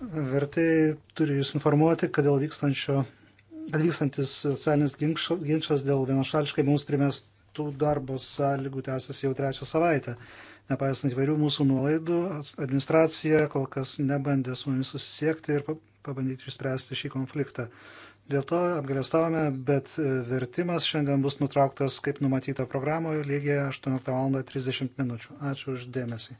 vertėjai turi jūs informuoti, kad dėl vykstančio, kad vykstantis socialinis ginčas dėl vienašališkai mums primestų darbo sąlygų tęsiasi jau trečią savaitę. Nepaisant įvairių mūsų nuolaidų, administracija kol kas nebandė su mumis susisiekti ir pabandyti išspręsti šį konfliktą. Dėl to apgalėstavome, bet e, vertimas šiandien bus nutrauktas, kaip numatyta programoje, lygiai 18.30 min. Ačiū uždėmesį.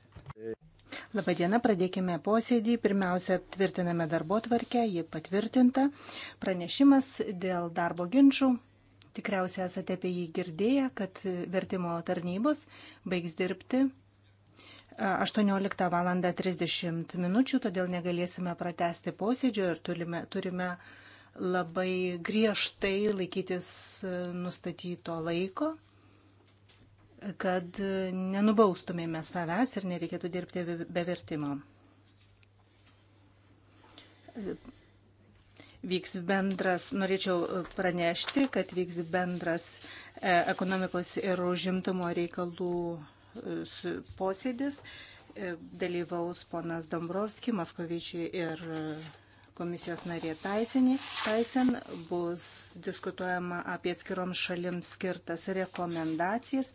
Labadiena, pradėkime posėdį. Pirmiausia, tvirtiname darbo tvarkę, ji patvirtinta. Pranešimas dėl darbo ginčių. Tikriausiai esate apie jį girdėję, kad vertimo tarnybos baigs dirbti 18 val. 30 minučių, todėl negalėsime pratesti posėdžio ir turime, turime labai griežtai laikytis nustatyto laiko kad e, nenubaustumėme savęs ir nereikėtų dirbti be vertimo. Vyks bendras, norėčiau pranešti, kad vyks bendras e, ekonomikos ir užimtumo reikalų e, posėdis. Dalyvaus ponas Dombrovski, Maskovičiai ir komisijos narė Taisenį. Taisen bus diskutuojama apie atskiroms šalims skirtas rekomendacijas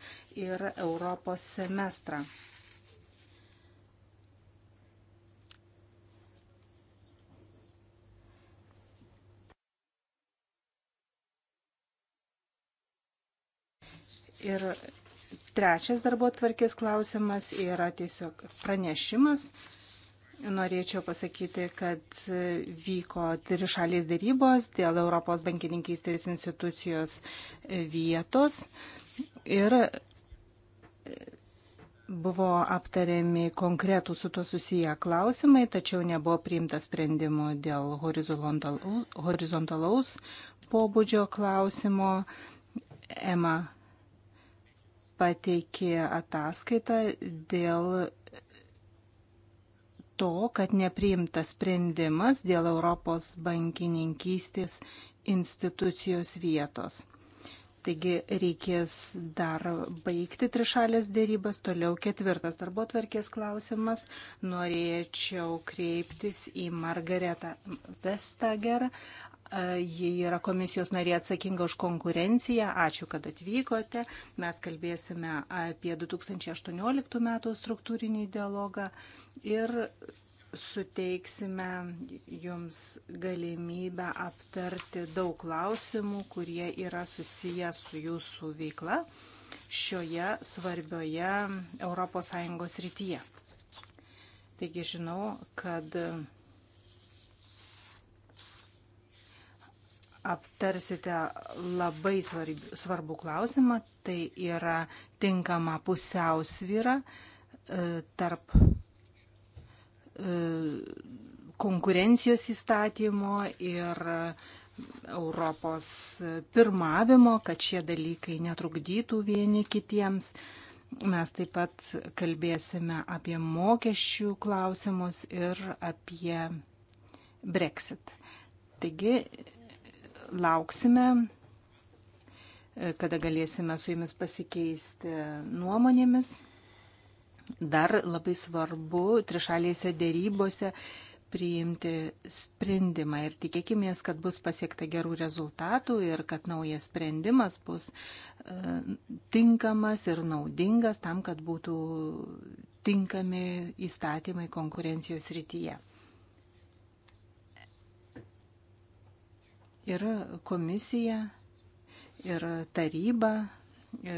ir Europos semestrą. Ir trečias darbo tvarkės klausimas yra tiesiog pranešimas Norėčiau pasakyti, kad vyko trišalės dėrybos dėl Europos bankininkystės institucijos vietos ir buvo aptariami konkretų su to susiję klausimai, tačiau nebuvo priimta sprendimų dėl horizontalaus, horizontalaus pobūdžio klausimo. Ema pateikė ataskaitą dėl to, kad nepriimtas sprendimas dėl Europos bankininkystės institucijos vietos. Taigi reikės dar baigti trišalės dėrybas. Toliau ketvirtas darbo tvarkės klausimas. Norėčiau kreiptis į Margaretą Vestager Ji yra komisijos narė atsakinga už konkurenciją. Ačiū, kad atvykote. Mes kalbėsime apie 2018 metų struktūrinį dialogą ir suteiksime jums galimybę aptarti daug klausimų, kurie yra susiję su jūsų veikla šioje svarbioje ES rytyje. Taigi žinau, kad aptarsite labai svarbių, svarbų klausimą, tai yra tinkama pusiausvyra e, tarp e, konkurencijos įstatymo ir Europos pirmavimo, kad šie dalykai netrukdytų vieni kitiems. Mes taip pat kalbėsime apie mokesčių klausimus ir apie Brexit. Taigi lauksime, kada galėsime su jumis pasikeisti nuomonėmis. Dar labai svarbu trišalėse dėrybose priimti sprendimą ir tikėkime, kad bus pasiekta gerų rezultatų ir kad naujas sprendimas bus e, tinkamas ir naudingas tam, kad būtų tinkami įstatymai konkurencijos rytyje. ir komisija, ir taryba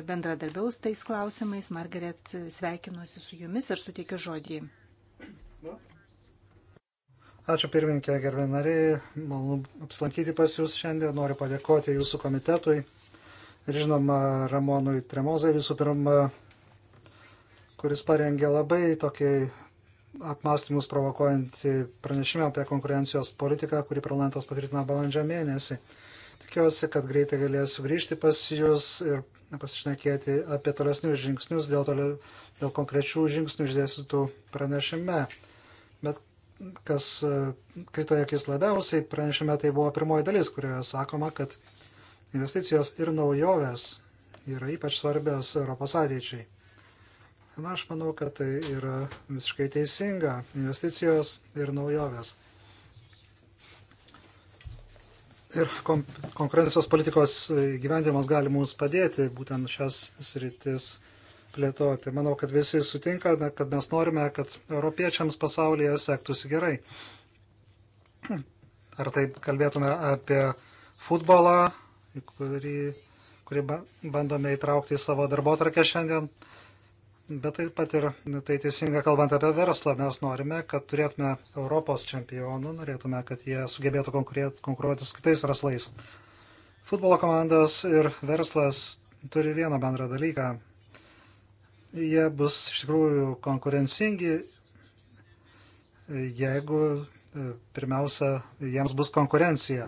bendradarbiaus tais klausimais. Margaret, sveikinuosi su jumis ir suteikiu žodį. Ačiū pirmininkė, gerbė nariai. Malonu apsilankyti pas jūs šiandien. Noriu padėkoti jūsų komitetui ir žinoma Ramonui Tremozai visų pirma, kuris parengė labai tokį apmastymus provokuojantį pranešimą apie konkurencijos politiką, kurį parlamentas patvirtino balandžio mėnesį. Tikiuosi, kad greitai galėsiu grįžti pas Jūs ir pasišnekėti apie tolesnius žingsnius dėl, toliau, dėl konkrečių žingsnių išdėstytų pranešime. Bet kas e, krito akis labiausiai pranešime, tai buvo pirmoji dalis, kurioje sakoma, kad investicijos ir naujovės yra ypač svarbios Europos ateičiai. Na, aš manau, kad tai yra visiškai teisinga investicijos ir naujovės. Ir konkurencijos politikos gyvendimas gali mums padėti būtent šias sritis plėtoti. Manau, kad visi sutinka, kad mes norime, kad europiečiams pasaulyje sektųsi gerai. Ar tai kalbėtume apie futbolą, kurį, kurį bandome įtraukti į savo darbo trakę šiandien, bet taip pat ir tai teisinga kalbant apie verslą. Mes norime, kad turėtume Europos čempionų, norėtume, kad jie sugebėtų konkuruoti su kitais verslais. Futbolo komandos ir verslas turi vieną bendrą dalyką. Jie bus iš tikrųjų konkurencingi, jeigu e, pirmiausia, jiems bus konkurencija.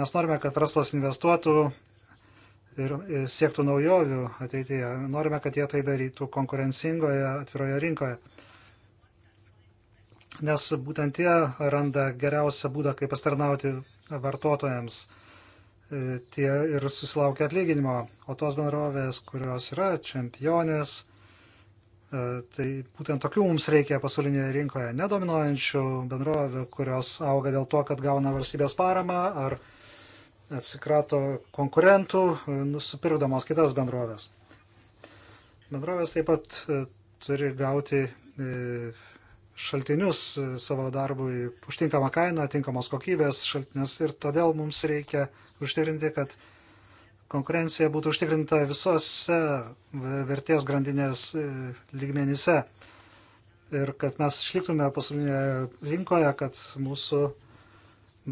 Mes norime, kad verslas investuotų ir siektų naujovių ateityje. Norime, kad jie tai darytų konkurencingoje, atviroje rinkoje. Nes būtent jie randa geriausią būdą, kaip pastarnauti vartotojams. E, tie ir susilaukia atlyginimo. O tos bendrovės, kurios yra čempionės, e, tai būtent tokių mums reikia pasaulinėje rinkoje. Nedominuojančių bendrovių, kurios auga dėl to, kad gauna valstybės paramą ar atsikrato konkurentų, e, nusipirkdamos kitas bendrovės. Bendrovės taip pat e, turi gauti e, šaltinius savo darbui užtinkamą kainą, tinkamos kokybės šaltinius ir todėl mums reikia užtikrinti, kad konkurencija būtų užtikrinta visose vertės grandinės lygmenyse ir kad mes išliktume pasaulinėje rinkoje, kad mūsų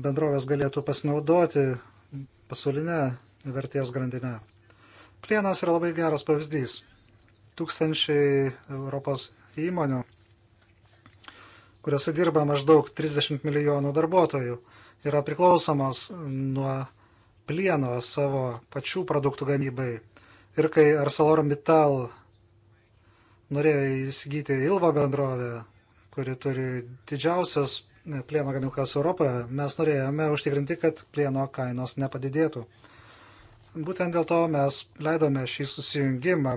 bendrovės galėtų pasinaudoti pasaulinė vertės grandinė. Plienas yra labai geras pavyzdys. Tūkstančiai Europos įmonių, kuriuose dirba maždaug 30 milijonų darbuotojų, yra priklausomas nuo plieno savo pačių produktų gamybai. Ir kai ArcelorMittal norėjo įsigyti Ilva bendrovę, kuri turi didžiausias plieno gamyklas Europoje, mes norėjome užtikrinti, kad plieno kainos nepadidėtų. Būtent dėl to mes leidome šį susijungimą.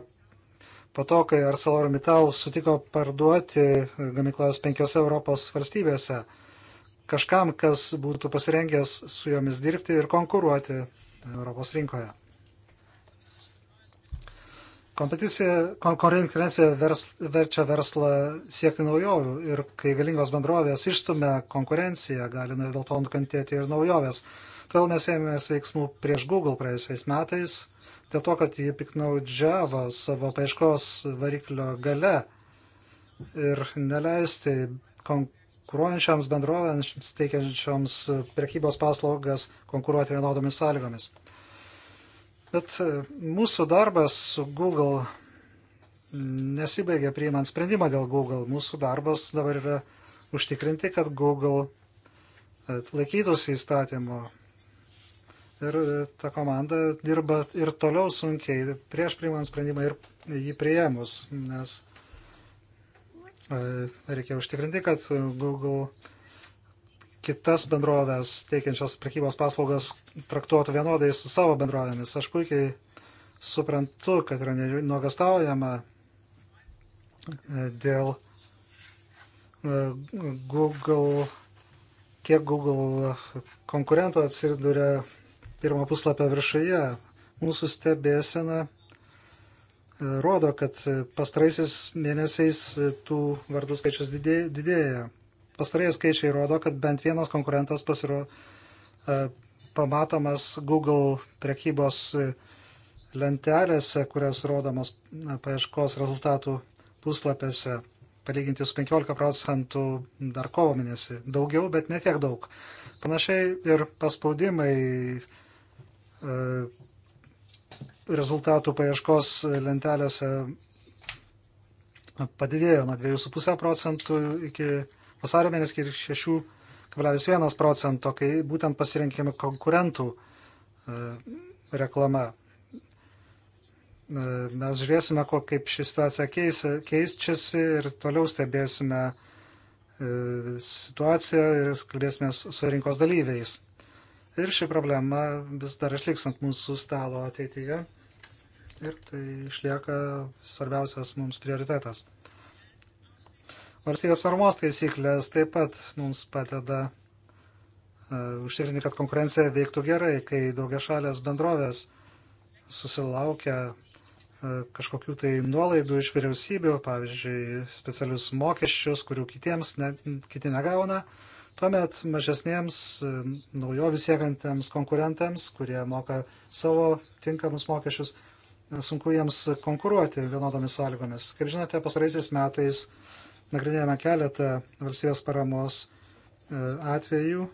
Po to, kai ArcelorMittal sutiko parduoti gamyklas penkiose Europos valstybėse, kažkam, kas būtų pasirengęs su jomis dirbti ir konkuruoti Europos rinkoje. Kompeticija, konkurencija vers, verčia verslą siekti naujovių ir kai galingos bendrovės išstumia konkurenciją, gali dėl to nukentėti ir naujovės. Todėl mes ėmėmės veiksmų prieš Google praėjusiais metais, dėl to, kad jie piknaudžiavo savo paieškos variklio gale ir neleisti konkuruojančiams bendrovėms teikiančioms prekybos paslaugas konkuruoti vienodomis sąlygomis. Bet e, mūsų darbas su Google nesibaigė priimant sprendimą dėl Google. Mūsų darbas dabar yra užtikrinti, kad Google e, laikytųsi įstatymo. Ir e, ta komanda dirba ir toliau sunkiai prieš priimant sprendimą ir jį priėmus, nes reikia užtikrinti, kad Google kitas bendrovės teikiančias prekybos paslaugas traktuotų vienodai su savo bendrovėmis. Aš puikiai suprantu, kad yra nuogastaujama e, dėl e, Google, kiek Google konkurentų atsiduria pirmo puslapio viršuje. Mūsų stebėsena e, rodo, kad pastraisiais mėnesiais tų vardų skaičius didėja. Pastarėjai skaičiai rodo, kad bent vienas konkurentas pasiro, e, pamatomas Google prekybos e, lentelėse, kurios rodomos e, paieškos rezultatų puslapėse, palyginti su 15 procentų dar kovo mėnesį. Daugiau, bet ne tiek daug. Panašiai ir paspaudimai rezultatų paieškos lentelėse padidėjo nuo 2,5 procentų iki vasario mėnesį ir 6,1 procento, kai būtent pasirinkėme konkurentų e, reklama. E, mes žiūrėsime, ko, kaip ši situacija keis, keičiasi ir toliau stebėsime e, situaciją ir kalbėsime su rinkos dalyviais. Ir ši problema vis dar išliks ant mūsų stalo ateityje ir tai išlieka svarbiausias mums prioritetas. Valstybės paramos taisyklės taip pat mums padeda uh, užtikrinti, kad konkurencija veiktų gerai, kai daugia šalės bendrovės susilaukia uh, kažkokių tai nuolaidų iš vyriausybių, pavyzdžiui, specialius mokesčius, kurių kitiems ne, kiti negauna. Tuomet mažesniems e, naujovis siekantiems konkurentams, kurie moka savo tinkamus mokesčius, sunku jiems konkuruoti vienodomis sąlygomis. Kaip žinote, pasaraisiais metais nagrinėjame keletą valstybės paramos e, atvejų,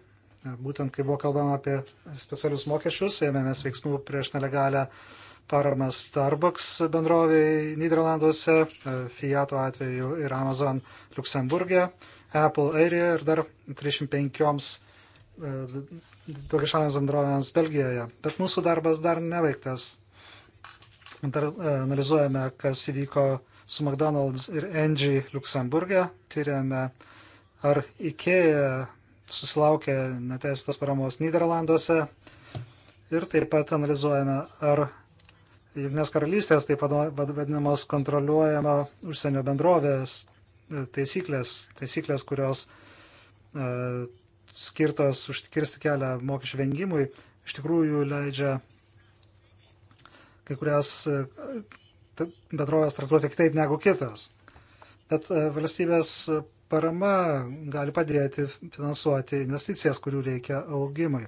e, būtent kai buvo kalbama apie specialius mokesčius, ėmėmės veiksmų prieš nelegalę paramą Starbucks bendroviai Niderlanduose, e, Fiato atveju ir Amazon Luksemburgė, Apple Airija ir dar 305 daugiašalėms bendrovėms Belgijoje. Bet mūsų darbas dar neveiktas. Dar analizuojame, kas įvyko su McDonald's ir Engie Luxemburgė. Tyrėme, ar IKEA susilaukė neteisėtos paramos Niderlanduose. Ir taip pat analizuojame, ar Junktinės karalystės, taip vadinamos kontroliuojama užsienio bendrovės e, taisyklės, taisyklės, kurios e, skirtos užtikirsti kelią mokesčių vengimui, iš tikrųjų leidžia kai kurias e, bendrovės traktuoti kitaip negu kitos. Bet e, valstybės parama gali padėti finansuoti investicijas, kurių reikia augimui.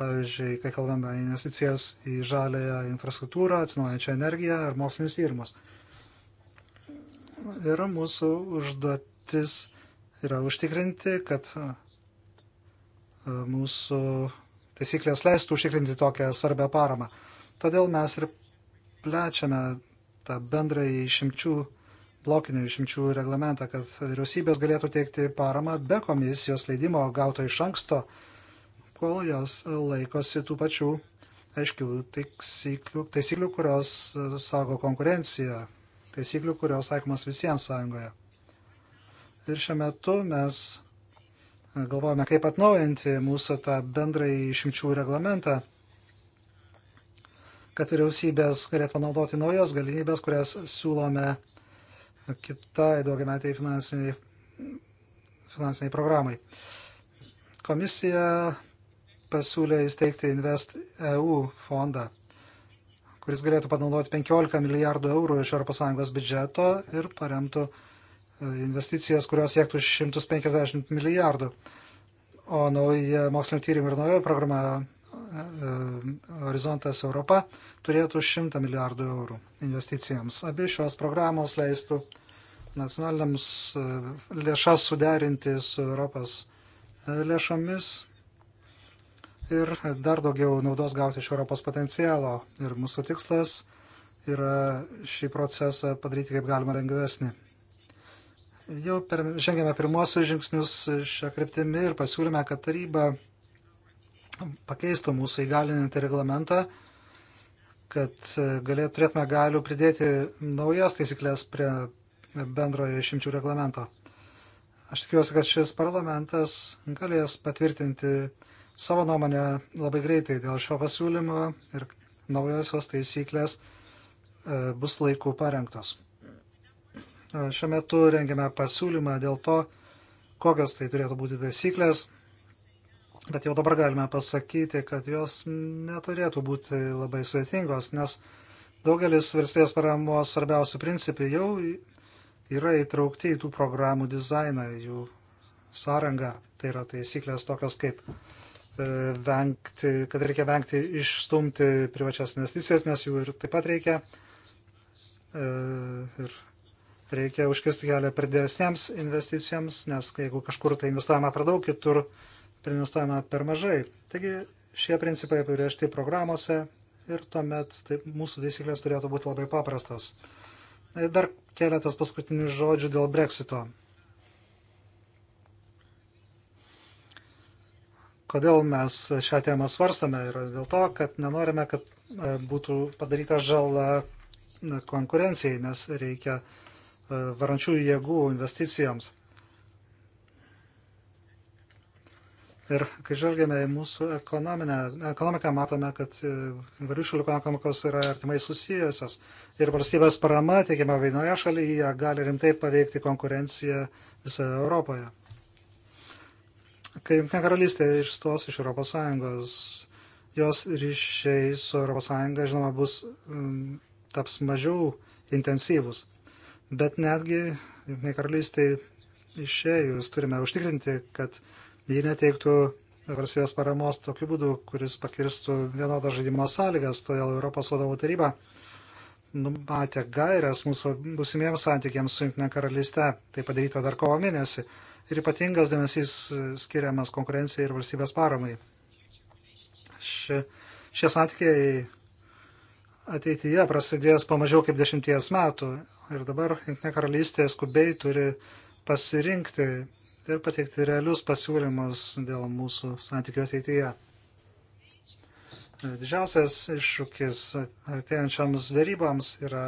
Pavyzdžiui, kai kalbame investicijas į žalėją infrastruktūrą, atsinaujančią energiją ar mokslinius tyrimus. Ir mūsų užduotis yra užtikrinti, kad e, mūsų taisyklės leistų užtikrinti tokią svarbę paramą. Todėl mes ir plečiame tą bendrąjį išimčių, blokinių išimčių reglamentą, kad vyriausybės galėtų teikti paramą be komisijos leidimo gauto iš anksto, kol jos laikosi tų pačių aiškių taisyklių, taisyklių kurios saugo konkurenciją, taisyklių, kurios taikomas visiems sąjungoje. Ir šiuo metu mes galvojame, kaip atnaujinti mūsų tą bendrąjį išimčių reglamentą kad vyriausybės galėtų panaudoti naujos galimybės, kurias siūlome kitai daugiametiai finansiniai, finansiniai programai. Komisija pasiūlė įsteigti Invest EU fondą, kuris galėtų panaudoti 15 milijardų eurų iš ES biudžeto ir paremtų e, investicijas, kurios siektų 150 milijardų. O nauja mokslinio tyrimų ir naujoji programa E, horizontas Europa turėtų 100 milijardų eurų investicijams. Abi šios programos leistų nacionaliniams e, lėšas suderinti su Europos e, lėšomis ir dar daugiau naudos gauti iš Europos potencialo. Ir mūsų tikslas yra šį procesą padaryti kaip galima lengvesnį. Jau per, žengėme pirmosius žingsnius šią kryptimį ir pasiūlėme, kad taryba pakeistų mūsų įgalinantį reglamentą, kad galėt, turėtume galių pridėti naujas taisyklės prie bendrojo išimčių reglamento. Aš tikiuosi, kad šis parlamentas galės patvirtinti savo nuomonę labai greitai dėl šio pasiūlymo ir naujosios taisyklės e, bus laiku parengtos. Šiuo metu rengiame pasiūlymą dėl to, kokios tai turėtų būti taisyklės, Bet jau dabar galime pasakyti, kad jos neturėtų būti labai sudėtingos, nes daugelis valstybės paramos svarbiausių principai jau yra įtraukti į tų programų dizainą, jų sąrangą. Tai yra taisyklės tokios kaip e, vengti, kad reikia vengti išstumti privačias investicijas, nes jų ir taip pat reikia. E, ir reikia užkirsti kelią per dėlesniems investicijoms, nes jeigu kažkur tai investavimą per daug, kitur prieinvestavome per mažai. Taigi šie principai apibriežti programuose ir tuomet taip, mūsų taisyklės turėtų būti labai paprastos. E, dar keletas paskutinių žodžių dėl breksito. Kodėl mes šią temą svarstame? Yra dėl to, kad nenorime, kad e, būtų padaryta žala e, konkurencijai, nes reikia varančių jėgų investicijoms. Ir kai žvelgiame į mūsų ekonomiką, matome, kad e, įvairių šalių ekonomikos yra artimai susijusios. Ir valstybės parama teikiama vienoje šalyje gali rimtai paveikti konkurenciją visoje Europoje. Kai Junktinė karalystė išstos iš ES, jos ryšiai su ES, žinoma, bus, m, taps mažiau intensyvus. Bet netgi Junktinė karalystė išėjus turime užtikrinti, kad ji neteiktų valstybės paramos tokiu būdu, kuris pakirstų vienodą žaidimo sąlygas, todėl Europos vadovų taryba numatė gairias mūsų busimiems santykiams su Junktinė karalystė. Tai padaryta dar kovo mėnesį. Ir ypatingas dėmesys skiriamas konkurencijai ir valstybės paramai. Ši, šie santykiai ateityje prasidės po mažiau kaip dešimties metų. Ir dabar Junktinė karalystė skubiai turi pasirinkti ir pateikti realius pasiūlymus dėl mūsų santykių ateityje. Didžiausias iššūkis artėjančiams daryboms yra,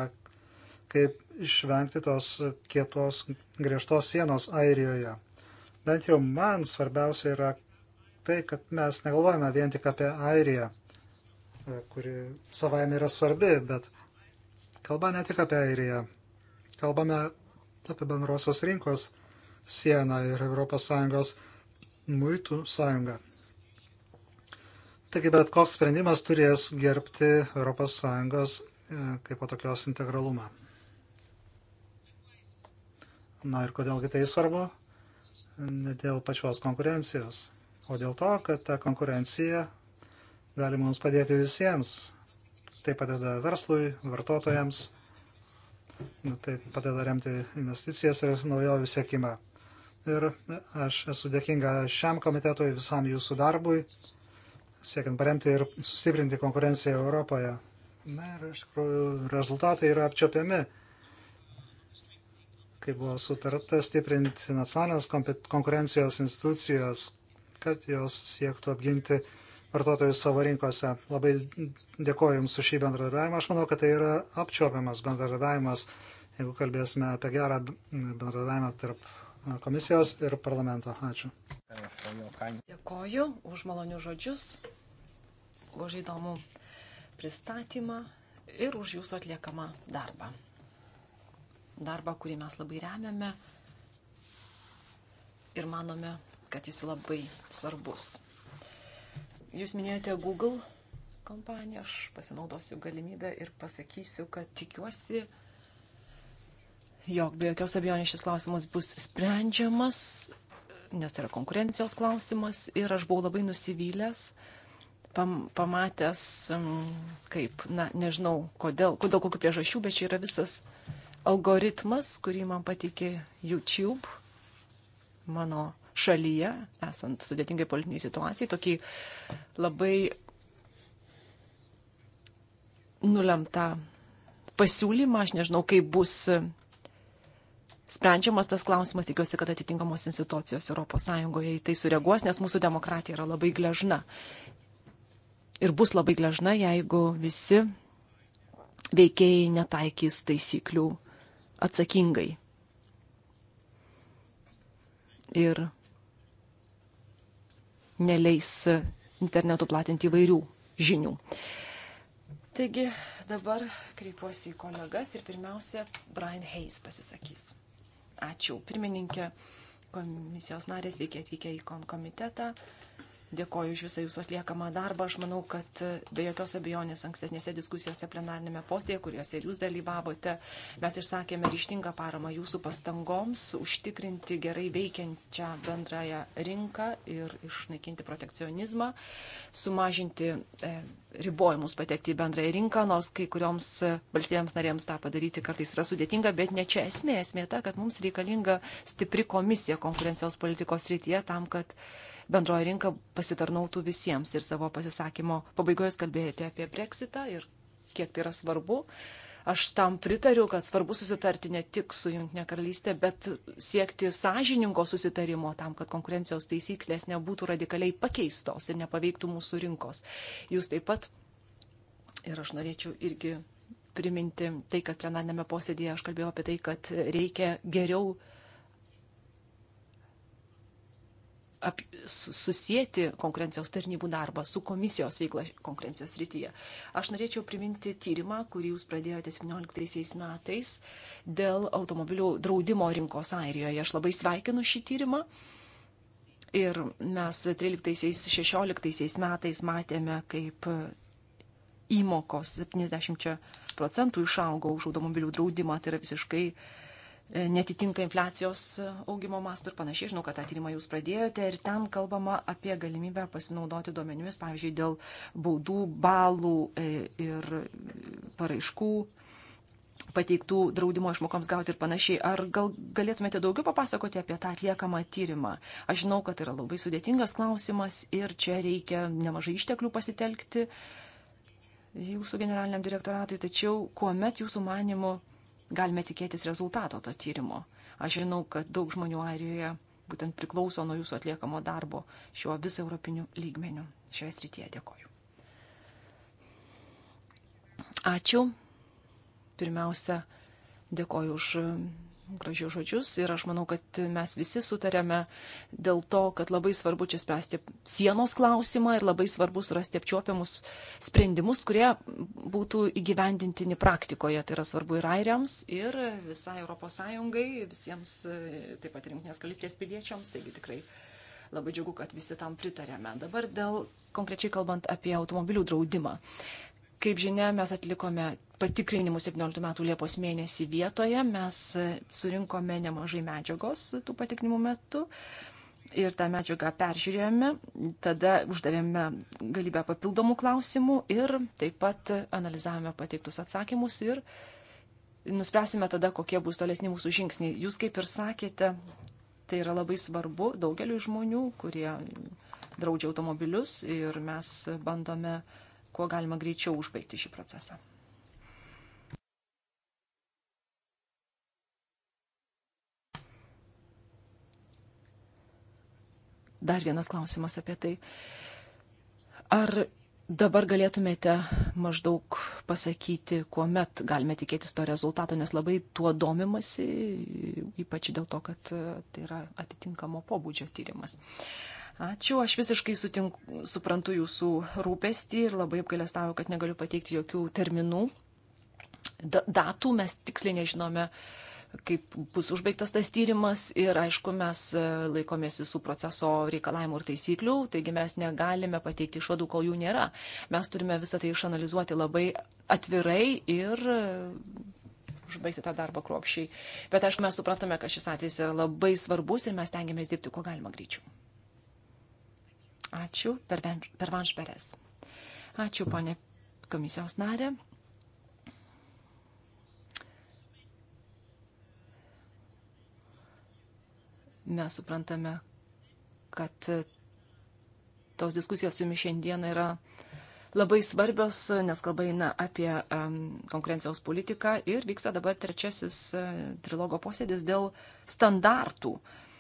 kaip išvengti tos kietos griežtos sienos Airijoje. Bent jau man svarbiausia yra tai, kad mes negalvojame vien tik apie Airiją, kuri savaime yra svarbi, bet kalba ne tik apie Airiją. Kalbame apie bendrosios rinkos sieną ir ES muitų sąjungą. Taigi bet koks sprendimas turės gerbti ES e, kaip po tokios integralumą. Na ir kodėlgi tai svarbu? Ne dėl pačios konkurencijos, o dėl to, kad ta konkurencija gali mums padėti visiems. Tai padeda verslui, vartotojams, tai padeda remti investicijas ir naujovių sėkimą. Ir aš esu dėkinga šiam komitetui visam jūsų darbui, siekiant paremti ir sustiprinti konkurenciją Europoje. Na ir iš tikrųjų rezultatai yra apčiopiami kai buvo sutarta stiprinti nacionalinės konkurencijos institucijos, kad jos siektų apginti vartotojus savo rinkose. Labai dėkoju Jums už šį bendradarbiavimą. Aš manau, kad tai yra apčiopiamas bendradarbiavimas, jeigu kalbėsime apie gerą bendradarbiavimą tarp komisijos ir parlamento. Ačiū. Dėkoju už malonius žodžius, už įdomų pristatymą ir už jūsų atliekamą darbą. Darbą, kurį mes labai remiame ir manome, kad jis labai svarbus. Jūs minėjote Google kompaniją, aš pasinaudosiu galimybę ir pasakysiu, kad tikiuosi, kad jog be jokios abejonės šis klausimas bus sprendžiamas, nes tai yra konkurencijos klausimas ir aš buvau labai nusivylęs, pam, pamatęs, mm, kaip, na, nežinau, kodėl, kodėl kokiu priežasčiu, bet čia yra visas algoritmas, kurį man patikė YouTube mano šalyje, esant sudėtingai politiniai situacijai, tokį labai nulemtą pasiūlymą, aš nežinau, kaip bus sprendžiamas tas klausimas, tikiuosi, kad atitinkamos institucijos ES į tai sureaguos, nes mūsų demokratija yra labai gležna. Ir bus labai gležna, jeigu visi veikėjai netaikys taisyklių atsakingai. Ir neleis internetu platinti įvairių žinių. Taigi dabar kreipiuosi į kolegas ir pirmiausia, Brian Hayes pasisakys. Ačiū pirmininkė, komisijos narės veikia atvykę į kon komitetą. Dėkoju už visą jūsų atliekamą darbą. Aš manau, kad e, be jokios abejonės ankstesnėse diskusijose plenarnėme postėje, kuriuose ir jūs dalyvavote, mes išsakėme ryštingą paramą jūsų pastangoms užtikrinti gerai veikiančią bendrąją rinką ir išnaikinti protekcionizmą, sumažinti e, ribojimus patekti į bendrąją rinką, nors kai kurioms e, valstybėms narėms tą padaryti kartais yra sudėtinga, bet ne čia esmė. Esmė ta, kad mums reikalinga stipri komisija konkurencijos politikos rytyje tam, kad bendroji rinka pasitarnautų visiems. Ir savo pasisakymo pabaigoje kalbėjote apie breksitą ir kiek tai yra svarbu. Aš tam pritariu, kad svarbu susitarti ne tik su Junktinė karalystė, bet siekti sąžiningo susitarimo tam, kad konkurencijos taisyklės nebūtų radikaliai pakeistos ir nepaveiktų mūsų rinkos. Jūs taip pat ir aš norėčiau irgi priminti tai, kad plenarnėme posėdėje aš kalbėjau apie tai, kad reikia geriau ap, susijęti konkurencijos tarnybų darbą su komisijos veikla konkurencijos rytyje. Aš norėčiau priminti tyrimą, kurį jūs pradėjote 17 metais dėl automobilių draudimo rinkos Airijoje. Aš labai sveikinu šį tyrimą. Ir mes 13-16 metais matėme, kaip įmokos 70 procentų išaugo už automobilių draudimą. Tai yra visiškai uh, E, netitinka infliacijos e, augimo mastų ir panašiai. Žinau, kad tą tyrimą jūs pradėjote ir ten kalbama apie galimybę pasinaudoti duomenimis, pavyzdžiui, dėl baudų, balų e, ir paraiškų pateiktų draudimo išmokoms gauti ir panašiai. Ar gal galėtumėte daugiau papasakoti apie tą atliekamą tyrimą? Aš žinau, kad yra labai sudėtingas klausimas ir čia reikia nemažai išteklių pasitelkti jūsų generaliniam direktoratui, tačiau kuomet jūsų manimu galime tikėtis rezultato to tyrimo. Aš žinau, kad daug žmonių Airijoje būtent priklauso nuo jūsų atliekamo darbo šiuo vis europiniu lygmeniu. Šioje srityje dėkoju. Ačiū. Pirmiausia, dėkoju už gražius žodžius ir aš manau, kad mes visi sutarėme dėl to, kad labai svarbu čia spręsti sienos klausimą ir labai svarbu surasti apčiuopiamus sprendimus, kurie būtų įgyvendintini praktikoje. Tai yra svarbu ir airiams, ir visai ES, visiems taip pat rinktinės kalistės piliečiams. Taigi tikrai labai džiugu, kad visi tam pritarėme. Dabar dėl konkrečiai kalbant apie automobilių draudimą. Kaip žinia, mes atlikome patikrinimus 17 metų Liepos mėnesį vietoje, mes e, surinkome nemažai medžiagos tų patikrinimų metu ir tą medžiagą peržiūrėjome, tada uždavėme galybę papildomų klausimų ir taip pat analizavome pateiktus atsakymus ir nuspręsime tada, kokie bus tolesni mūsų žingsniai. Jūs kaip ir sakėte, tai yra labai svarbu daugeliu žmonių, kurie draudžia automobilius ir mes bandome uh, kuo galima greičiau užbaigti šį procesą. Dar vienas klausimas apie tai. Ar dabar galėtumėte maždaug pasakyti, kuomet galime tikėtis to rezultato, nes labai tuo domimasi, ypač dėl to, kad tai yra atitinkamo pobūdžio tyrimas. Uh, Ačiū, aš visiškai sutinku, suprantu jūsų rūpestį ir labai apgailestauju, kad negaliu pateikti jokių terminų. Da, datų mes tiksliai nežinome, kaip bus užbaigtas tas tyrimas ir aišku, mes e, laikomės visų proceso reikalavimų ir taisyklių, taigi mes negalime pateikti išvadų, kol jų nėra. Mes turime visą tai išanalizuoti labai atvirai ir e, užbaigti tą darbą kruopšiai. Bet aišku, mes suprantame, kad šis atvejis yra labai svarbus ir mes tengiamės dirbti kuo galima greičiau. Ačiū, per, per Vanšperės. Ačiū, ponė komisijos narė. Mes suprantame, kad tos diskusijos su jumis šiandien yra labai svarbios, nes kalba eina apie um, konkurencijos politiką ir vyksta dabar trečiasis uh, trilogo posėdis dėl standartų. Uh,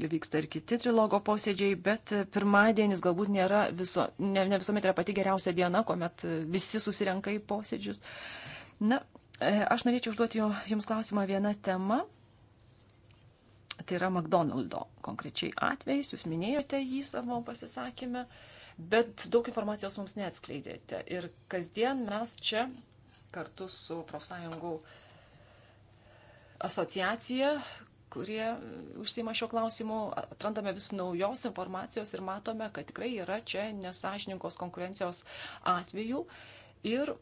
vyksta ir kiti trilogo posėdžiai, bet pirmadienis galbūt nėra viso, ne, ne visuomet yra pati geriausia diena, kuomet visi susirenka į posėdžius. Na, e, aš norėčiau užduoti Jums klausimą vieną temą. Tai yra McDonald'o konkrečiai atvejais, Jūs minėjote jį savo pasisakymę, bet daug informacijos mums neatskleidėte. Ir kasdien mes čia kartu su profsąjungų asociacija kurie mm, užsima šio klausimu, atrandame vis naujos informacijos ir matome, kad tikrai yra čia nesažininkos konkurencijos atvejų ir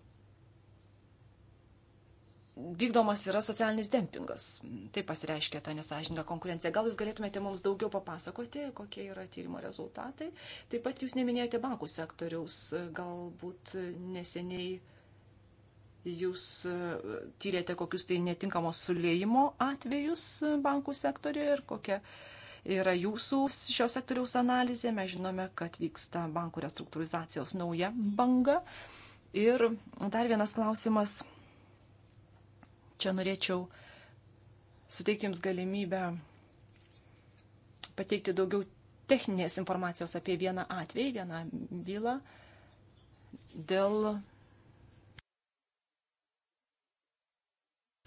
vykdomas yra socialinis dempingas. Taip pasireiškia ta nesažininga konkurencija. Gal jūs galėtumėte mums daugiau papasakoti, kokie yra tyrimo rezultatai. Taip pat jūs neminėjote bankų sektoriaus, galbūt neseniai Jūs e, tyrėte kokius tai netinkamos sulėjimo atvejus e, bankų sektoriuje ir kokia yra jūsų šio sektoriaus analizė. Mes žinome, kad vyksta bankų restruktūrizacijos nauja banga. Ir dar vienas klausimas. Čia norėčiau suteikti Jums galimybę pateikti daugiau techninės informacijos apie vieną atvejį, vieną bylą dėl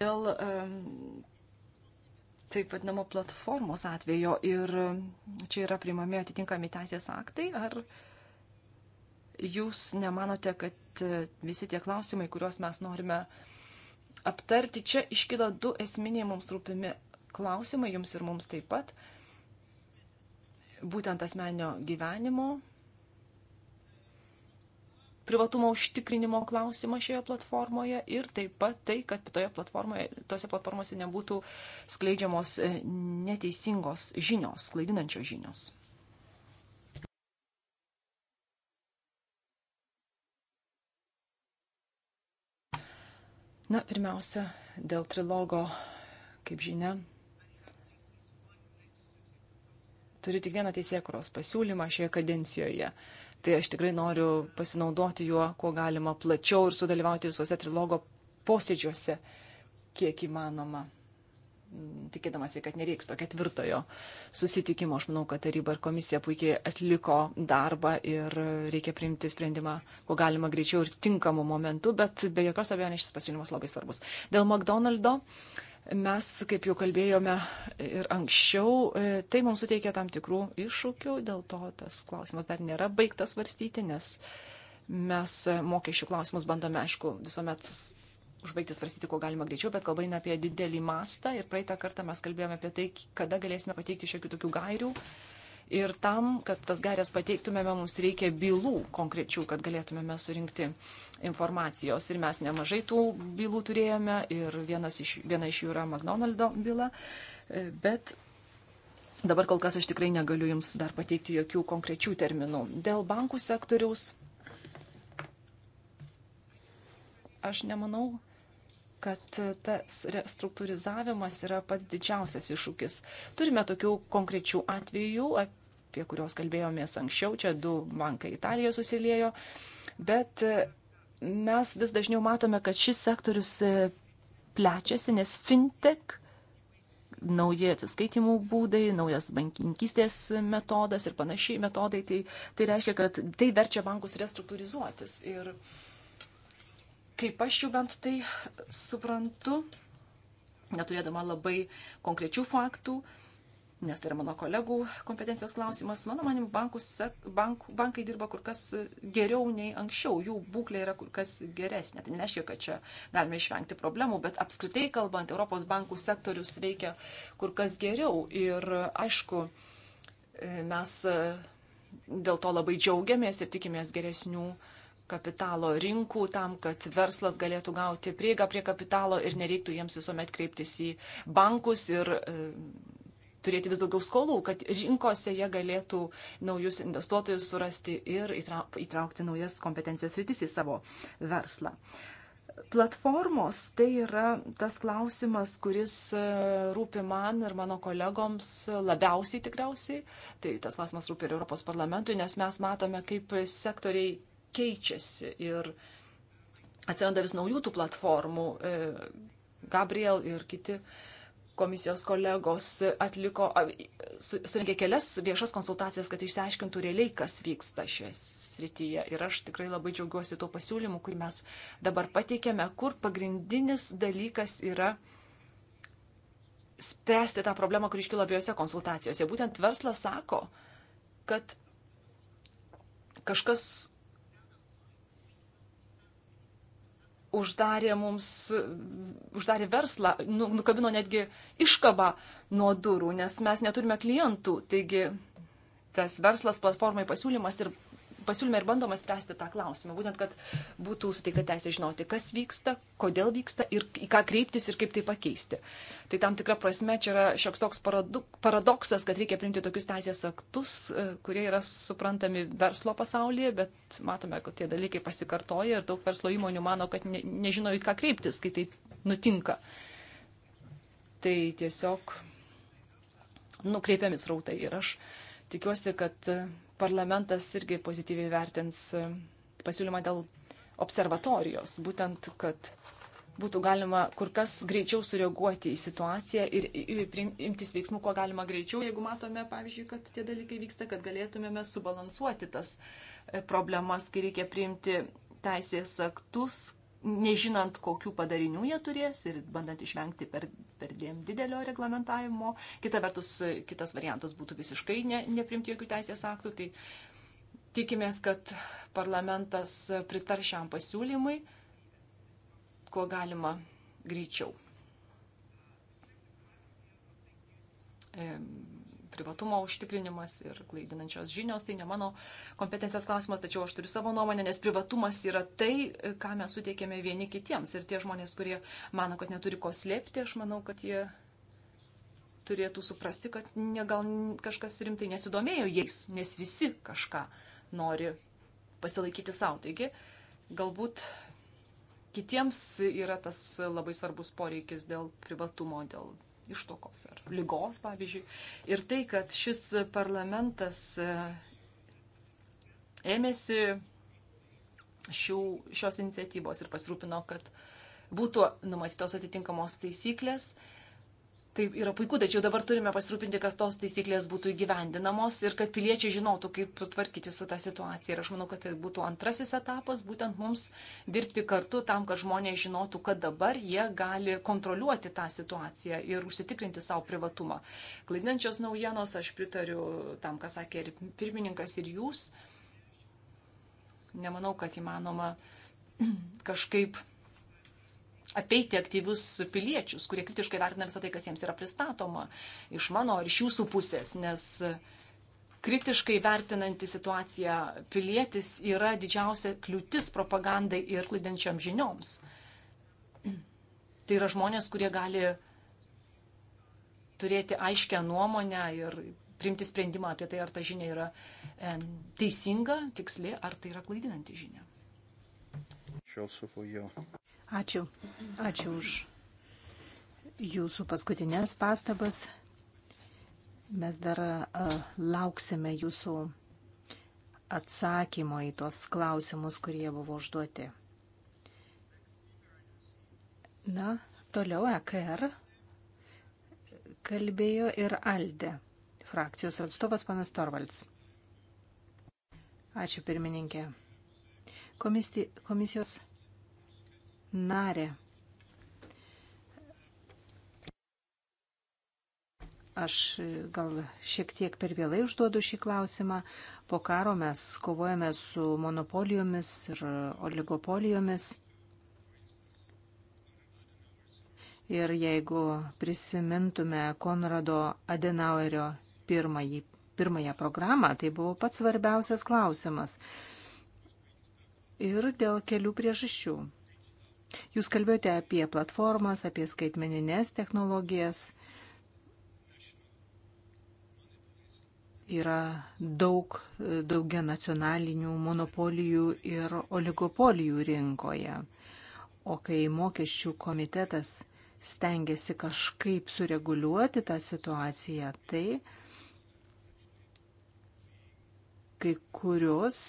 dėl um, taip vadinamo platformos atvejo ir čia yra primami atitinkami teisės aktai, ar jūs nemanote, kad e, visi tie klausimai, kuriuos mes norime aptarti, čia iškyla du esminiai mums rūpimi klausimai, jums ir mums taip pat, būtent asmenio gyvenimo privatumo užtikrinimo klausimą šioje platformoje ir taip pat tai, kad toje platformoje, tose platformose nebūtų skleidžiamos e, neteisingos žinios, klaidinančios žinios. Na, pirmiausia, dėl trilogo, kaip žinia, turiu tik vieną teisėkuros pasiūlymą šioje kadencijoje tai aš tikrai noriu pasinaudoti juo, kuo galima plačiau ir sudalyvauti visuose trilogo posėdžiuose, kiek įmanoma. Mm, tikėdamasi, kad nereiks to ketvirtojo susitikimo, aš manau, kad taryba ir komisija puikiai atliko darbą ir reikia priimti sprendimą, kuo galima greičiau ir tinkamu momentu, bet be jokios abejonės šis pasiūlymas labai svarbus. Dėl McDonald'o. Uh, mes, kaip jau kalbėjome ir anksčiau, e, tai mums suteikia tam tikrų iššūkių, dėl to tas klausimas dar nėra baigtas svarstyti, nes mes mokesčių klausimus bandome, aišku, visuomet užbaigti svarstyti, ko galima greičiau, bet kalba eina apie didelį mastą ir praeitą kartą mes kalbėjome apie tai, kada galėsime pateikti šiokių tokių gairių Ir tam, kad tas gairias pateiktumėme, mums reikia bylų konkrečių, kad galėtumėme surinkti informacijos. Ir mes nemažai tų bylų turėjome ir iš, viena iš jų yra McDonald'o byla. E, bet dabar kol kas aš tikrai negaliu Jums dar pateikti jokių konkrečių terminų. Dėl bankų sektoriaus aš nemanau, kad e, tas restruktūrizavimas yra pats didžiausias iššūkis. Turime tokių konkrečių atvejų, apie kuriuos kalbėjomės anksčiau, čia du bankai Italijoje susiliejo, bet e, mes vis dažniau matome, kad šis sektorius e, plečiasi, nes fintech nauji atsiskaitimų būdai, naujas bankininkystės metodas ir panašiai metodai, tai, tai reiškia, kad tai verčia bankus restruktūrizuotis. Ir uh, kaip aš jau bent tai suprantu, neturėdama labai konkrečių faktų, nes tai yra mano kolegų kompetencijos klausimas, mano manim, sek, bank, bankai dirba kur kas geriau nei anksčiau, jų būklė yra kur kas geresnė. Tai nereiškia, kad čia galime išvengti problemų, bet apskritai kalbant, Europos bankų sektorius veikia kur kas geriau. Ir aišku, mes dėl to labai džiaugiamės ir tikimės geresnių uh, kapitalo rinkų tam, kad verslas galėtų gauti prieigą prie kapitalo ir nereiktų jiems visuomet kreiptis į bankus ir e, turėti vis daugiau skolų, kad rinkose jie galėtų naujus investuotojus surasti ir įtraukti naujas kompetencijos rytis į savo verslą. Platformos tai yra tas klausimas, kuris e, rūpi man ir mano kolegoms labiausiai tikriausiai. Tai tas klausimas rūpi ir Europos parlamentui, nes mes matome, kaip sektoriai keičiasi ir atsiranda vis naujų tų platformų. E, Gabriel ir kiti komisijos kolegos atliko, surinkė kelias viešas konsultacijas, kad išsiaiškintų realiai, kas vyksta šioje srityje. Ir aš tikrai labai džiaugiuosi tuo pasiūlymu, kurį mes dabar pateikėme, kur pagrindinis dalykas yra spręsti tą problemą, kuri iškilo abiejose konsultacijose. Būtent verslas sako, kad kažkas uždarė mums, uždarė verslą, nu, nukabino netgi iškabą nuo durų, nes mes neturime klientų. Taigi tas verslas platformai pasiūlymas ir pasiūlyme ir bandoma spręsti tą klausimą, būtent, kad būtų suteikta teisė žinoti, kas vyksta, kodėl vyksta ir į ką kreiptis ir kaip tai pakeisti. Tai tam tikra prasme čia yra šioks toks paradoksas, kad reikia priimti tokius teisės aktus, e, kurie yra suprantami verslo pasaulyje, bet matome, kad tie dalykai pasikartoja ir daug verslo įmonių mano, kad ne, nežino, į ką kreiptis, kai tai nutinka. Tai tiesiog nukreipiami srautai ir aš tikiuosi, kad e, parlamentas irgi pozityviai vertins e, pasiūlymą dėl observatorijos, būtent, kad būtų galima kur kas greičiau sureaguoti į situaciją ir, ir imtis veiksmų, kuo galima greičiau, jeigu matome, pavyzdžiui, kad tie dalykai vyksta, kad galėtumėme subalansuoti tas e, problemas, kai reikia priimti teisės aktus, nežinant, kokių padarinių jie turės ir bandant išvengti per, per dėm didelio reglamentavimo. Kita vertus, kitas variantas būtų visiškai ne, neprimti jokių teisės aktų. Tai tikimės, kad parlamentas pritar šiam pasiūlymui, kuo galima greičiau privatumo užtikrinimas ir klaidinančios žinios, tai ne mano kompetencijos klausimas, tačiau aš turiu savo nuomonę, nes privatumas yra tai, ką mes suteikėme vieni kitiems. Ir tie žmonės, kurie mano, kad neturi ko slėpti, aš manau, kad jie turėtų suprasti, kad ne, gal kažkas rimtai nesidomėjo jais, nes visi kažką nori pasilaikyti savo. Taigi, galbūt kitiems yra tas labai svarbus poreikis dėl privatumo, dėl ištokos ar lygos, pavyzdžiui. Ir tai, kad šis parlamentas e, ėmėsi šių, šios iniciatyvos ir pasirūpino, kad būtų numatytos atitinkamos taisyklės tai yra puiku, tačiau dabar turime pasirūpinti, kad tos taisyklės būtų įgyvendinamos ir kad piliečiai žinotų, kaip tvarkyti su tą situaciją. Ir aš manau, kad tai būtų antrasis etapas, būtent mums dirbti kartu tam, kad žmonės žinotų, kad dabar jie gali kontroliuoti tą situaciją ir užsitikrinti savo privatumą. Klaidinančios naujienos, aš pritariu tam, ką sakė ir pirmininkas, ir jūs. Nemanau, kad įmanoma kažkaip apeiti aktyvius piliečius, kurie kritiškai vertina visą tai, kas jiems yra pristatoma iš mano ar iš jūsų pusės, nes kritiškai vertinanti situaciją pilietis yra didžiausia kliūtis propagandai ir klaidančiam žinioms. Tai yra žmonės, kurie gali turėti aiškę nuomonę ir priimti sprendimą apie tai, ar ta žinia yra e, teisinga, tiksli, ar tai yra klaidinanti žinia. Ačiū. Ačiū už jūsų paskutinės pastabas. Mes dar lauksime jūsų atsakymo į tuos klausimus, kurie buvo užduoti. Na, toliau EKR kalbėjo ir Alde, frakcijos atstovas panas Torvalds. Ačiū pirmininkė. Komisijos narę. Aš gal šiek tiek per vėlai užduodu šį klausimą. Po karo mes kovojame su monopolijomis ir oligopolijomis. Ir jeigu prisimintume Konrado Adenauerio pirmąjį, pirmąją programą, tai buvo pats svarbiausias klausimas. Ir dėl kelių priežasčių. Jūs kalbėjote apie platformas, apie skaitmeninės technologijas. Yra daug daugia nacionalinių monopolijų ir oligopolijų rinkoje. O kai mokesčių komitetas stengiasi kažkaip sureguliuoti tą situaciją, tai kai kurios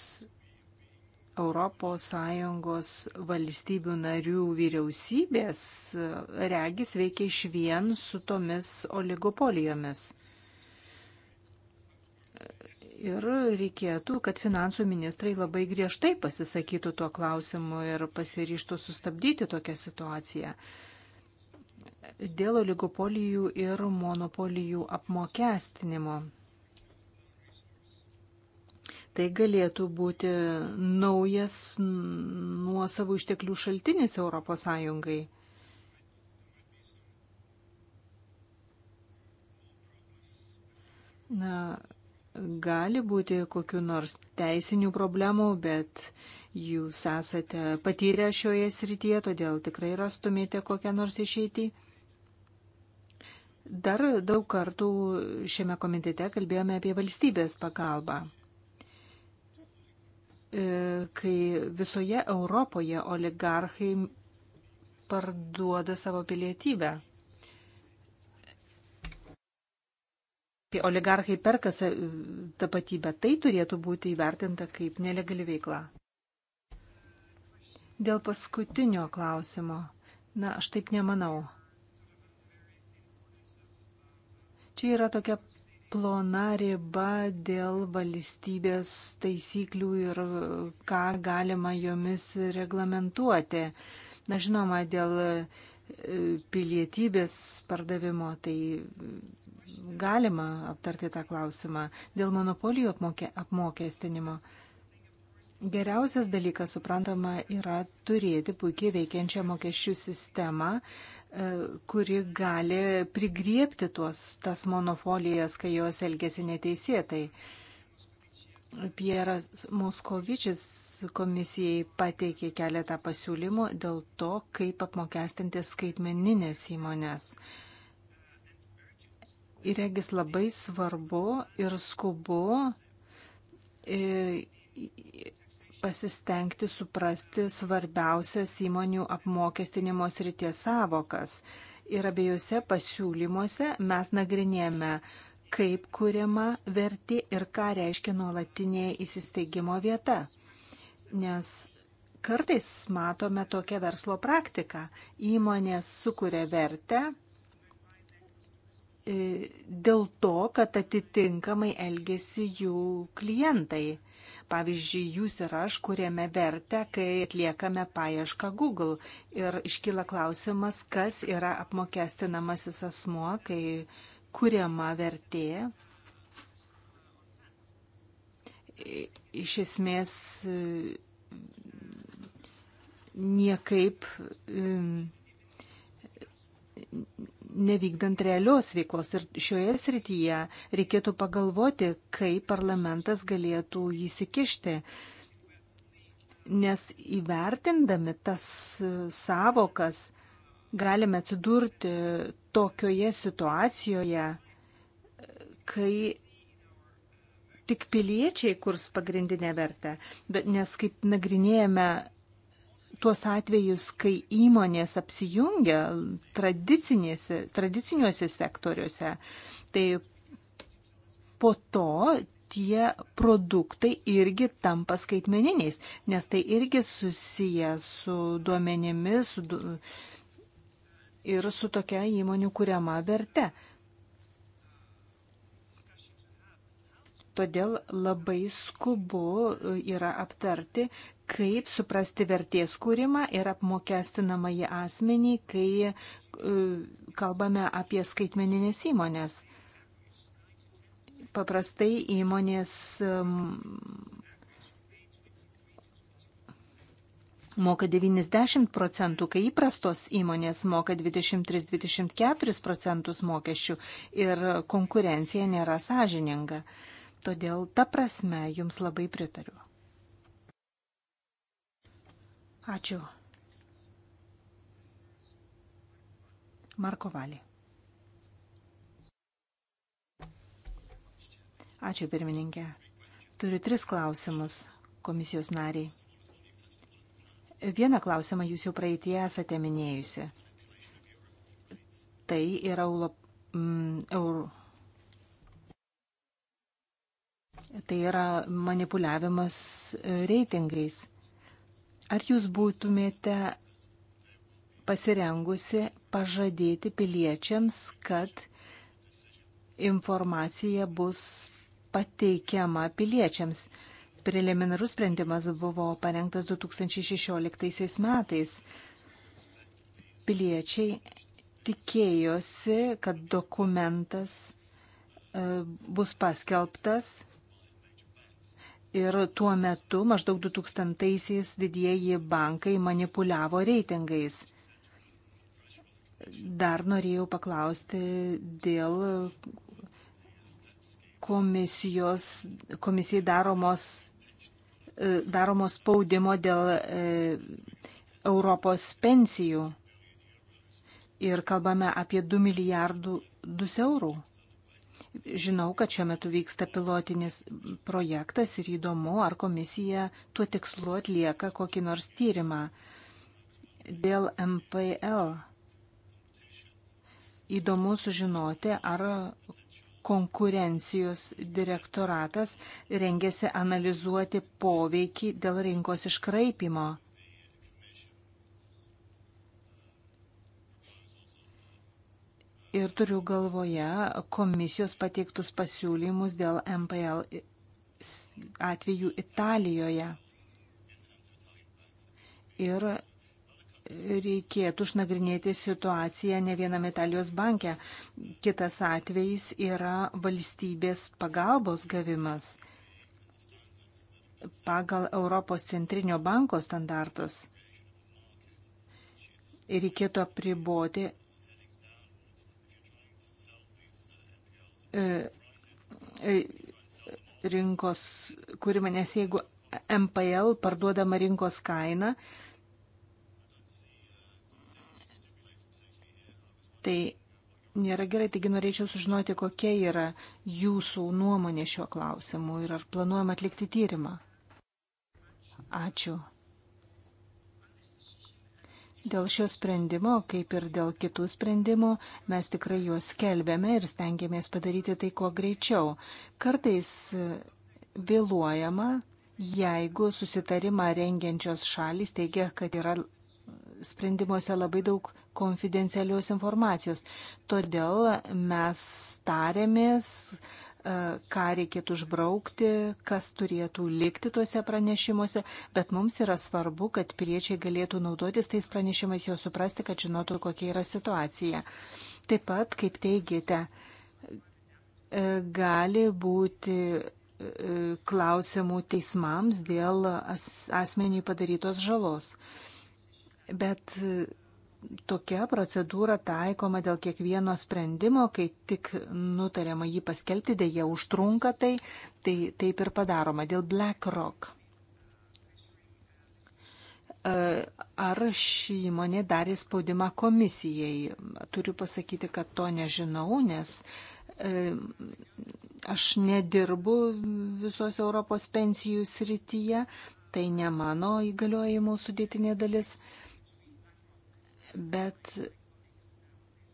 ES valstybių narių vyriausybės e, regis veikia iš vien su tomis oligopolijomis. Ir reikėtų, kad finansų ministrai labai griežtai pasisakytų tuo klausimu ir pasiryštų sustabdyti tokią situaciją. Dėl oligopolijų ir monopolijų apmokestinimo Tai galėtų būti naujas nuosavų išteklių šaltinis ES. Na, gali būti kokiu nors teisinių problemų, bet jūs esate patyrę šioje srityje, todėl tikrai rastumėte kokią nors išeitį. Dar daug kartų šiame komitete kalbėjome apie valstybės pagalbą. E, kai visoje Europoje oligarchai parduoda savo pilietybę. Kai oligarchai perka e, tapatybę, tai turėtų būti įvertinta kaip nelegali veikla. Dėl paskutinio klausimo. Na, aš taip nemanau. Čia yra tokia plona riba dėl valstybės taisyklių ir e, ką galima jomis reglamentuoti. Na, žinoma, dėl e, pilietybės pardavimo, tai galima aptarti tą klausimą. Dėl monopolijų apmokė, apmokestinimo. Geriausias dalykas, suprantama, yra turėti puikiai veikiančią mokesčių sistemą, kuri gali prigriepti tuos, tas monofolijas, kai jos elgesi neteisėtai. Pieras Moskovičius komisijai pateikė keletą pasiūlymų dėl to, kaip apmokestinti skaitmeninės įmonės. Įregis labai svarbu ir skubu e, pasistengti suprasti svarbiausias įmonių apmokestinimo srities savokas. Ir abiejose pasiūlymuose mes nagrinėjame, kaip kuriama vertė ir ką reiškia nuolatinė įsisteigimo vieta. Nes kartais matome tokią verslo praktiką. Įmonės sukuria vertę e, dėl to, kad atitinkamai elgesi jų klientai pavyzdžiui, jūs ir aš kuriame vertę, kai atliekame paiešką Google. Ir iškyla klausimas, kas yra apmokestinamasis asmuo, kai kuriama vertė. Iš esmės niekaip nevykdant realios veiklos. Ir šioje srityje reikėtų pagalvoti, kaip parlamentas galėtų įsikišti. Nes įvertindami tas savokas galime atsidurti tokioje situacijoje, kai tik piliečiai kurs pagrindinę vertę, bet nes kaip nagrinėjame tuos atvejus, kai įmonės apsijungia tradiciniuose sektoriuose, tai po to tie produktai irgi tampa skaitmeniniais, nes tai irgi susiję su duomenimis su du, ir su tokia įmonių kuriama verte. Todėl labai skubu yra aptarti, kaip suprasti vertės kūrimą ir apmokestinamą į asmenį, kai e, kalbame apie skaitmeninės įmonės. Paprastai įmonės moka 90 procentų, kai įprastos įmonės moka 23-24 procentus mokesčių ir konkurencija nėra sąžininga. Todėl ta prasme jums labai pritariu. Ačiū. Marko Valį. Ačiū pirmininkė. Turiu tris klausimus komisijos nariai. Vieną klausimą jūs jau praeitie esate minėjusi. Tai yra Europ... Mm, Euro... Tai yra manipuliavimas reitingais. Ar jūs būtumėte pasirengusi pažadėti piliečiams, kad informacija bus pateikiama piliečiams? Preliminarus sprendimas buvo parengtas 2016 metais. Piliečiai tikėjosi, kad dokumentas e, bus paskelbtas Ir tuo metu, maždaug 2000-aisiais, didieji bankai manipuliavo reitingais. Dar norėjau paklausti dėl komisijos, komisijai daromos, e, daromos spaudimo dėl e, Europos pensijų. Ir kalbame apie 2 milijardų 2 eurų. Žinau, kad šiuo metu vyksta pilotinis projektas ir įdomu, ar komisija tuo tikslu atlieka kokį nors tyrimą dėl MPL. Įdomu sužinoti, ar konkurencijos direktoratas rengėsi analizuoti poveikį dėl rinkos iškraipimo ir turiu galvoje komisijos pateiktus pasiūlymus dėl MPL atvejų Italijoje. Ir reikėtų išnagrinėti situaciją ne vienam Italijos banke. Kitas atvejis yra valstybės pagalbos gavimas pagal Europos centrinio banko standartus. Reikėtų apriboti E, e, rinkos kūrimą, nes jeigu MPL parduodama rinkos kaina, tai nėra gerai. Taigi norėčiau sužinoti, kokia yra jūsų nuomonė šiuo klausimu ir ar planuojam atlikti tyrimą. Ačiū. Dėl šio sprendimo, kaip ir dėl kitų sprendimų, mes tikrai juos skelbėme ir stengiamės padaryti tai kuo greičiau. Kartais e, vėluojama, jeigu susitarimą rengiančios šalis teigia, kad yra sprendimuose labai daug konfidencialios informacijos. Todėl mes tarėmės, E, ką reikėtų užbraukti, kas turėtų likti tuose pranešimuose, bet mums yra svarbu, kad piliečiai galėtų naudotis tais pranešimais, jau suprasti, kad žinotų, kokia yra situacija. Taip pat, kaip teigite, e, gali būti e, klausimų teismams dėl asmeniui padarytos žalos. Bet tokia procedūra taikoma dėl kiekvieno sprendimo, kai tik nutariama jį paskelbti, dėja užtrunka tai, tai taip ir padaroma dėl BlackRock. E, ar ši įmonė darė spaudimą komisijai? Turiu pasakyti, kad to nežinau, nes e, aš nedirbu visos Europos pensijų srityje, tai ne mano įgaliojimų sudėtinė dalis bet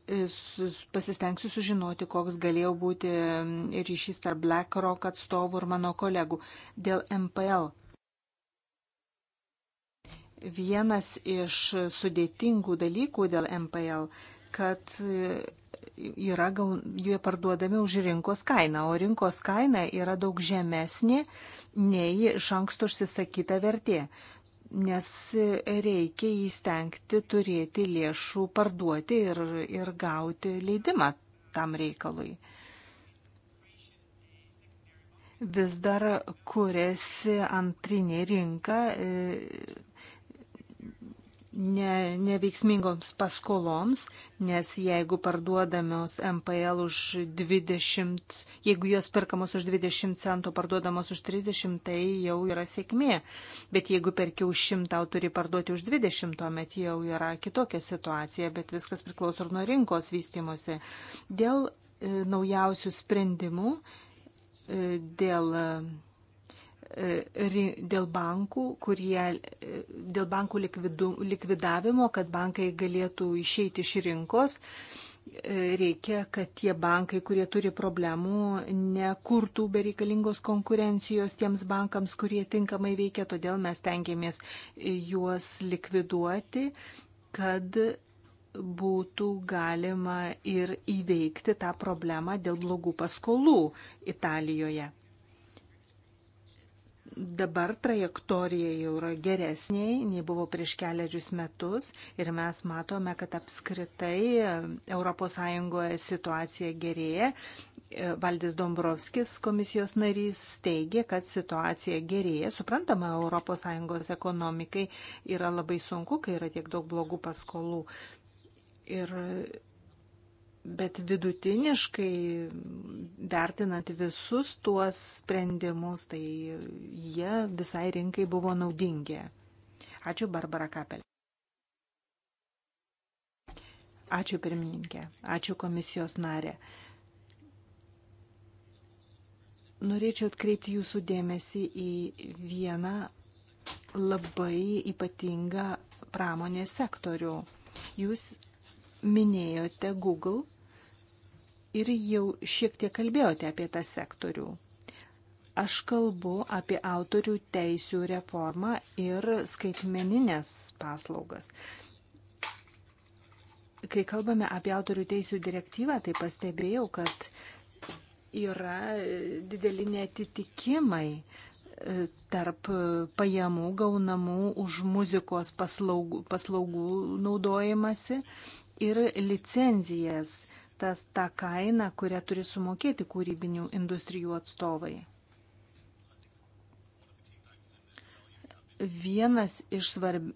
e, pasistengsiu sužinoti, koks galėjo būti e, ryšys tarp BlackRock atstovų ir mano kolegų dėl MPL. Vienas iš sudėtingų dalykų dėl MPL, kad e, yra, jie parduodami už rinkos kainą, o rinkos kaina yra daug žemesnė nei iš anksto užsisakyta vertė nes reikia įstengti turėti lėšų parduoti ir, ir gauti leidimą tam reikalui. Vis dar kuriasi antrinė rinka ne, neveiksmingoms paskoloms, nes jeigu parduodamos MPL už 20, jeigu jos perkamos už 20 centų, parduodamos už 30, tai jau yra sėkmė. Bet jeigu perki už 100, turi parduoti už 20, tuomet jau yra kitokia situacija, bet viskas priklauso ir nuo rinkos vystimosi. Dėl e, naujausių sprendimų, e, dėl e, dėl bankų, kurie, e, dėl bankų likvidu, likvidavimo, kad bankai galėtų išeiti iš rinkos, e, reikia, kad tie bankai, kurie turi problemų, nekurtų bereikalingos konkurencijos tiems bankams, kurie tinkamai veikia, todėl mes tengiamės juos likviduoti, kad būtų galima ir įveikti tą problemą dėl blogų paskolų Italijoje dabar trajektorija jau yra geresnė, nei buvo prieš keliarius metus ir mes matome, kad apskritai ES situacija gerėja. Valdis Dombrovskis, komisijos narys, teigia, kad situacija gerėja. Suprantama, ES ekonomikai yra labai sunku, kai yra tiek daug blogų paskolų. Ir Bet vidutiniškai vertinant visus tuos sprendimus, tai jie visai rinkai buvo naudingi. Ačiū Barbara Kapelė. Ačiū pirmininkė, ačiū komisijos narė. Norėčiau atkreipti jūsų dėmesį į vieną labai ypatingą pramonės sektorių. Jūs minėjote Google ir jau šiek tiek kalbėjote apie tą sektorių. Aš kalbu apie autorių teisių reformą ir skaitmeninės paslaugas. Kai kalbame apie autorių teisių direktyvą, tai pastebėjau, kad yra dideli netitikimai e, tarp pajamų gaunamų už muzikos paslaugų, paslaugų naudojimasi ir licenzijas, tas ta kaina, kurią turi sumokėti kūrybinių industrijų atstovai. Vienas iš svarb...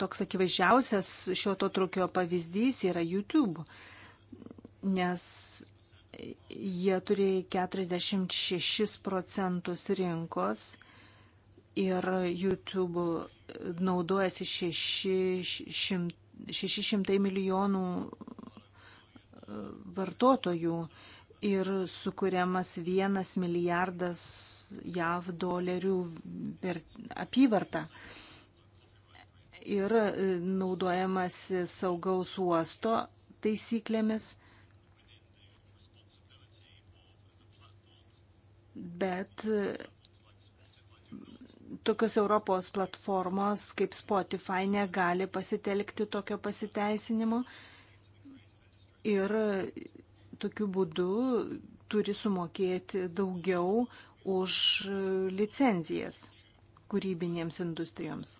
toks akivaizdžiausias šio to trukio pavyzdys yra YouTube, nes jie turėjo 46 procentus rinkos ir YouTube naudojasi 600 600 milijonų e, vartotojų ir sukūriamas vienas milijardas JAV dolerių per apyvartą. Ir e, naudojamas saugaus uosto taisyklėmis, bet tokios Europos platformos kaip Spotify negali pasitelkti tokio pasiteisinimo ir tokiu būdu turi sumokėti daugiau už licenzijas kūrybinėms industrijoms.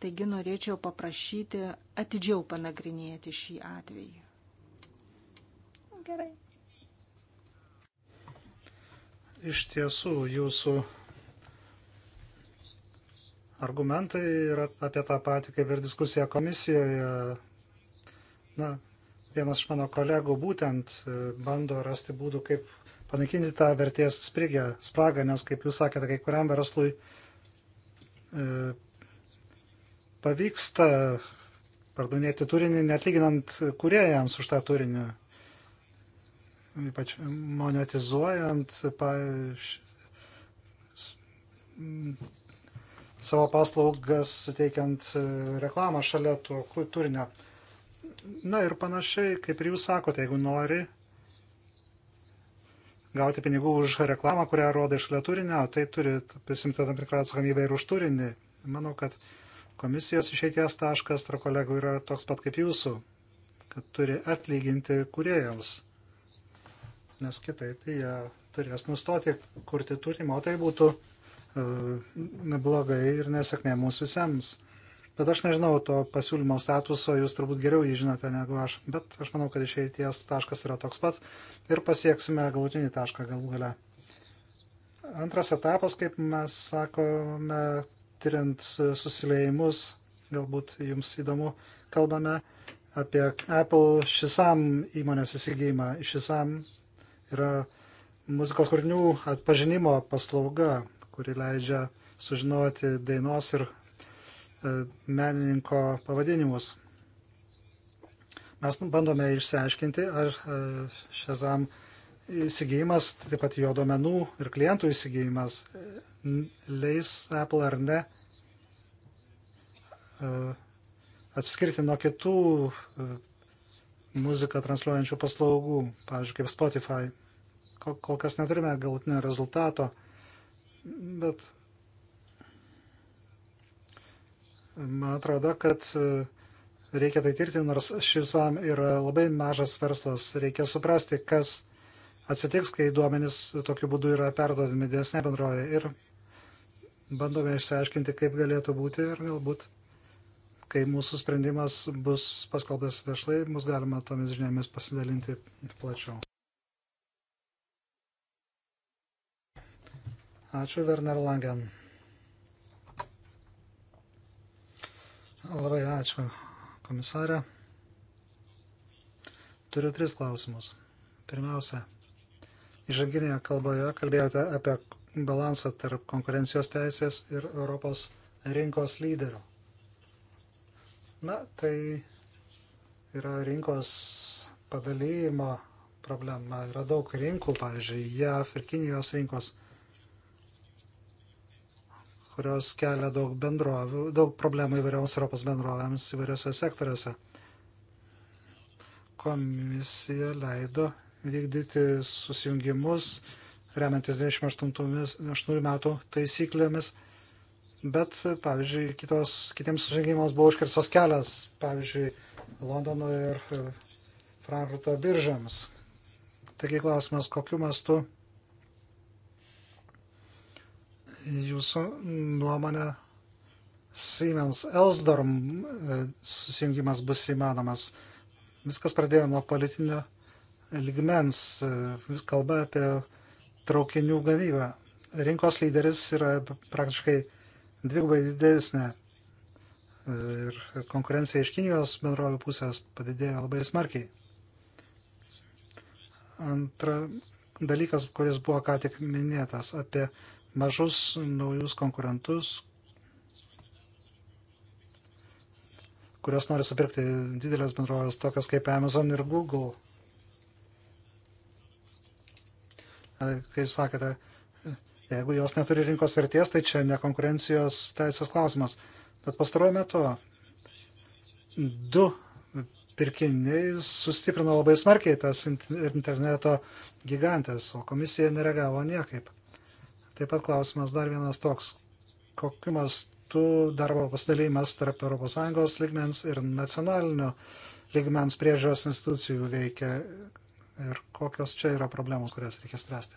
Taigi norėčiau paprašyti atidžiau panagrinėti šį atvejį. Gerai. Iš tiesų, jūsų argumentai yra apie tą patį, kaip ir diskusija komisijoje. Na, vienas iš mano kolegų būtent e, bando rasti būdų, kaip panaikinti tą vertės sprigę, spragą, nes, kaip jūs sakėte, kai kuriam verslui e, pavyksta pardavinėti turinį, netlyginant kuriejams už tą turinį, ypač monetizuojant, pavyzdžiui, savo paslaugas suteikiant e, reklamą šalia to turinio. Na ir panašiai, kaip ir jūs sakote, jeigu nori gauti pinigų už reklamą, kurią rodai šalia turinio, tai turi prisimti tam tikrą atsakomybę ir už turinį. Manau, kad komisijos išeities taškas tarp kolegų yra toks pat kaip jūsų, kad turi atlyginti kuriejams, nes kitaip jie turės nustoti kurti turimą, o tai būtų E, blogai ir nesėkmė mums visiems. Bet aš nežinau to pasiūlymo statuso, jūs turbūt geriau jį žinote negu aš, bet aš manau, kad išeities taškas yra toks pats ir pasieksime galutinį tašką galų gale. Antras etapas, kaip mes sakome, tyriant susiliejimus, galbūt jums įdomu, kalbame apie Apple šisam įmonės įsigijimą. Šisam yra muzikos kūrinių atpažinimo paslauga kuri leidžia sužinoti dainos ir e, menininko pavadinimus. Mes bandome išsiaiškinti, ar e, Šezam įsigijimas, taip pat jo domenų ir klientų įsigijimas e, leis Apple ar ne atskirti nuo kitų muziką transliuojančių paslaugų, pavyzdžiui, kaip Spotify. Kol kas neturime galutinio rezultato Bet man atrodo, kad e, reikia tai tirti, nors šis SAM yra labai mažas verslas. Reikia suprasti, kas atsitiks, kai duomenys tokiu būdu yra perduodami didesnė bendrovė. Ir bandome išsiaiškinti, kaip galėtų būti ir galbūt, kai mūsų sprendimas bus paskalbęs viešai, bus galima tomis žiniomis pasidalinti plačiau. Ačiū, Werner Langen. Labai ačiū, komisarė. Turiu tris klausimus. Pirmiausia, įžanginėje kalboje kalbėjote apie balansą tarp konkurencijos teisės ir Europos rinkos lyderių. Na, tai yra rinkos padalymo problema. Yra daug rinkų, pavyzdžiui, JAF ir Kinijos rinkos kurios kelia daug, bendrovių, daug problemų įvairioms Europos bendrovėms įvairiose sektoriuose. Komisija leido vykdyti susijungimus, remiantis 98 metų taisyklėmis, bet, pavyzdžiui, kitos, kitiems susijungimams buvo užkirstas kelias, pavyzdžiui, Londono ir e, Frankfurto biržams. Taigi klausimas, kokiu mastu jūsų nuomonę Siemens Elsdarm e, susijungimas bus įmanomas. Viskas pradėjo nuo politinio ligmens, e, kalba apie traukinių gavybą. Rinkos lyderis yra praktiškai dvigubai didesnė. E, ir konkurencija iš Kinijos bendrovių pusės padidėjo labai smarkiai. Antra dalykas, kuris buvo ką tik minėtas apie mažus naujus konkurentus, kurios nori supirkti didelės bendrovės, tokios kaip Amazon ir Google. Kaip sakėte, jeigu jos neturi rinkos vertės, tai čia ne konkurencijos teisės klausimas. Bet pastaruoju metu du pirkiniai sustiprino labai smarkiai tas interneto gigantės, o komisija nereagavo niekaip. Taip pat klausimas dar vienas toks. Kokiu mastu darbo pasidalymas tarp ES ligmens ir nacionalinio ligmens priežiūros institucijų veikia ir kokios čia yra problemos, kurias reikia spręsti?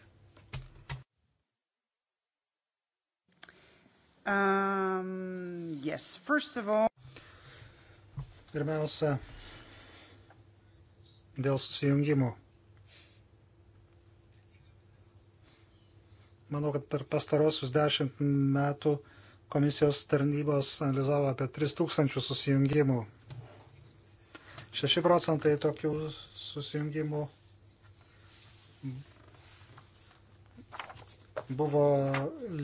Um, yes, first of all. Pirmiausia, dėl susijungimų. Manau, kad per pastarosius dešimt metų komisijos tarnybos analizavo apie 3000 susijungimų. 6 procentai tokių susijungimų buvo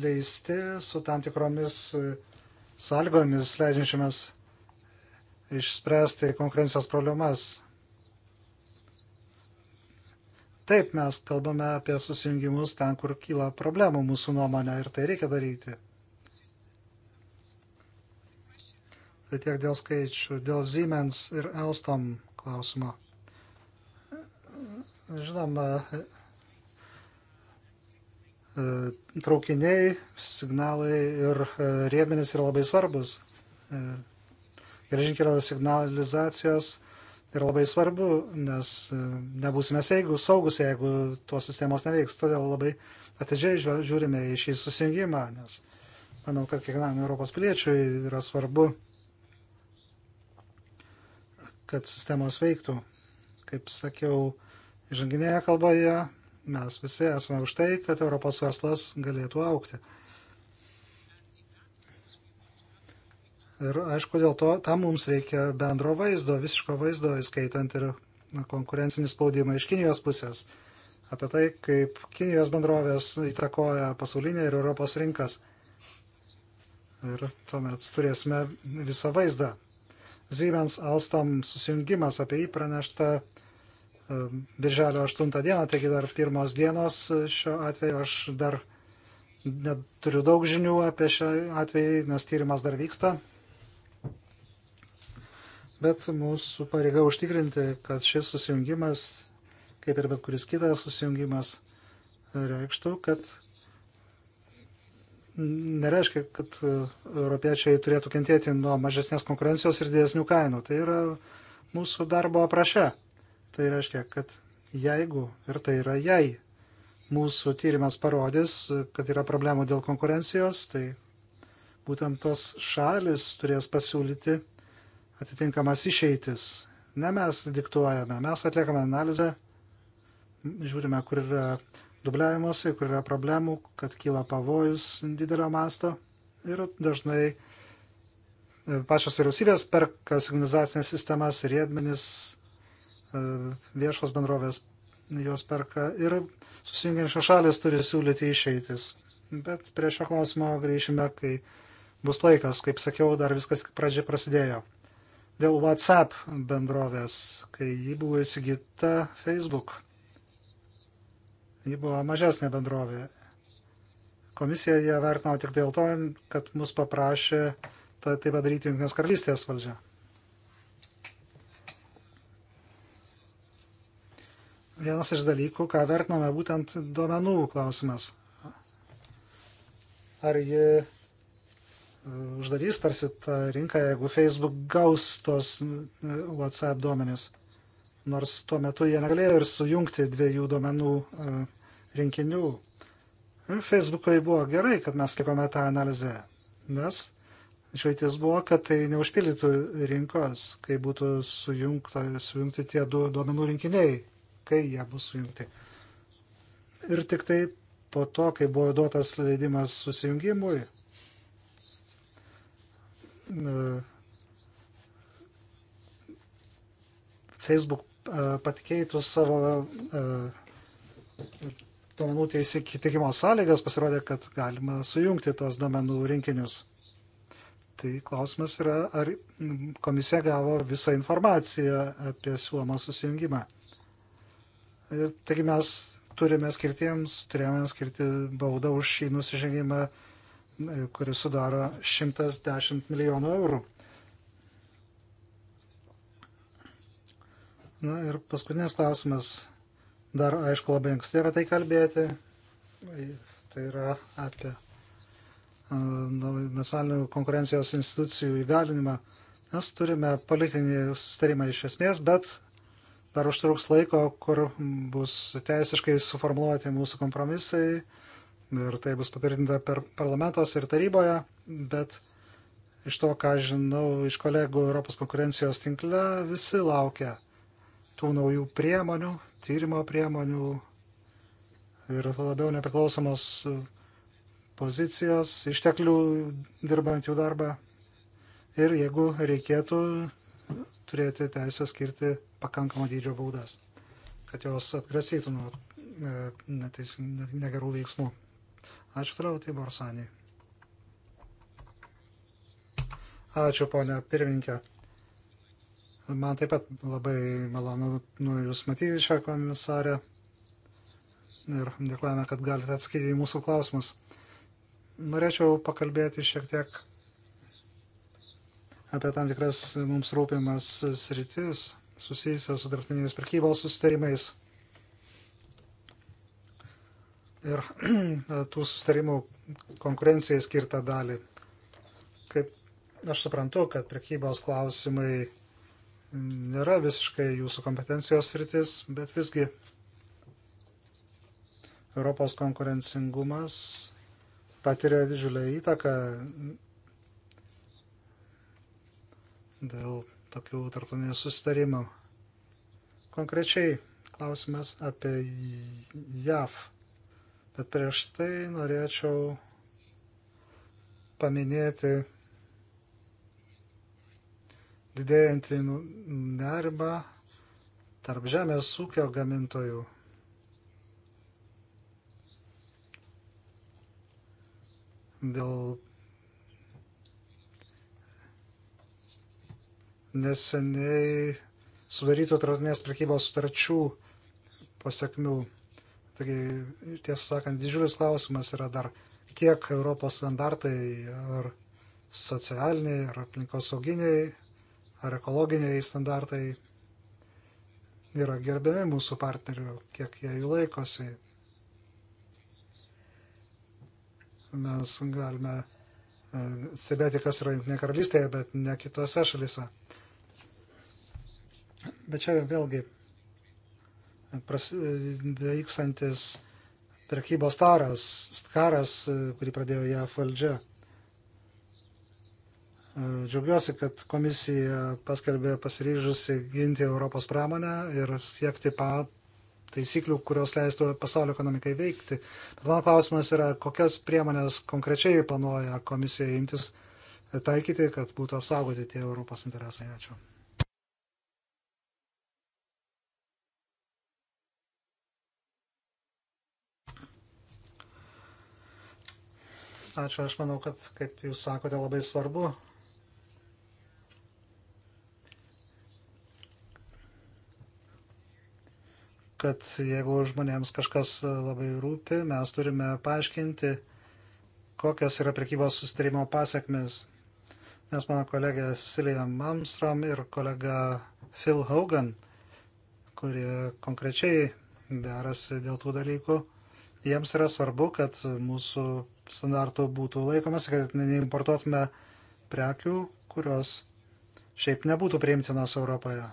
leisti su tam tikromis sąlygomis leidžiančiamis išspręsti konkurencijos problemas. Taip, mes kalbame apie susijungimus ten, kur kyla problemų mūsų nuomonė ir tai reikia daryti. Tai tiek dėl skaičių, dėl Siemens ir Elstom klausimo. Žinoma, e, traukiniai, signalai ir e, riedmenys yra labai svarbus. E, geležinkelio signalizacijos yra labai svarbu, nes e, nebūsime seigus, saugus, jeigu tos sistemos neveiks. Todėl labai atidžiai žiūrime į šį susijungimą, nes manau, kad kiekvienam Europos piliečiui yra svarbu, kad sistemos veiktų. Kaip sakiau, žanginėje kalboje mes visi esame už tai, kad Europos verslas galėtų aukti. Ir aišku, dėl to tam mums reikia bendro vaizdo, visiško vaizdo, įskaitant ir konkurencinį spaudimą iš Kinijos pusės. Apie tai, kaip Kinijos bendrovės įtakoja pasaulinę ir Europos rinkas. Ir tuomet turėsime visą vaizdą. Siemens Alstom susijungimas apie jį pranešta um, Birželio 8 dieną, taigi dar pirmos dienos šiuo atveju aš dar neturiu daug žinių apie šią atvejį, nes tyrimas dar vyksta bet mūsų pareiga užtikrinti, kad šis susijungimas, kaip ir bet kuris kitas susijungimas, reikštų, kad nereiškia, kad europiečiai turėtų kentėti nuo mažesnės konkurencijos ir didesnių kainų. Tai yra mūsų darbo apraše. Tai reiškia, kad jeigu, ir tai yra jei, mūsų tyrimas parodys, kad yra problemų dėl konkurencijos, tai būtent tos šalis turės pasiūlyti atitinkamas išeitis. Ne mes diktuojame, mes atliekame analizę, žiūrime, kur yra dubliavimuose, kur yra problemų, kad kyla pavojus didelio masto ir dažnai e, pačios vyriausybės perka signalizacinės sistemas, riedmenis, e, viešos bendrovės juos perka ir susijungiančios šalis turi siūlyti išeitis. Bet prie šio klausimo grįšime, kai bus laikas. Kaip sakiau, dar viskas pradžia prasidėjo dėl WhatsApp bendrovės, kai ji buvo įsigyta Facebook. Ji buvo mažesnė bendrovė. Komisija ją vertino tik dėl to, kad mus paprašė tai padaryti Junkinės karalystės valdžia. Vienas iš dalykų, ką vertinome, būtent duomenų klausimas. Ar ji uždarys tarsi tą rinką, jeigu Facebook gaus tuos WhatsApp duomenis. Nors tuo metu jie negalėjo ir sujungti dviejų duomenų e, rinkinių. Ir e, Facebookui buvo gerai, kad mes likome tą analizę, nes išveitis buvo, kad tai neužpildytų rinkos, kai būtų sujungta, sujungti tie du duomenų rinkiniai, kai jie bus sujungti. Ir tik tai po to, kai buvo duotas leidimas susijungimui, E, Facebook e, patikeitus savo e, duomenų teisėkitikimo sąlygas pasirodė, kad galima sujungti tos duomenų rinkinius. Tai klausimas yra, ar komisija gavo visą informaciją apie siūlomą susijungimą. Ir taigi mes turime skirtiems, turėjome skirti baudą už šį nusižengimą kuris sudaro 110 milijonų eurų. Na ir paskutinis klausimas, dar aišku labai anksti apie tai kalbėti, tai yra apie nacionalinių konkurencijos institucijų įgalinimą. Mes turime politinį sustarimą iš esmės, bet dar užtruks laiko, kur bus teisiškai suformuoluoti mūsų kompromisai ir tai bus patvirtinta per parlamentos ir taryboje, bet iš to, ką žinau iš kolegų Europos konkurencijos tinkle, visi laukia tų naujų priemonių, tyrimo priemonių ir labiau nepriklausomos pozicijos, išteklių dirbant jų darbą ir jeigu reikėtų turėti teisę skirti pakankamą dydžio baudas, kad jos atgrasytų nuo e, negerų veiksmų. Ačiū toliau, tai Borsanė. Ačiū, ponia pirmininkė. Man taip pat labai malonu nu, Jūs matyti čia, komisarė. Ir dėkojame, kad galite atsakyti į mūsų klausimus. Norėčiau pakalbėti šiek tiek apie tam tikras mums rūpimas sritis susijusios su dirbtiniais prekybos sustarimais ir tų sustarimų konkurencijai skirtą dalį. Kaip aš suprantu, kad prekybos klausimai nėra visiškai jūsų kompetencijos sritis, bet visgi Europos konkurencingumas patiria didžiulę įtaką dėl tokių tarptautinių sustarimų. Konkrečiai klausimas apie JAV Bet prieš tai norėčiau paminėti didėjantį nu, nerimą tarp žemės ūkio gamintojų. Dėl neseniai sudarytų trautinės prekybos sutarčių pasiekmių. Taigi, tiesą sakant, didžiulis klausimas yra dar, kiek Europos standartai ar socialiniai, ar aplinkosauginiai, ar ekologiniai standartai yra gerbiami mūsų partnerių, kiek jie jų laikosi. Mes galime e, stebėti, kas yra Junktinė karalystėje, bet ne kitose šalise. Bet čia vėlgi pras, veikstantis prekybos taras, karas, e, kurį pradėjo JAF valdžia. E, džiaugiuosi, kad komisija paskelbė pasiryžusi ginti Europos pramonę ir siekti pa taisyklių, kurios leistų pasaulio ekonomikai veikti. Bet mano klausimas yra, kokias priemonės konkrečiai planuoja komisija imtis taikyti, kad būtų apsaugoti tie Europos interesai. Ačiū. Ačiū, aš manau, kad, kaip jūs sakote, labai svarbu. kad jeigu žmonėms kažkas labai rūpi, mes turime paaiškinti, kokios yra prekybos sustarimo pasiekmes. Nes mano kolegė Silija Malmstrom ir kolega Phil Hogan, kurie konkrečiai derasi dėl tų dalykų, jiems yra svarbu, kad mūsų standartų būtų laikomasi, kad neimportuotume prekių, kurios šiaip nebūtų priimtinos Europoje.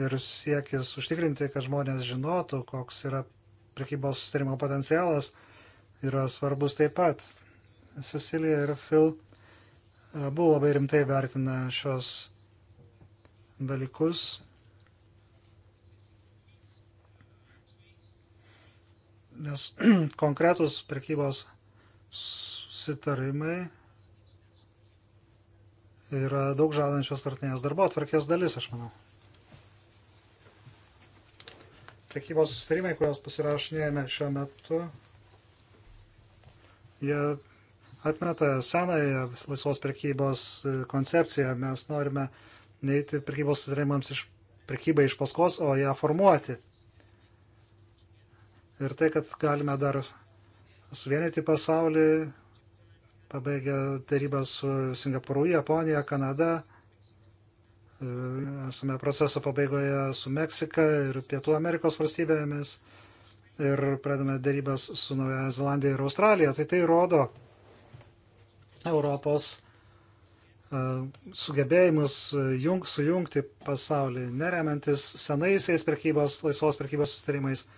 Ir siekis užtikrinti, kad žmonės žinotų, koks yra prekybos sustarimo potencialas, yra svarbus taip pat. Cecilija ir Phil abu labai rimtai vertina šios dalykus nes konkretus prekybos sitarimai yra daug žadančios tartinės darbo atvarkės dalis, aš manau. Prekybos susitarimai, kuriuos pasirašinėjame šiuo metu, jie atmeta senąją laisvos prekybos koncepciją. Mes norime neiti prekybos susitarimams iš prekybą iš paskos, o ją formuoti. Ir tai, kad galime dar suvienyti pasaulį, pabaigę darybą su Singapūru, Japonija, Kanada, esame proceso pabaigoje su Meksika ir Pietų Amerikos valstybėmis ir pradame darybas su Nauja Zelandija ir Australija. Tai tai rodo Europos e, sugebėjimus jung, sujungti pasaulį, neremiantis senaisiais prekybos, laisvos prekybos sustarimais,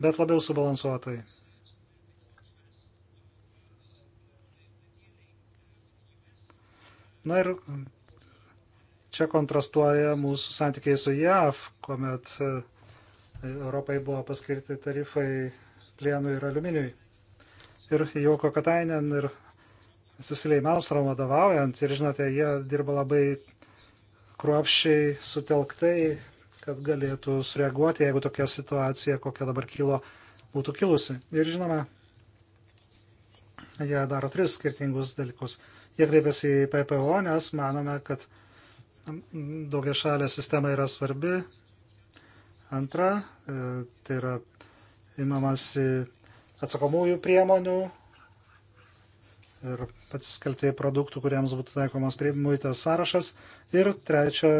bet labiau subalansuotai. Na ir čia kontrastuoja mūsų santykiai su JAV, kuomet e, Europai buvo paskirti tarifai plienui ir aliuminiui. Ir Jauko Katainen ir Cecilijai Melstrom vadovaujant, ir žinote, jie dirba labai kruopščiai, sutelktai kad galėtų sureaguoti, jeigu tokia situacija, kokia dabar kilo, būtų kilusi. Ir žinoma, jie daro tris skirtingus dalykus. Jie kreipiasi į PPO, nes manome, kad daugia šalė sistema yra svarbi. Antra, e, tai yra imamas atsakomųjų priemonių ir pasiskelbti produktų, kuriems būtų taikomas muitas sąrašas. Ir trečia,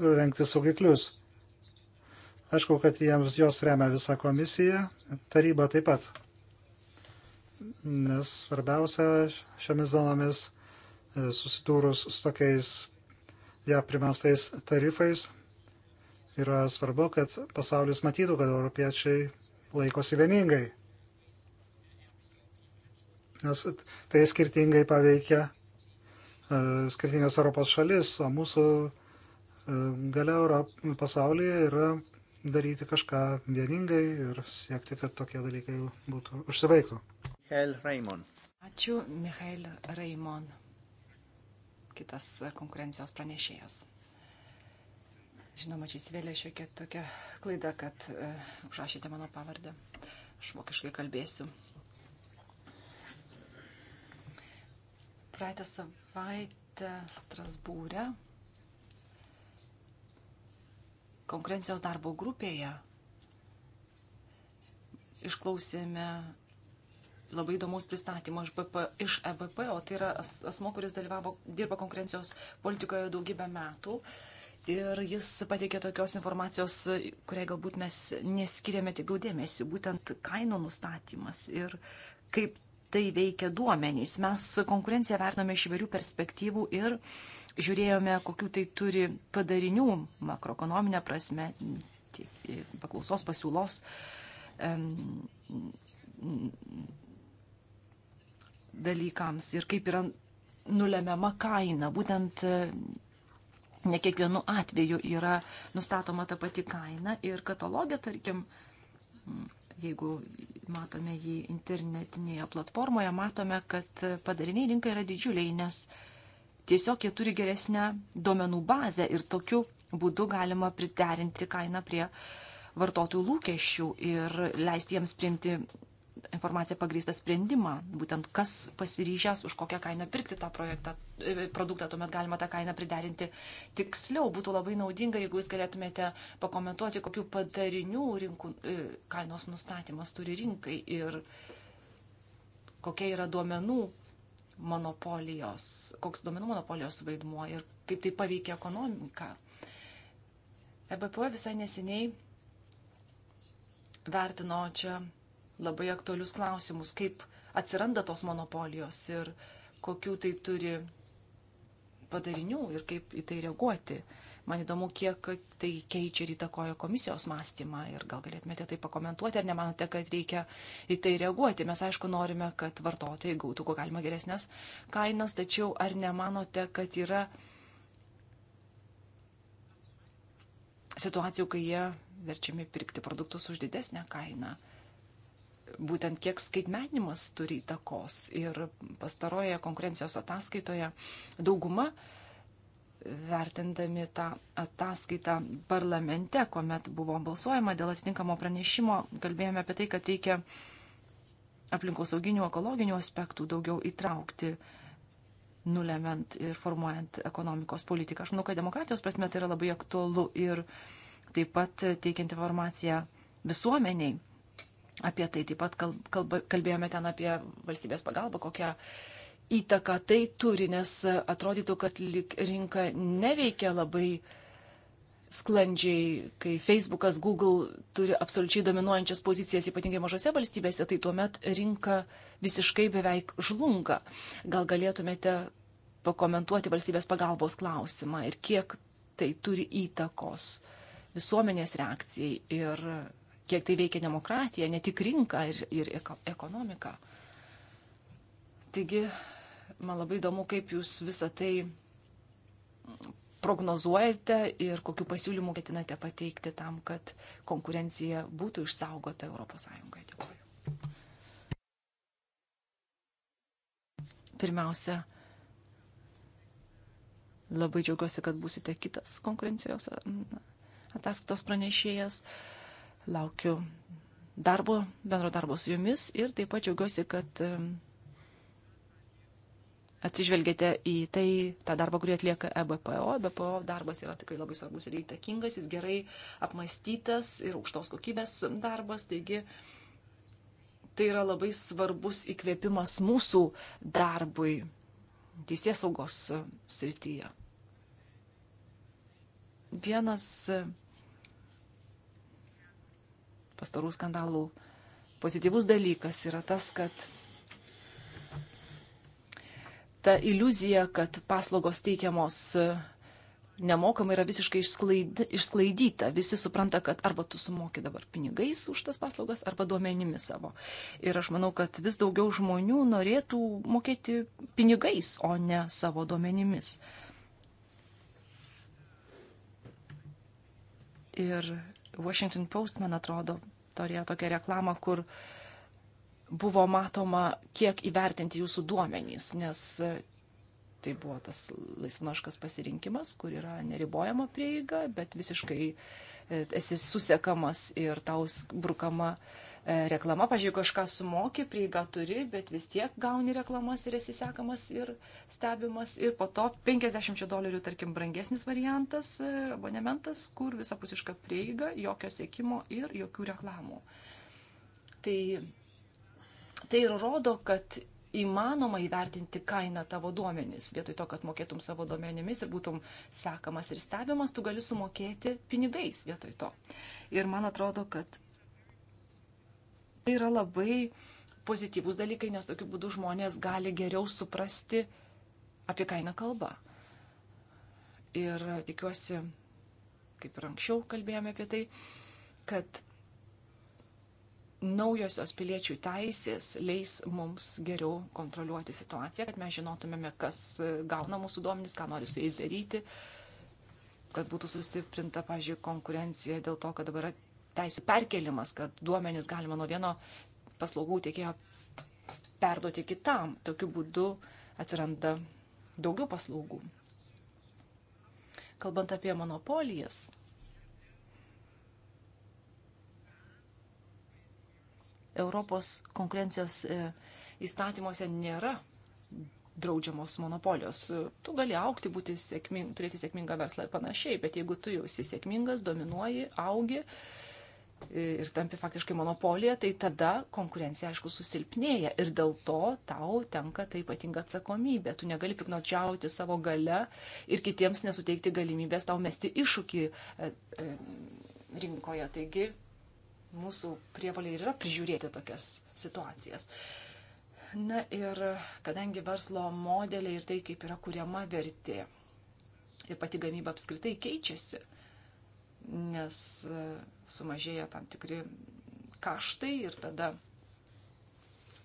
rengti saugiklius. Aišku, kad jiems jos remia visą komisiją, taryba taip pat. Nes svarbiausia šiomis dienomis e, susidūrus su tokiais ją ja, primestais tarifais yra svarbu, kad pasaulis matytų, kad europiečiai laikosi vieningai. Nes tai skirtingai paveikia e, skirtingas Europos šalis, o mūsų galia Europą, pasaulyje yra daryti kažką vieningai ir siekti, kad tokie dalykai būtų užsibaigtų. Ačiū, Michael Raimon, kitas konkurencijos pranešėjas. Žinoma, čia įsivėlė šiokia tokia klaida, kad uh, užrašėte mano pavardę. Aš vokiškai kalbėsiu. Praeitą savaitę Strasbūrė e konkurencijos darbo grupėje išklausėme labai įdomus pristatymas iš, BP, iš EBPO, tai yra as, asmo, kuris dalyvavo, dirba konkurencijos politikoje daugybę metų. Ir jis pateikė tokios informacijos, kuriai galbūt mes neskiriame tik gaudėmėsi, būtent kainų nustatymas ir kaip tai veikia duomenys. Mes konkurenciją vertiname iš įvairių perspektyvų ir uh, žiūrėjome, kokiu tai turi padarinių makroekonominė prasme, paklausos pasiūlos dalykams ir kaip yra nulemiama kaina. Būtent e, ne kiekvienu atveju yra nustatoma ta pati kaina ir katalogė, tarkim, jeigu matome jį internetinėje platformoje, matome, kad padariniai rinkai yra didžiuliai, nes uh, Tiesiog jie turi geresnę duomenų bazę ir tokiu būdu galima priderinti kainą prie vartotojų lūkesčių ir leisti jiems priimti informaciją pagrįstą sprendimą, būtent kas pasiryžęs už kokią kainą pirkti tą projektą, e, produktą, tuomet galima tą kainą priderinti tiksliau. Būtų labai naudinga, jeigu jūs galėtumėte pakomentuoti, kokiu padarinių rinkų e, kainos nustatymas turi rinkai ir kokia yra duomenų monopolijos, koks duomenų monopolijos vaidmuo ir kaip tai paveikia ekonomiką. EBPO visai neseniai vertino čia labai aktualius klausimus, kaip atsiranda tos monopolijos ir kokių tai turi padarinių ir kaip į tai reaguoti. Man įdomu, kiek tai keičia ir įtakoja komisijos mąstymą ir gal galėtumėte tai pakomentuoti, ar nemanote, kad reikia į tai reaguoti. Mes aišku norime, kad vartotojai gautų kuo galima geresnės kainas, tačiau ar nemanote, kad yra situacijų, kai jie verčiami pirkti produktus už didesnę kainą? būtent kiek skaitmenimas turi įtakos. Ir pastarojoje konkurencijos ataskaitoje dauguma vertindami tą ataskaitą parlamente, kuomet buvo balsuojama dėl atitinkamo pranešimo, kalbėjome apie tai, kad reikia aplinkosauginių, ekologinių aspektų daugiau įtraukti, nulemiant ir formuojant ekonomikos politiką. Aš manau, kad demokratijos prasme tai yra labai aktualu ir taip pat teikiant informaciją visuomeniai apie tai. Taip pat kalb, kalb, kalbėjome ten apie valstybės pagalbą, kokią įtaką tai turi, nes atrodytų, kad rinka neveikia labai sklandžiai, kai Facebookas, Google turi absoliučiai dominuojančias pozicijas, ypatingai mažose valstybėse, tai tuomet rinka visiškai beveik žlunga. Gal galėtumėte pakomentuoti valstybės pagalbos klausimą ir kiek tai turi įtakos visuomenės reakcijai ir kiek tai veikia demokratija, ne tik rinka ir, ir ekonomika. Taigi Man labai įdomu, kaip jūs visą tai prognozuojate ir kokiu pasiūlymu ketinate pateikti tam, kad konkurencija būtų išsaugota ES. Dėkuoju. Pirmiausia, labai džiaugiuosi, kad būsite kitas konkurencijos ataskaitos pranešėjas. Laukiu darbo, bendro darbo su jumis ir taip pat džiaugiuosi, kad atsižvelgėte į tai, tą darbą, kurį atlieka EBPO. EBPO darbas yra tikrai labai svarbus ir įtakingas, jis gerai apmastytas ir aukštos kokybės darbas, taigi tai yra labai svarbus įkvėpimas mūsų darbui teisės saugos srityje. Vienas pastarų skandalų pozityvus dalykas yra tas, kad ta iliuzija, kad paslaugos teikiamos e, nemokamai yra visiškai išsklaidyta. Visi supranta, kad arba tu sumoki dabar pinigais už tas paslaugas, arba duomenimis savo. Ir aš manau, kad vis daugiau žmonių norėtų mokėti pinigais, o ne savo duomenimis. Ir Washington Post, man atrodo, turėjo tokią reklamą, kur uh, buvo matoma, kiek įvertinti jūsų duomenys, nes e, tai buvo tas laisvanoškas pasirinkimas, kur yra neribojama prieiga, bet visiškai e, esi susiekamas ir tau brukama e, reklama. Pažiūrėjau, kažką sumoki, prieigą turi, bet vis tiek gauni reklamas ir esi sekamas ir stebimas. Ir po to 50 dolerių, tarkim, brangesnis variantas, abonementas, kur visapusiška prieiga, jokio sėkimo ir jokių reklamų. Tai Tai ir rodo, kad įmanoma įvertinti kainą tavo duomenys. Vietoj to, kad mokėtum savo duomenimis ir būtum sekamas ir stebimas, tu gali sumokėti pinigais vietoj to. Ir man atrodo, kad tai yra labai pozityvūs dalykai, nes tokiu būdu žmonės gali geriau suprasti, apie ką eina kalba. Ir tikiuosi, kaip ir anksčiau kalbėjome apie tai, kad naujosios piliečių teisės leis mums geriau kontroliuoti situaciją, kad mes žinotumėme, kas e, gauna mūsų duomenys, ką nori su jais daryti, kad būtų sustiprinta, pažiūrėjau, konkurencija dėl to, kad dabar yra teisų perkelimas, kad duomenys galima nuo vieno paslaugų tiekėjo perduoti kitam. Tokiu būdu atsiranda daugiau paslaugų. Kalbant apie monopolijas, Europos konkurencijos e, įstatymuose nėra draudžiamos monopolijos. Tu gali aukti, būti sėkming, turėti sėkmingą verslą ir panašiai, bet jeigu tu jau esi sėkmingas, dominuoji, augi e, ir tampi faktiškai monopolija, tai tada konkurencija, aišku, susilpnėja ir dėl to tau tenka tai ypatinga atsakomybė. Tu negali piknočiauti savo gale ir kitiems nesuteikti galimybės tau mesti iššūkį e, rinkoje. Taigi mūsų prievalė yra prižiūrėti tokias situacijas. Na ir kadangi verslo modeliai ir tai, kaip yra kuriama vertė ir pati gamyba apskritai keičiasi, nes e, sumažėja tam tikri kaštai ir tada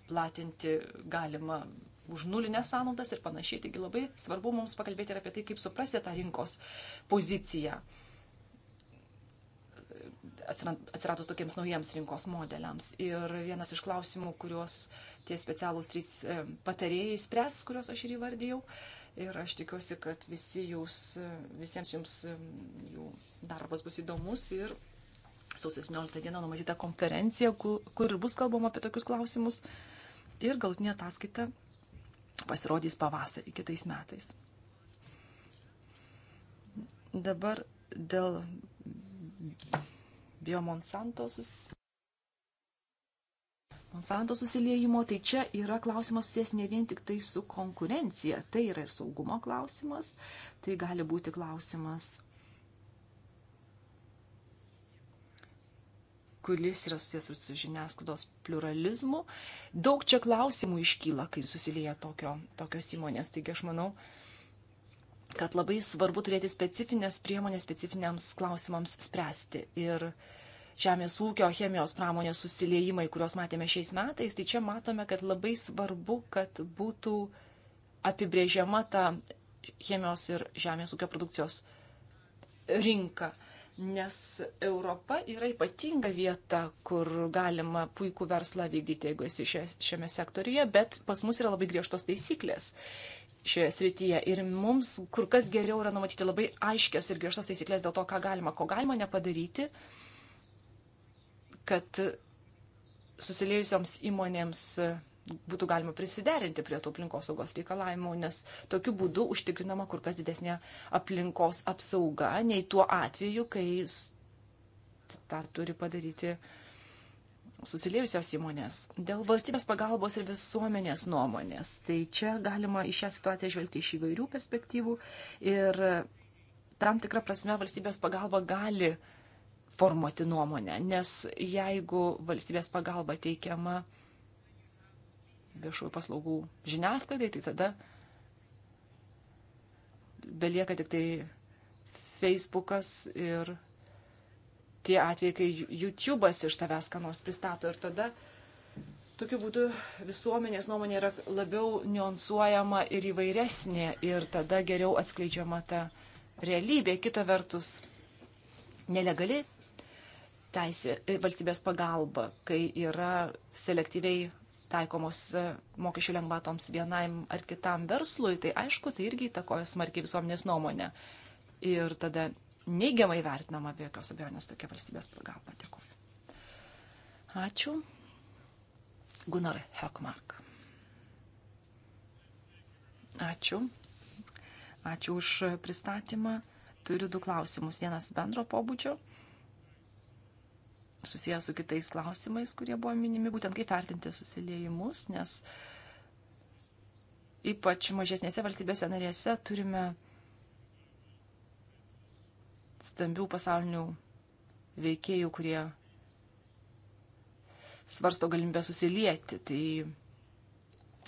platinti galima už nulinės sąnaudas ir panašiai. Taigi labai svarbu mums pakalbėti ir apie tai, kaip suprasti tą rinkos poziciją. Uh, atsiradus tokiems naujiems rinkos modeliams. Ir vienas iš klausimų, kuriuos tie specialūs trys e, patarėjai spręs, kuriuos aš ir įvardėjau. Ir aš tikiuosi, kad visi jūs, e, visiems jums e, jų darbas bus įdomus ir sausio 17 dieną numatyta konferencija, kur ir bus kalbama apie tokius klausimus. Ir galutinė ataskaita pasirodys pavasarį kitais metais. Dabar dėl bio Monsanto, sus... Monsanto susiliejimo, tai čia yra klausimas susijęs ne vien tik tai su konkurencija, tai yra ir saugumo klausimas, tai gali būti klausimas, kuris yra susijęs ir su žiniasklaidos pluralizmu. Daug čia klausimų iškyla, kai susilieja tokio, tokios įmonės, taigi aš manau, uh, kad labai svarbu turėti specifines priemonės specifiniams klausimams spręsti. Ir žemės ūkio, chemijos pramonės susiliejimai, kuriuos matėme šiais metais, tai čia matome, kad labai svarbu, kad būtų apibrėžiama ta chemijos ir žemės ūkio produkcijos rinka. Nes Europa yra ypatinga vieta, kur galima puikų verslą vykdyti, jeigu esi šiame sektoriuje, bet pas mus yra labai griežtos taisyklės šioje srityje. Ir mums kur kas geriau yra numatyti labai aiškios ir griežtos taisyklės dėl to, ką galima, ko galima nepadaryti, kad susiliejusioms įmonėms būtų galima prisiderinti prie tų aplinkosaugos reikalavimų, nes tokiu būdu užtikrinama kur kas didesnė aplinkos apsauga nei tuo atveju, kai tą turi padaryti uh, susiliejusios įmonės. Dėl valstybės pagalbos ir visuomenės nuomonės. Tai čia galima į šią situaciją žvelgti iš įvairių perspektyvų ir tam tikrą prasme valstybės pagalba gali formuoti nuomonę, nes jeigu valstybės pagalba teikiama viešųjų paslaugų žiniasklaidai, tai tada belieka tik tai Facebookas ir tie atvejai, kai YouTube'as iš tavęs ką nors pristato ir tada tokiu būdu visuomenės nuomonė yra labiau niuansuojama ir įvairesnė ir tada geriau atskleidžiama ta realybė. Kita vertus, nelegali teisė, e, valstybės pagalba, kai yra selektyviai taikomos e, mokesčių lengvatoms vienam ar kitam verslui, tai aišku, tai irgi įtakoja smarkiai visuomenės nuomonę. Ir tada neigiamai vertinama be jokios abejonės tokia valstybės pagalba. Dėkuoju. Ačiū. Gunnar Hekmark. Ačiū. Ačiū už pristatymą. Turiu du klausimus. Vienas bendro pobūdžio susijęs su kitais klausimais, kurie buvo minimi, būtent kaip vertinti susiliejimus, nes ypač mažesnėse valstybėse narėse turime stambių pasaulinių veikėjų, kurie svarsto galimybę susilieti. Tai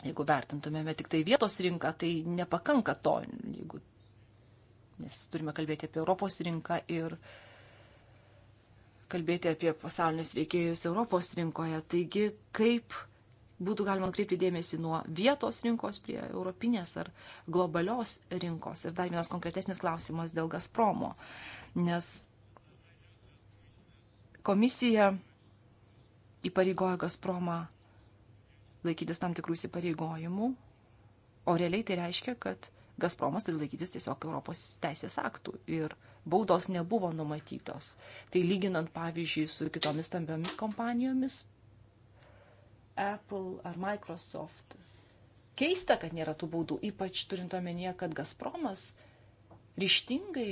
jeigu vertintumėme tik tai vietos rinką, tai nepakanka to, jeigu, nes turime kalbėti apie Europos rinką ir kalbėti apie pasaulinius veikėjus Europos rinkoje. Taigi, kaip būtų galima nukreipti dėmesį nuo vietos rinkos prie europinės ar globalios rinkos. Ir dar vienas konkretesnis klausimas dėl Gazpromo. Uh, nes komisija įpareigojo Gazpromą laikytis tam tikrų įsipareigojimų, o realiai tai reiškia, kad Gazpromas turi laikytis tiesiog Europos teisės aktų ir baudos nebuvo numatytos. Tai lyginant, pavyzdžiui, su kitomis stambiomis kompanijomis, Apple ar Microsoft. Keista, kad nėra tų baudų, ypač turint omenyje, kad Gazpromas ryštingai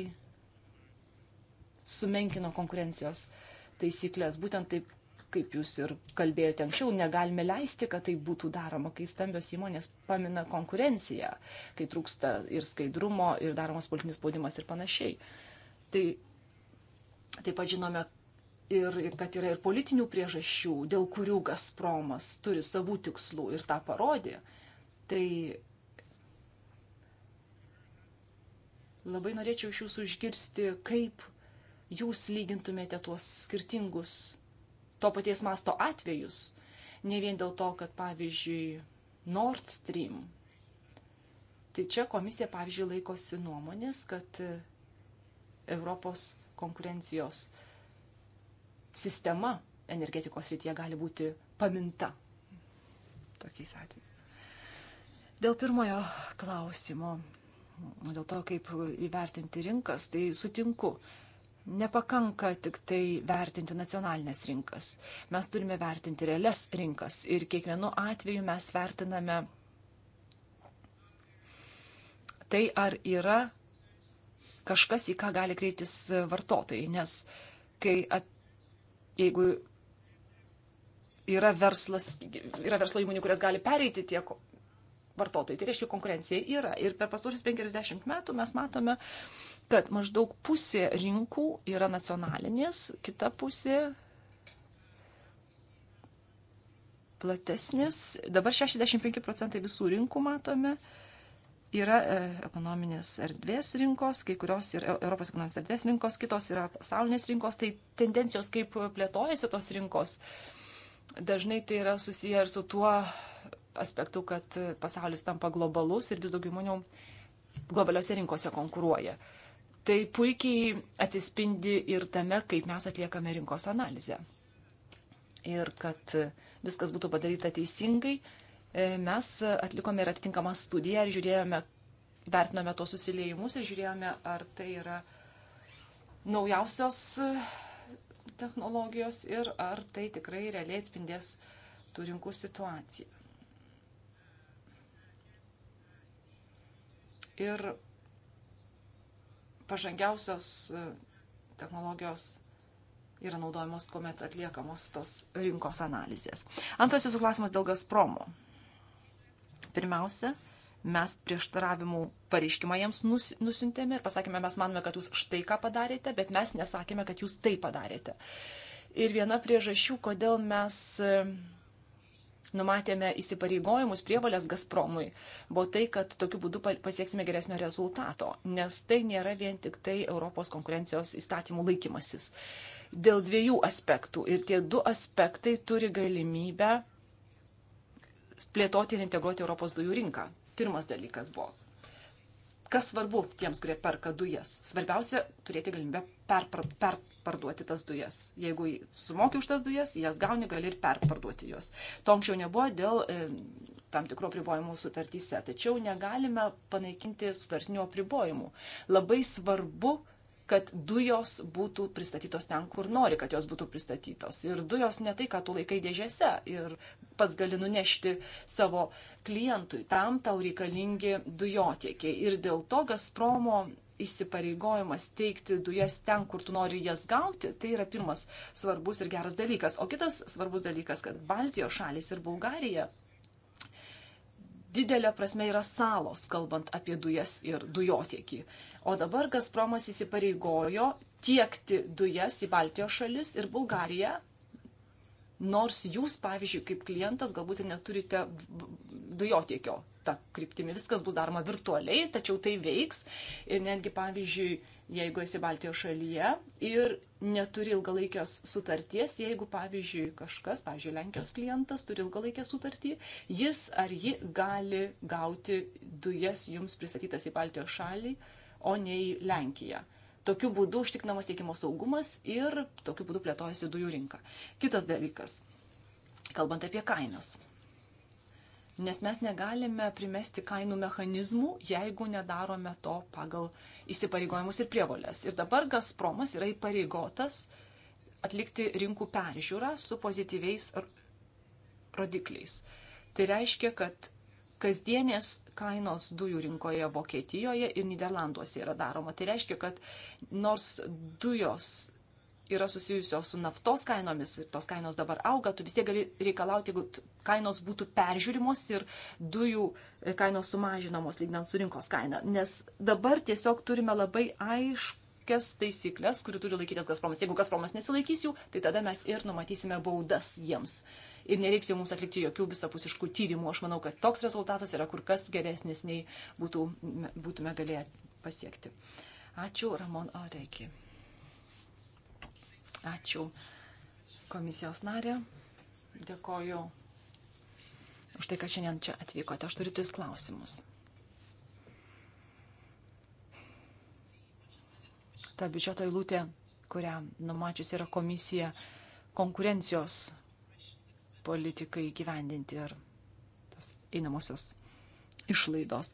sumenkino konkurencijos taisyklės. Būtent taip, kaip jūs ir kalbėjote anksčiau, negalime leisti, kad tai būtų daroma, kai stambios įmonės pamina konkurenciją, kai trūksta ir skaidrumo, ir daromas politinis spaudimas ir panašiai. Tai taip pat žinome, ir, kad yra ir politinių priežasčių, dėl kurių Gazpromas turi savų tikslų ir tą parodė, tai labai norėčiau iš jūsų išgirsti, kaip jūs lygintumėte tuos skirtingus to paties masto atvejus. Ne vien dėl to, kad pavyzdžiui Nord Stream. Tai čia komisija, pavyzdžiui, laikosi nuomonės, kad e, Europos konkurencijos sistema energetikos rytyje gali būti paminta tokiais atvejais. Dėl pirmojo klausimo, dėl to, kaip įvertinti rinkas, tai sutinku nepakanka tik tai vertinti nacionalinės rinkas. Mes turime vertinti realias rinkas ir kiekvienu atveju mes vertiname tai, ar yra kažkas, į ką gali kreiptis vartotojai, nes kai at, jeigu yra, verslas, yra verslo įmonių, kurias gali pereiti tie vartotojai, tai reiškia konkurencija yra. Ir per pastaruosius 50 metų mes matome, uh, kad maždaug pusė rinkų yra nacionalinės, kita pusė platesnės. Dabar 65 procentai visų rinkų matome yra e, ekonominės erdvės rinkos, kai kurios yra e-, Europos ekonominės erdvės rinkos, kitos yra pasaulinės rinkos, tai tendencijos, kaip plėtojasi tos rinkos, dažnai tai yra susiję ir su tuo aspektu, kad pasaulis tampa globalus ir vis daugiau žmonių globaliuose rinkose konkuruoja. Tai puikiai atsispindi ir tame, kaip mes atliekame rinkos analizę. Ir kad viskas būtų padaryta teisingai, e, mes atlikome ir atitinkamą studiją ir žiūrėjome, vertinome tos susiliejimus ir žiūrėjome, ar tai yra naujausios e, technologijos ir ar tai tikrai realiai atspindės tų rinkų situaciją. Ir pažangiausios e, technologijos yra naudojamos, kuomet atliekamos tos rinkos analizės. Antras jūsų klausimas dėl Gazpromo. Pirmiausia, mes prieštaravimų pareiškimą jiems nus, nusintėme ir pasakėme, mes manome, kad jūs štai ką padarėte, bet mes nesakėme, kad jūs tai padarėte. Ir viena priežasčių, kodėl mes e, numatėme įsipareigojimus prievalės Gazpromui, buvo tai, kad tokiu būdu pasieksime geresnio rezultato, nes tai nėra vien tik tai Europos konkurencijos įstatymų laikymasis. Dėl dviejų aspektų ir tie du aspektai turi galimybę plėtoti ir integruoti Europos dujų rinką. Pirmas dalykas buvo kas svarbu tiems, kurie perka dujas. Svarbiausia - turėti galimybę perparduoti per, tas dujas. Jeigu sumoki už tas dujas, jas gauni, gali ir perparduoti juos. To anksčiau nebuvo dėl e, tam tikro pribojimų sutartyse. Tačiau negalime panaikinti sutartinių apribojimų. Labai svarbu kad dujos būtų pristatytos ten, kur nori, kad jos būtų pristatytos. Ir dujos ne tai, ką tu laikai dėžėse ir pats gali nunešti savo klientui. Tam tau reikalingi dujotiekiai. Ir dėl to Gazpromo įsipareigojimas teikti dujas ten, kur tu nori jas gauti, tai yra pirmas svarbus ir geras dalykas. O kitas svarbus dalykas, kad Baltijos šalis ir Bulgarija didelė prasme yra salos, kalbant apie dujas ir dujotiekį. O dabar Gazpromas įsipareigojo tiekti dujas į Baltijos šalis ir Bulgariją nors jūs, pavyzdžiui, kaip klientas galbūt ir neturite dujotiekio tą kryptimį. Viskas bus daroma virtualiai, tačiau tai veiks. Ir netgi, pavyzdžiui, jeigu esi Baltijos šalyje ir neturi ilgalaikios sutarties, jeigu, pavyzdžiui, kažkas, pavyzdžiui, Lenkijos klientas turi ilgalaikę sutartį, jis ar ji gali gauti dujas jums pristatytas į Baltijos šalį, o ne į Lenkiją. Tokiu būdu užtikrinamas tiekimo saugumas ir tokiu būdu plėtojasi dujų rinka. Kitas dalykas, kalbant apie kainas. Nes mes negalime primesti kainų mechanizmų, jeigu nedarome to pagal įsipareigojimus ir prievolės. Ir dabar Gazpromas yra įpareigotas atlikti rinkų peržiūrą su pozityviais rodikliais. Tai reiškia, kad kasdienės kainos dujų rinkoje Vokietijoje ir Niderlanduose yra daroma. Tai reiškia, kad nors dujos yra susijusios su naftos kainomis ir tos kainos dabar auga, tu vis tiek gali reikalauti, jeigu kainos būtų peržiūrimos ir dujų e, kainos sumažinamos lygnant su rinkos kaina. Nes dabar tiesiog turime labai aiškias taisyklės, kurių turi laikytis Gazpromas. Jeigu Gazpromas nesilaikys jų, tai tada mes ir numatysime baudas jiems. Uh, ir nereiks jau mums atlikti jokių visapusiškų tyrimų. Aš manau, kad toks rezultatas yra kur kas geresnis, nei būtų, būtume galėję pasiekti. Ačiū, Ramon Areiki. Ačiū, komisijos narė. Dėkoju už tai, kad šiandien čia atvykote. Aš turiu tris klausimus. Ta biudžeto eilutė, kurią numačius yra komisija konkurencijos politikai gyvendinti ir tas einamosios išlaidos.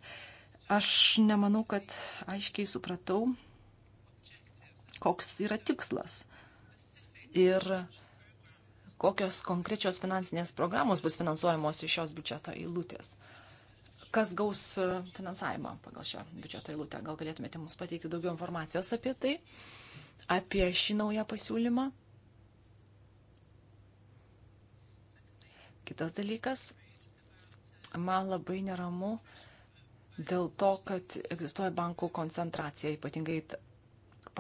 Aš nemanau, kad aiškiai supratau, koks yra tikslas ir kokios konkrečios finansinės programos bus finansuojamos iš šios biudžeto eilutės. Kas gaus finansavimą pagal šią biudžeto eilutę? Gal galėtumėte mums pateikti daugiau informacijos apie tai, apie šį naują pasiūlymą? Kitas dalykas, man labai neramu dėl to, kad egzistuoja bankų koncentracija, ypatingai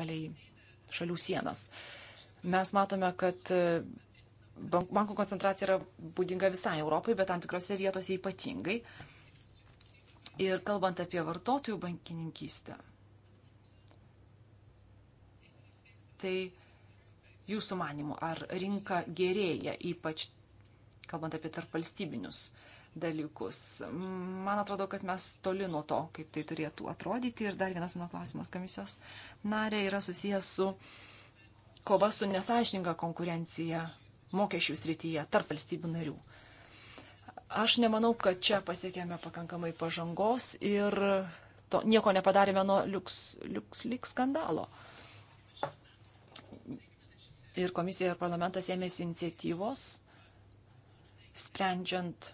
palei šalių sienas. Mes matome, kad e, bankų koncentracija yra būdinga visai Europai, bet tam tikrose vietose ypatingai. Ir kalbant apie vartotojų bankininkystę, tai jūsų manimu, ar rinka gerėja, ypač kalbant apie tarpvalstybinius dalykus. Man atrodo, kad mes toli nuo to, kaip tai turėtų atrodyti. Ir dar vienas mano klausimas komisijos narė yra susijęs su kova su nesažininga konkurencija mokesčių srityje tarp valstybių narių. Aš nemanau, kad čia pasiekėme pakankamai pažangos ir to, nieko nepadarėme nuo LuxLeaks liuks, skandalo. Ir komisija ir parlamentas ėmėsi iniciatyvos sprendžiant,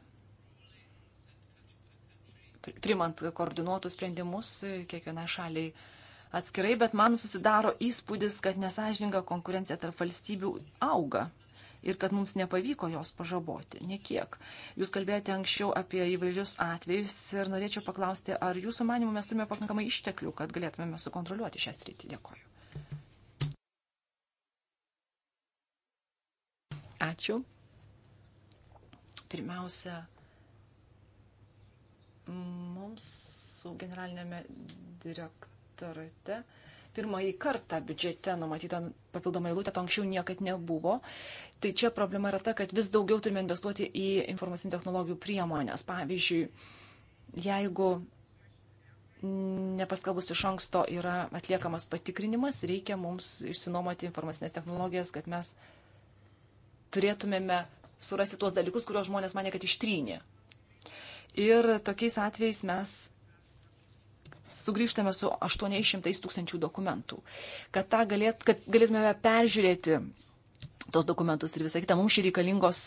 primant koordinuotus sprendimus kiekvienai šaliai atskirai, bet man susidaro įspūdis, kad nesažininga konkurencija tarp valstybių auga ir kad mums nepavyko jos pažaboti, niekiek. Jūs kalbėjote anksčiau apie įvairius atvejus ir norėčiau paklausti, ar jūsų manimu mes turime pakankamai išteklių, kad galėtumėme sukontroliuoti šią sritį. Dėkoju. Ačiū. Pirmiausia, mums su generalinėme direktorate pirmąjį kartą biudžete numatyta papildoma eilutė, to anksčiau niekad nebuvo. Tai čia problema yra ta, kad vis daugiau turime investuoti į informacinių technologijų priemonės. Pavyzdžiui, jeigu nepaskalbus iš anksto yra atliekamas patikrinimas, reikia mums išsinuomoti informacinės technologijas, kad mes turėtumėme surasti tuos dalykus, kuriuos žmonės mane, kad ištrynė. Ir tokiais atvejais mes sugrįžtame su 800 tūkstančių dokumentų, kad, tą galėt, kad galėtume peržiūrėti tos dokumentus ir visą kitą. Mums šį reikalingos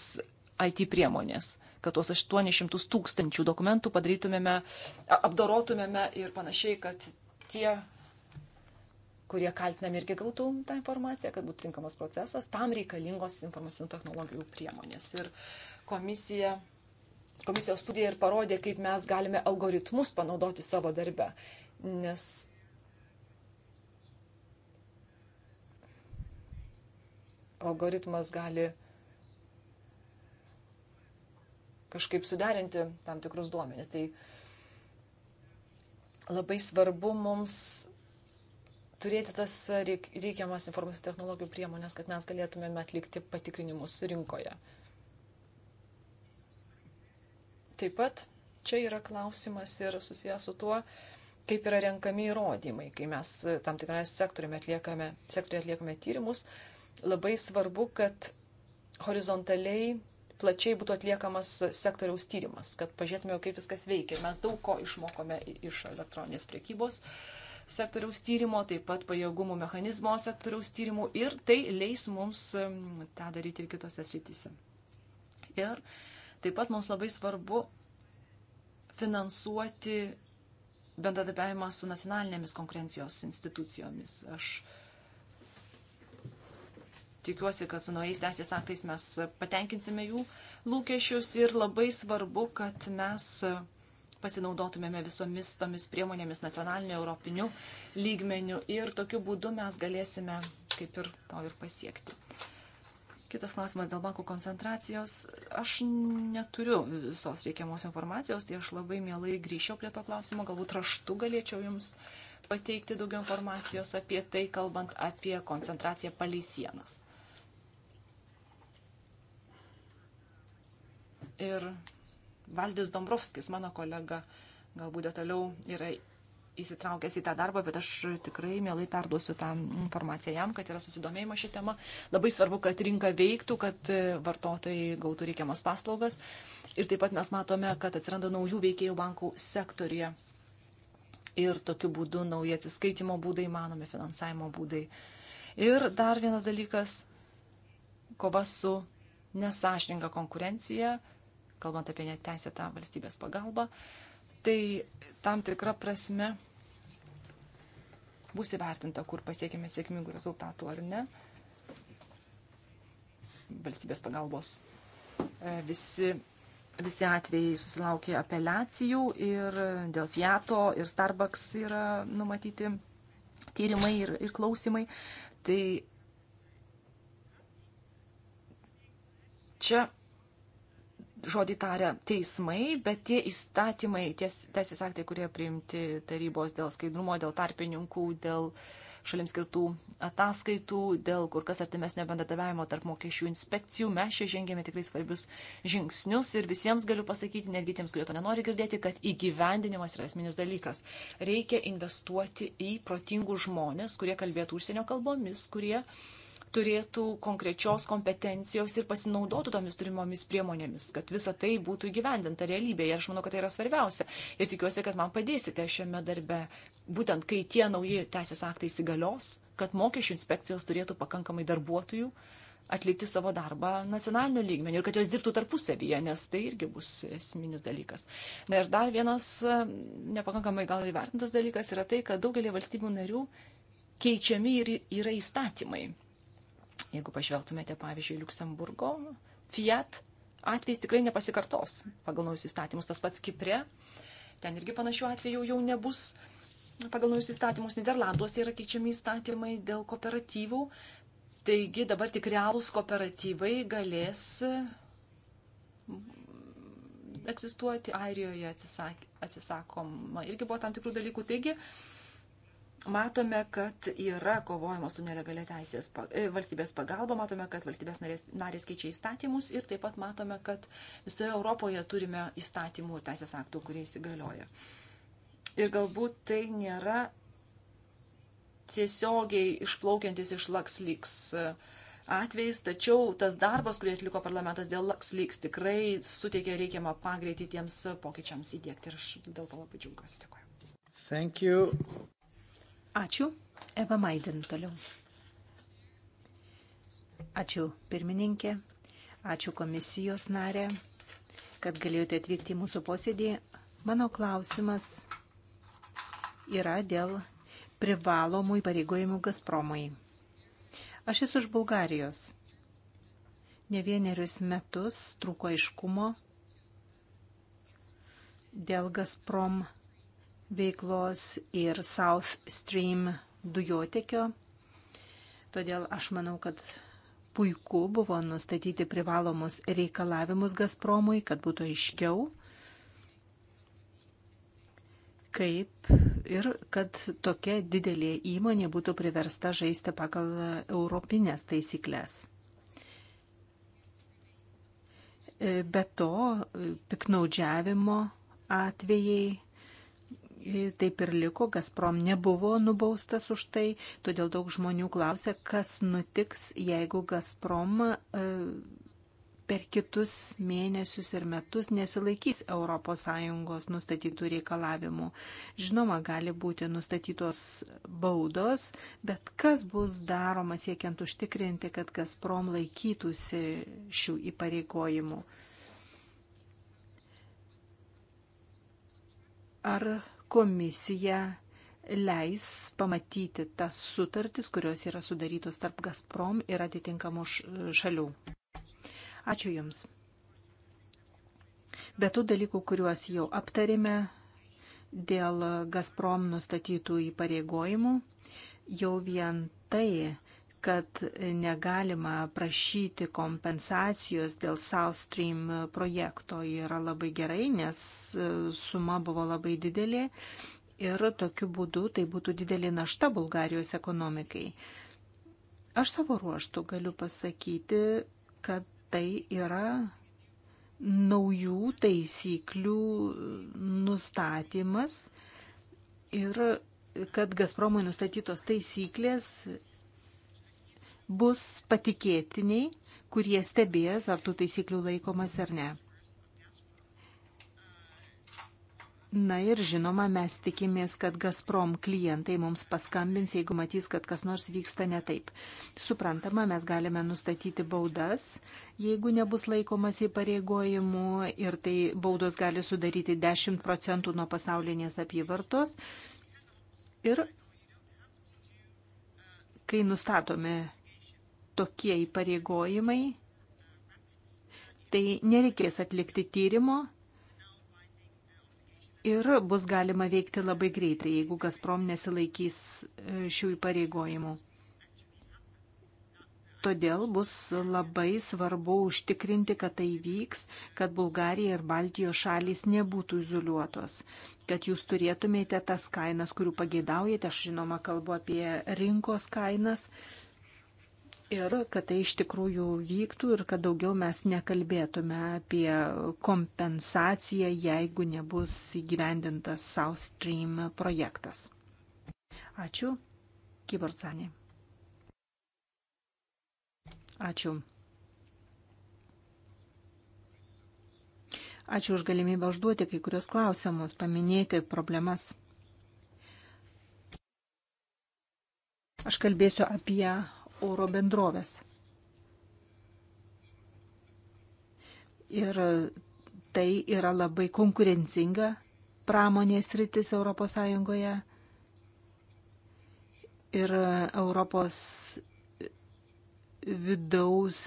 IT priemonės, kad tuos 800 tūkstančių dokumentų padarytumėme, apdorotumėme ir panašiai, kad tie kurie kaltinami irgi gautų tą informaciją, kad būtų tinkamas procesas, tam reikalingos informacinių technologijų priemonės. Ir komisija, komisijos studija ir parodė, kaip mes galime algoritmus panaudoti savo darbe, nes algoritmas gali kažkaip suderinti tam tikrus duomenis. Tai labai svarbu mums turėti tas e, reikiamas informacijos technologijų priemonės, kad mes galėtumėme atlikti patikrinimus rinkoje. Taip pat čia yra klausimas ir susijęs su tuo, kaip yra renkami įrodymai. Kai mes e, tam tikrai sektoriuje atliekame, sektoriu atliekame tyrimus, labai svarbu, kad horizontaliai plačiai būtų atliekamas sektoriaus tyrimas, kad pažiūrėtume, kaip viskas veikia. Mes daug ko išmokome iš elektroninės priekybos. Uh, sektoriaus tyrimo, taip pat pajėgumų mechanizmo sektoriaus tyrimų ir tai leis mums tą daryti ir kitose srityse. Ir taip pat mums labai svarbu finansuoti bendradarbiavimą su nacionalinėmis konkurencijos institucijomis. Aš tikiuosi, kad su naujais teisės aktais mes patenkinsime jų lūkesčius ir labai svarbu, kad mes pasinaudotumėme visomis tomis priemonėmis nacionaliniu, europiniu lygmeniu ir tokiu būdu mes galėsime kaip ir to ir pasiekti. Kitas klausimas dėl bankų koncentracijos. Aš neturiu visos reikiamos informacijos, tai aš labai mielai grįšiu prie to klausimo, galbūt raštu galėčiau jums pateikti daugiau informacijos apie tai, kalbant apie koncentraciją palei sienas. Ir Valdis Dombrovskis, mano kolega, galbūt detaliau yra įsitraukęs į tą darbą, bet aš tikrai mielai perduosiu tą informaciją jam, kad yra susidomėjimo šią temą. Labai svarbu, kad rinka veiktų, kad vartotojai gautų reikiamas paslaugas. Ir taip pat mes matome, kad atsiranda naujų veikėjų bankų sektorija. Ir tokiu būdu nauji atsiskaitimo būdai, manomi finansavimo būdai. Ir dar vienas dalykas - kova su nesažininga konkurencija kalbant apie neteisėtą valstybės pagalbą, tai tam tikra prasme bus įvertinta, kur pasiekime sėkmingų rezultatų ar ne. Valstybės pagalbos e, visi, visi atvejai susilaukė apeliacijų ir dėl Fiato ir Starbucks yra numatyti tyrimai ir, ir klausimai. Tai čia žodį taria teismai, bet tie įstatymai, ties, teisės aktai, kurie priimti tarybos dėl skaidrumo, dėl tarpininkų, dėl šalims skirtų ataskaitų, dėl kur kas artimesnio bendradarbiavimo tarp mokesčių inspekcijų, mes čia žengėme tikrai svarbius žingsnius ir visiems galiu pasakyti, netgi tiems, kurie to nenori girdėti, kad įgyvendinimas yra esminis dalykas. Reikia investuoti į protingus žmonės, kurie kalbėtų užsienio kalbomis, kurie uh, turėtų konkrečios kompetencijos ir pasinaudotų tomis turimomis priemonėmis, kad visa tai būtų įgyvendinta realybėje. Aš manau, kad tai yra svarbiausia. Ir tikiuosi, kad man padėsite šiame darbe, būtent kai tie nauji teisės aktai įsigalios, kad mokesčių inspekcijos turėtų pakankamai darbuotojų atlikti savo darbą nacionaliniu lygmeniu ir kad jos dirbtų tarpusavyje, nes tai irgi bus esminis dalykas. Na ir dar vienas nepakankamai gal įvertintas dalykas yra tai, kad daugelį valstybių narių keičiami ir yra įstatymai. Jeigu pažvelgtumėte, pavyzdžiui, Luksemburgo, Fiat atvejs tikrai nepasikartos. Pagal naujus įstatymus tas pats Kipre, ten irgi panašių atvejų jau nebus. Pagal naujus įstatymus Niderlanduose yra keičiami įstatymai dėl kooperatyvų. Taigi dabar tik realūs kooperatyvai galės egzistuoti. Airijoje atsisakoma irgi buvo tam tikrų dalykų. Taigi, uh, matome, kad yra kovojama su nelegalia teisės e, valstybės pagalba, matome, kad valstybės narės, narės keičia įstatymus ir taip pat matome, kad visoje Europoje turime įstatymų ir teisės aktų, kurie įsigalioja. Ir galbūt tai nėra tiesiogiai išplaukiantis iš LuxLeaks e, atvejais, tačiau tas darbas, kurį atliko parlamentas dėl LuxLeaks, tikrai suteikė reikiamą pagreitį tiems pokyčiams įdėkti ir aš dėl to labai džiaugiuosi. Dėkuoju. Thank you. Ačiū. Eva Maidin toliau. Ačiū pirmininkė, ačiū komisijos narė, kad galėjote atvykti į mūsų posėdį. Mano klausimas yra dėl privalomų įpareigojimų Gazpromui. Aš esu iš Bulgarijos. Ne vienerius metus trūko aiškumo dėl Gazprom veiklos ir South Stream dujotekio. Todėl aš manau, kad puiku buvo nustatyti privalomus reikalavimus Gazpromui, kad būtų aiškiau, kaip ir kad tokia didelė įmonė būtų priversta žaisti pagal europinės taisyklės. E, be to, e, piknaudžiavimo atvejai taip ir liko, Gazprom nebuvo nubaustas už tai, todėl daug žmonių klausia, kas nutiks, jeigu Gazprom e, per kitus mėnesius ir metus nesilaikys ES nustatytų reikalavimų. Žinoma, gali būti nustatytos baudos, bet kas bus daroma siekiant užtikrinti, kad Gazprom laikytųsi šių įpareigojimų? Ar komisija leis pamatyti tas sutartis, kurios yra sudarytos tarp Gazprom ir atitinkamų šalių. Ačiū Jums. Be tų dalykų, kuriuos jau aptarėme dėl Gazprom nustatytų įpareigojimų, jau vien tai kad negalima prašyti kompensacijos dėl South Stream projekto yra labai gerai, nes e, suma buvo labai didelė ir tokiu būdu tai būtų didelė našta Bulgarijos ekonomikai. Aš savo ruoštų galiu pasakyti, kad tai yra naujų taisyklių nustatymas ir kad Gazpromui nustatytos taisyklės bus patikėtiniai, kurie stebės, ar tų taisyklių laikomas ar ne. Na ir žinoma, mes tikimės, kad Gazprom klientai mums paskambins, jeigu matys, kad kas nors vyksta ne taip. Suprantama, mes galime nustatyti baudas, jeigu nebus laikomas įpareigojimų ir tai baudos gali sudaryti 10 procentų nuo pasaulinės apyvartos. Ir kai nustatome tokie įpareigojimai, tai nereikės atlikti tyrimo ir bus galima veikti labai greitai, jeigu Gazprom nesilaikys e, šių įpareigojimų. Todėl bus labai svarbu užtikrinti, kad tai vyks, kad Bulgarija ir Baltijos šalys nebūtų izoliuotos, kad jūs turėtumėte tas kainas, kurių pageidaujate. Aš žinoma kalbu apie rinkos kainas, ir kad tai iš tikrųjų vyktų ir kad daugiau mes nekalbėtume apie kompensaciją, jeigu nebus įgyvendintas South Stream projektas. Ačiū, Kiborcanė. Ačiū. Ačiū už galimybę užduoti kai kurios klausimus, paminėti problemas. Aš kalbėsiu apie oro bendrovės. Ir tai yra labai konkurencinga pramonės rytis Europos Sąjungoje. Ir Europos vidaus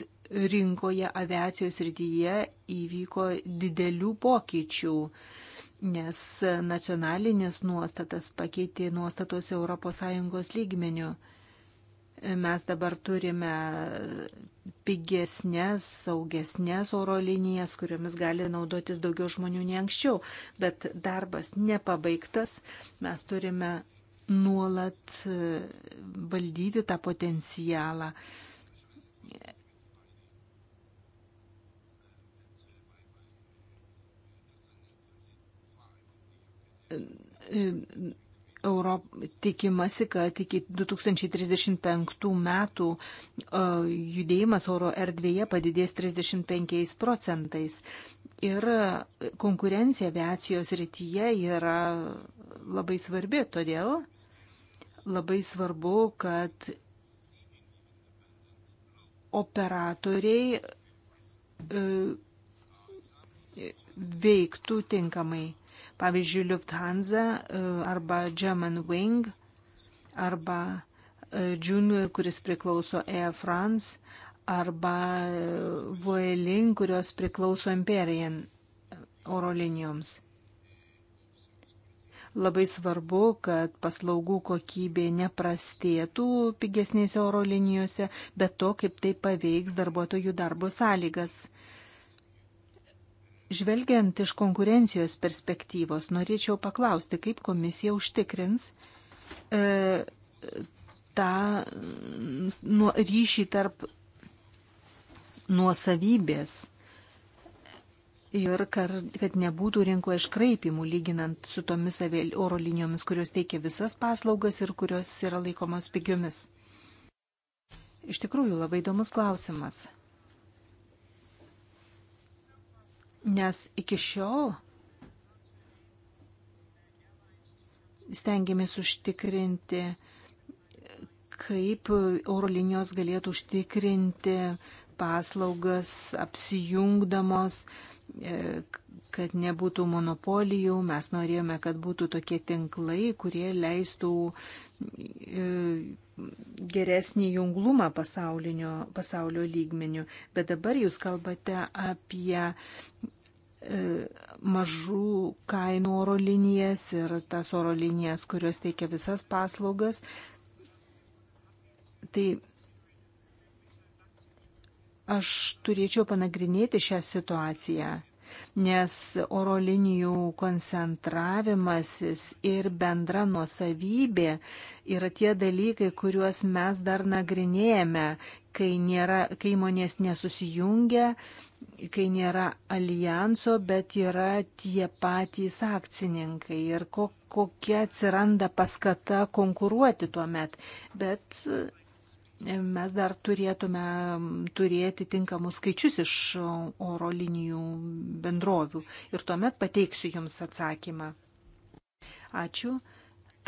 rinkoje aviacijos rytyje įvyko didelių pokyčių, nes nacionalinės nuostatas pakeitė nuostatos ES lygmenių. Mes dabar turime pigesnės, saugesnės oro linijas, kuriomis gali naudotis daugiau žmonių nei anksčiau, bet darbas nepabaigtas. Mes turime nuolat e, valdyti tą potencialą. E, Europ, tikimasi, kad iki 2035 metų e, judėjimas oro erdvėje padidės 35 procentais. Ir konkurencija aviacijos rytyje yra labai svarbi, todėl labai svarbu, kad operatoriai e, veiktų tinkamai pavyzdžiui, Lufthansa e, arba German Wing arba e, June, kuris priklauso Air France arba e, Vueling, kurios priklauso Imperijan oro linijoms. Labai svarbu, kad paslaugų kokybė neprastėtų pigesnėse oro linijose, bet to, kaip tai paveiks darbuotojų darbo sąlygas. Žvelgiant iš konkurencijos perspektyvos, norėčiau paklausti, kaip komisija užtikrins e, tą nuo, ryšį tarp nuosavybės ir kar, kad nebūtų rinkoje iškraipimų lyginant su tomis oro linijomis, kurios teikia visas paslaugas ir kurios yra laikomos pigiomis. Iš tikrųjų labai įdomus klausimas. nes iki šiol stengiamės užtikrinti, kaip oro linijos galėtų užtikrinti paslaugas apsijungdamos, e, kad nebūtų monopolijų. Mes norėjome, kad būtų tokie tinklai, kurie leistų e, geresnį junglumą pasaulio lygmenių. Bet dabar jūs kalbate apie mažų kainų oro linijas ir tas oro linijas, kurios teikia visas paslaugas. Tai aš turėčiau panagrinėti šią situaciją, nes oro linijų koncentravimasis ir bendra nuosavybė yra tie dalykai, kuriuos mes dar nagrinėjame, kai, nėra, kai įmonės nesusijungia, uh, kai nėra alijanso, bet yra tie patys akcininkai ir ko, kokia atsiranda paskata konkuruoti tuo met. Bet e, mes dar turėtume turėti tinkamus skaičius iš oro linijų bendrovių ir tuomet pateiksiu Jums atsakymą. Ačiū.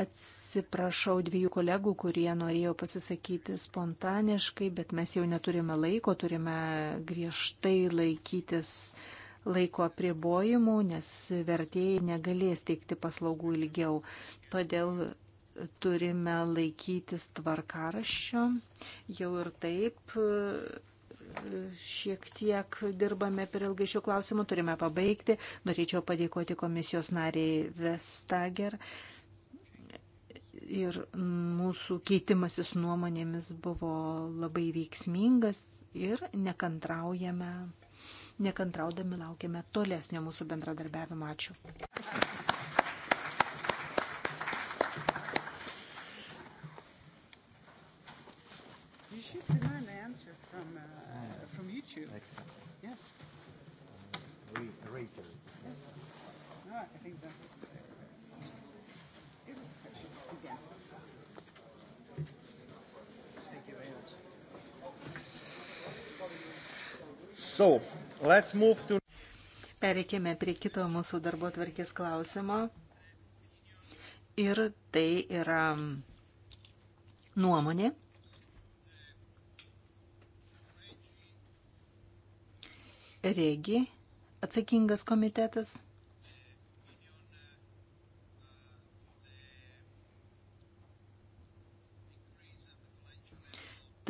Atsiprašau dviejų kolegų, kurie norėjo pasisakyti spontaniškai, bet mes jau neturime laiko, turime griežtai laikytis laiko apribojimų, nes vertėjai negalės teikti paslaugų ilgiau. Todėl turime laikytis tvarkaraščio. Jau ir taip šiek tiek dirbame per ilgai šiuo klausimu, turime pabaigti. Norėčiau padėkoti komisijos nariai Vestager. Uh, ir mūsų keitimasis nuomonėmis buvo labai veiksmingas ir nekantraujame, nekantraudami laukiame tolesnio mūsų bendradarbiavimo. Ačiū. From, uh, from YouTube. Excellent. Yes. Re- Rachel. Yes. No, I think that is. So, let's move to. Pereikime prie kito mūsų darbo tvarkės klausimo. Ir tai yra mm, nuomonė. Regi, atsakingas komitetas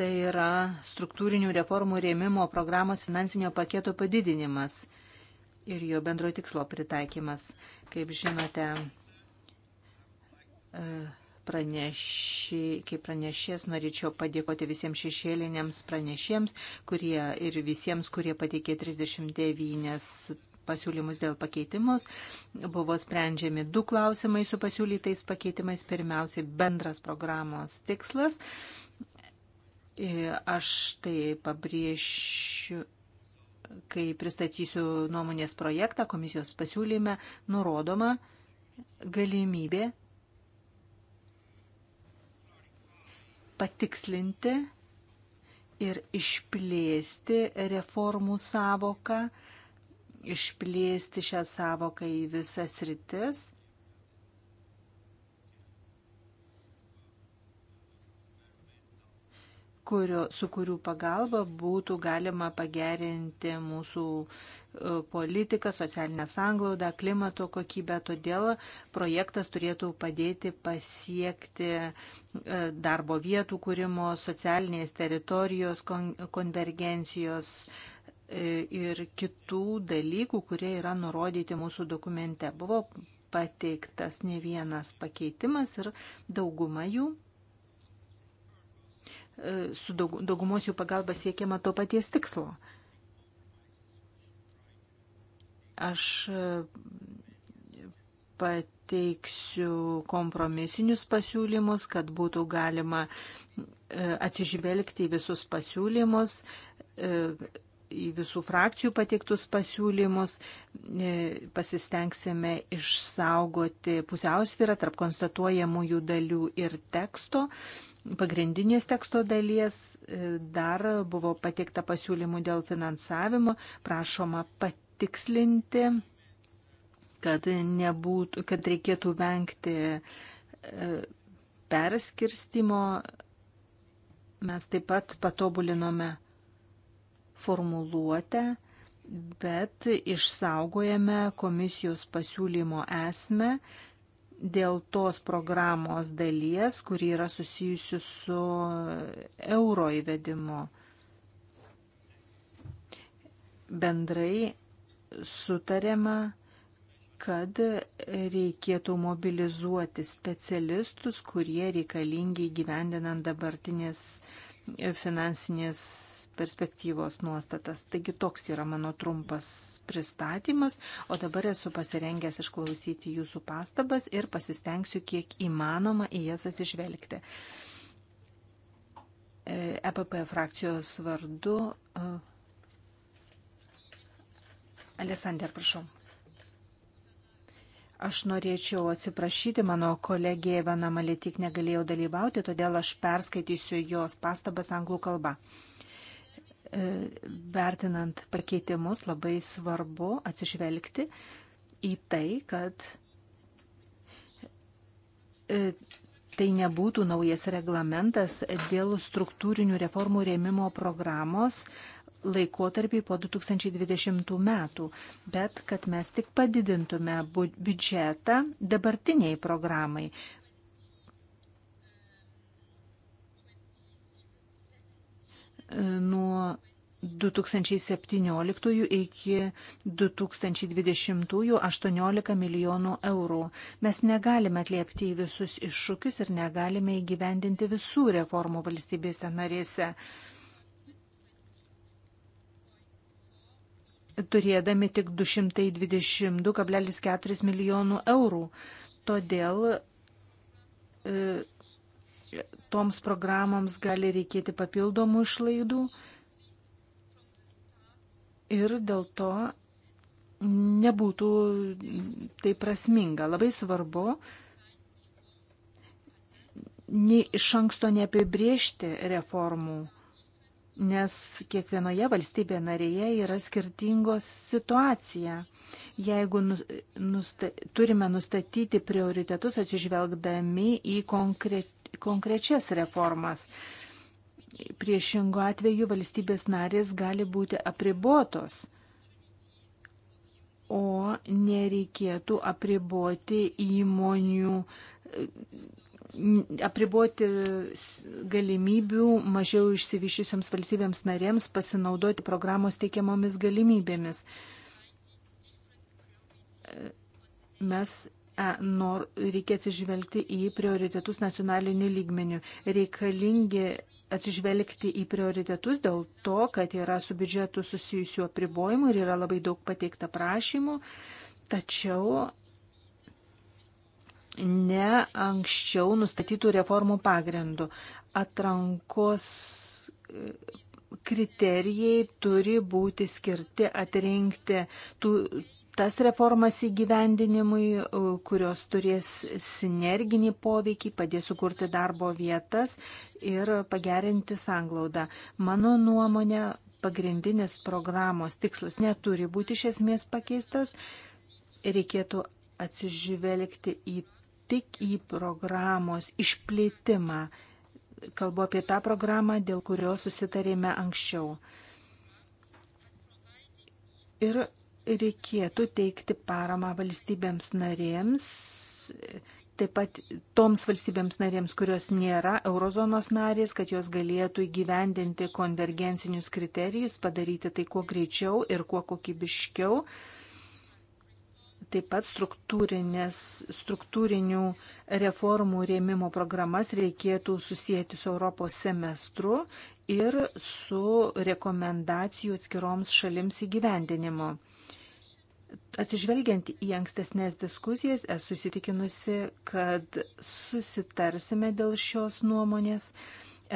tai yra struktūrinių reformų rėmimo programos finansinio paketo padidinimas ir jo bendro tikslo pritaikymas. Kaip žinote, e, praneši, kaip pranešės, norėčiau padėkoti visiems šešėliniams pranešėms kurie, ir visiems, kurie pateikė 39 pasiūlymus dėl pakeitimus. Buvo sprendžiami du klausimai su pasiūlytais pakeitimais. Pirmiausiai bendras programos tikslas E, aš tai pabrėšiu, kai pristatysiu nuomonės projektą komisijos pasiūlyme, nurodoma galimybė patikslinti ir išplėsti reformų savoką, išplėsti šią savoką į visas rytis kurio, su kurių pagalba būtų galima pagerinti mūsų e, politiką, socialinę sanglaudą, klimato kokybę. Todėl projektas turėtų padėti pasiekti e, darbo vietų kūrimo, socialinės teritorijos konvergencijos e, ir kitų dalykų, kurie yra nurodyti mūsų dokumente. Buvo pateiktas ne vienas pakeitimas ir dauguma jų su daugumos jų pagalba siekiama to paties tikslo. Aš e, pateiksiu kompromisinius pasiūlymus, kad būtų galima e, atsižvelgti į visus pasiūlymus, e, į visų frakcijų pateiktus pasiūlymus. Pasistengsime išsaugoti pusiausvyrą tarp konstatuojamųjų dalių ir teksto pagrindinės teksto dalies e, dar buvo pateikta pasiūlymų dėl finansavimo, prašoma patikslinti, kad, nebūtų, kad reikėtų vengti e, perskirstimo. Mes taip pat patobulinome formuluotę, bet išsaugojame komisijos pasiūlymo esmę dėl tos programos dalies, kuri yra susijusi su euro įvedimu. Bendrai sutarėma, kad reikėtų mobilizuoti specialistus, kurie reikalingi gyvendinant dabartinės uh, finansinės perspektyvos nuostatas. Taigi toks yra mano trumpas pristatymas, o dabar esu pasirengęs išklausyti jūsų pastabas ir pasistengsiu kiek įmanoma į jas atsižvelgti. EPP e frakcijos vardu. E, Alessander, prašau. Aš norėčiau atsiprašyti, mano kolegė Evana Maletik negalėjo dalyvauti, todėl aš perskaitysiu jos pastabas anglų kalba. E, vertinant pakeitimus, labai svarbu atsižvelgti į tai, kad e, tai nebūtų naujas reglamentas dėl struktūrinių reformų rėmimo programos laikotarpį po 2020 metų, bet kad mes tik padidintume biudžetą dabartiniai programai. Nuo 2017 iki 2020 18 milijonų eurų. Mes negalime atliepti į visus iššūkius ir negalime įgyvendinti visų reformų valstybėse narėse. turėdami tik 222,4 milijonų eurų. Todėl e, toms programoms gali reikėti papildomų išlaidų ir dėl to nebūtų tai prasminga. Labai svarbu nei iš anksto neapibriežti reformų nes kiekvienoje valstybėje narėje yra skirtingos situacija. Jeigu nu, nusta, turime nustatyti prioritetus atsižvelgdami į konkre, konkrečias reformas, priešingo atveju valstybės narės gali būti apribotos, o nereikėtų apriboti įmonių apriboti galimybių mažiau išsivyščiusioms valstybėms narėms pasinaudoti programos teikiamomis galimybėmis. Mes e, nor, reikia atsižvelgti į prioritetus nacionaliniu lygmeniu. Reikalingi atsižvelgti į prioritetus dėl to, kad yra su biudžetu susijusių apribojimų ir yra labai daug pateikta prašymų. Tačiau ne anksčiau nustatytų reformų pagrindų. Atrankos e, kriterijai turi būti skirti atrinkti tų, tas reformas įgyvendinimui, e, kurios turės sinerginį poveikį, padės sukurti darbo vietas ir pagerinti sanglaudą. Mano nuomonė, pagrindinis programos tikslas neturi būti iš esmės pakeistas. Reikėtų atsižvelgti į tik į programos išplėtimą. Kalbu apie tą programą, dėl kurios susitarėme anksčiau. Ir reikėtų teikti paramą valstybėms narėms, taip pat toms valstybėms narėms, kurios nėra eurozonos narės, kad jos galėtų įgyvendinti konvergencinius kriterijus, padaryti tai kuo greičiau ir kuo kokybiškiau taip pat struktūrinių reformų rėmimo programas reikėtų susijęti su Europos semestru ir su rekomendacijų atskiroms šalims įgyvendinimu. Atsižvelgiant į ankstesnės diskusijas, esu įsitikinusi, kad susitarsime dėl šios nuomonės.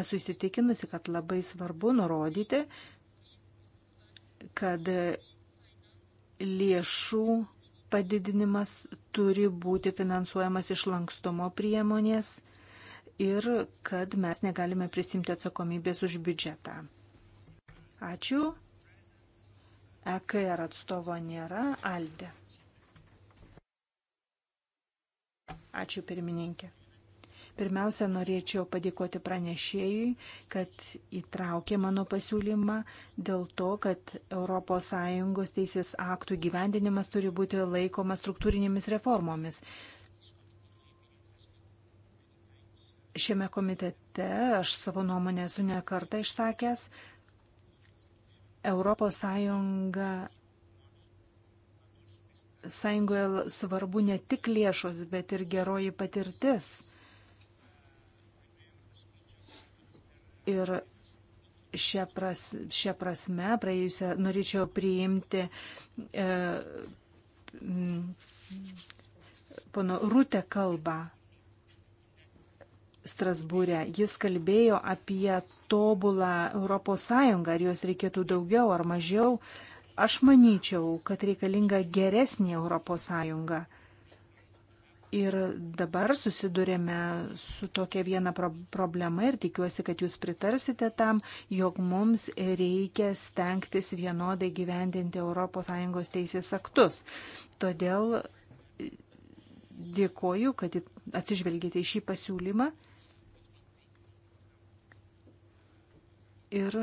Esu įsitikinusi, kad labai svarbu nurodyti, kad lėšų padidinimas turi būti finansuojamas iš lankstumo priemonės ir kad mes negalime prisimti atsakomybės už biudžetą. Ačiū. EKR atstovo nėra. Aldė. Ačiū pirmininkė. Pirmiausia, norėčiau padėkoti pranešėjui, kad įtraukė mano pasiūlymą dėl to, kad ES teisės aktų gyvendinimas turi būti laikomas struktūrinėmis reformomis. Šiame komitete aš savo nuomonę esu nekartą išsakęs. ES sąjungoje svarbu ne tik lėšos, bet ir geroji patirtis Ir šią, pras, šią prasme praėjusią norėčiau priimti e, mm, pono Rūtę kalbą Strasbūrė. Jis kalbėjo apie tobulą ES, ar jos reikėtų daugiau ar mažiau. Aš manyčiau, kad reikalinga geresnė ES. Ir dabar susidurėme su tokia viena pro problema ir tikiuosi, kad jūs pritarsite tam, jog mums reikia stengtis vienodai gyvendinti ES teisės aktus. Todėl e, dėkoju, kad atsižvelgėte į šį pasiūlymą. Ir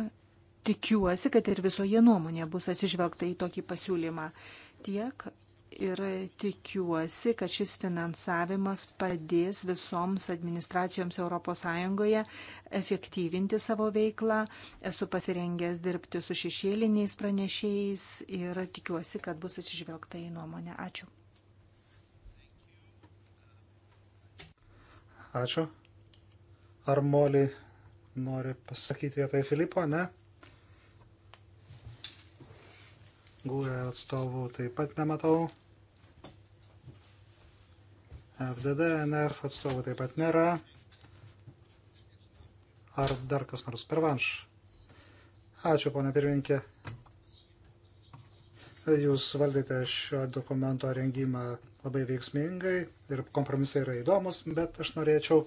tikiuosi, kad ir visoje nuomonėje bus atsižvelgta į tokį pasiūlymą. Tiek ir e, tikiuosi, kad šis finansavimas padės visoms administracijoms ES efektyvinti savo veiklą. Esu pasirengęs dirbti su šešėliniais pranešėjais ir tikiuosi, kad bus atsižvelgta į nuomonę. Ačiū. Ačiū. Ar Moli nori pasakyti vietoj Filipo, ne? Gūja atstovų taip pat nematau. FDD, NF atstovų taip pat nėra. Ar dar kas nors pervanš? Ačiū, ponia pirmininkė. Jūs valdėte šio dokumento rengimą labai veiksmingai ir kompromisai yra įdomus, bet aš norėčiau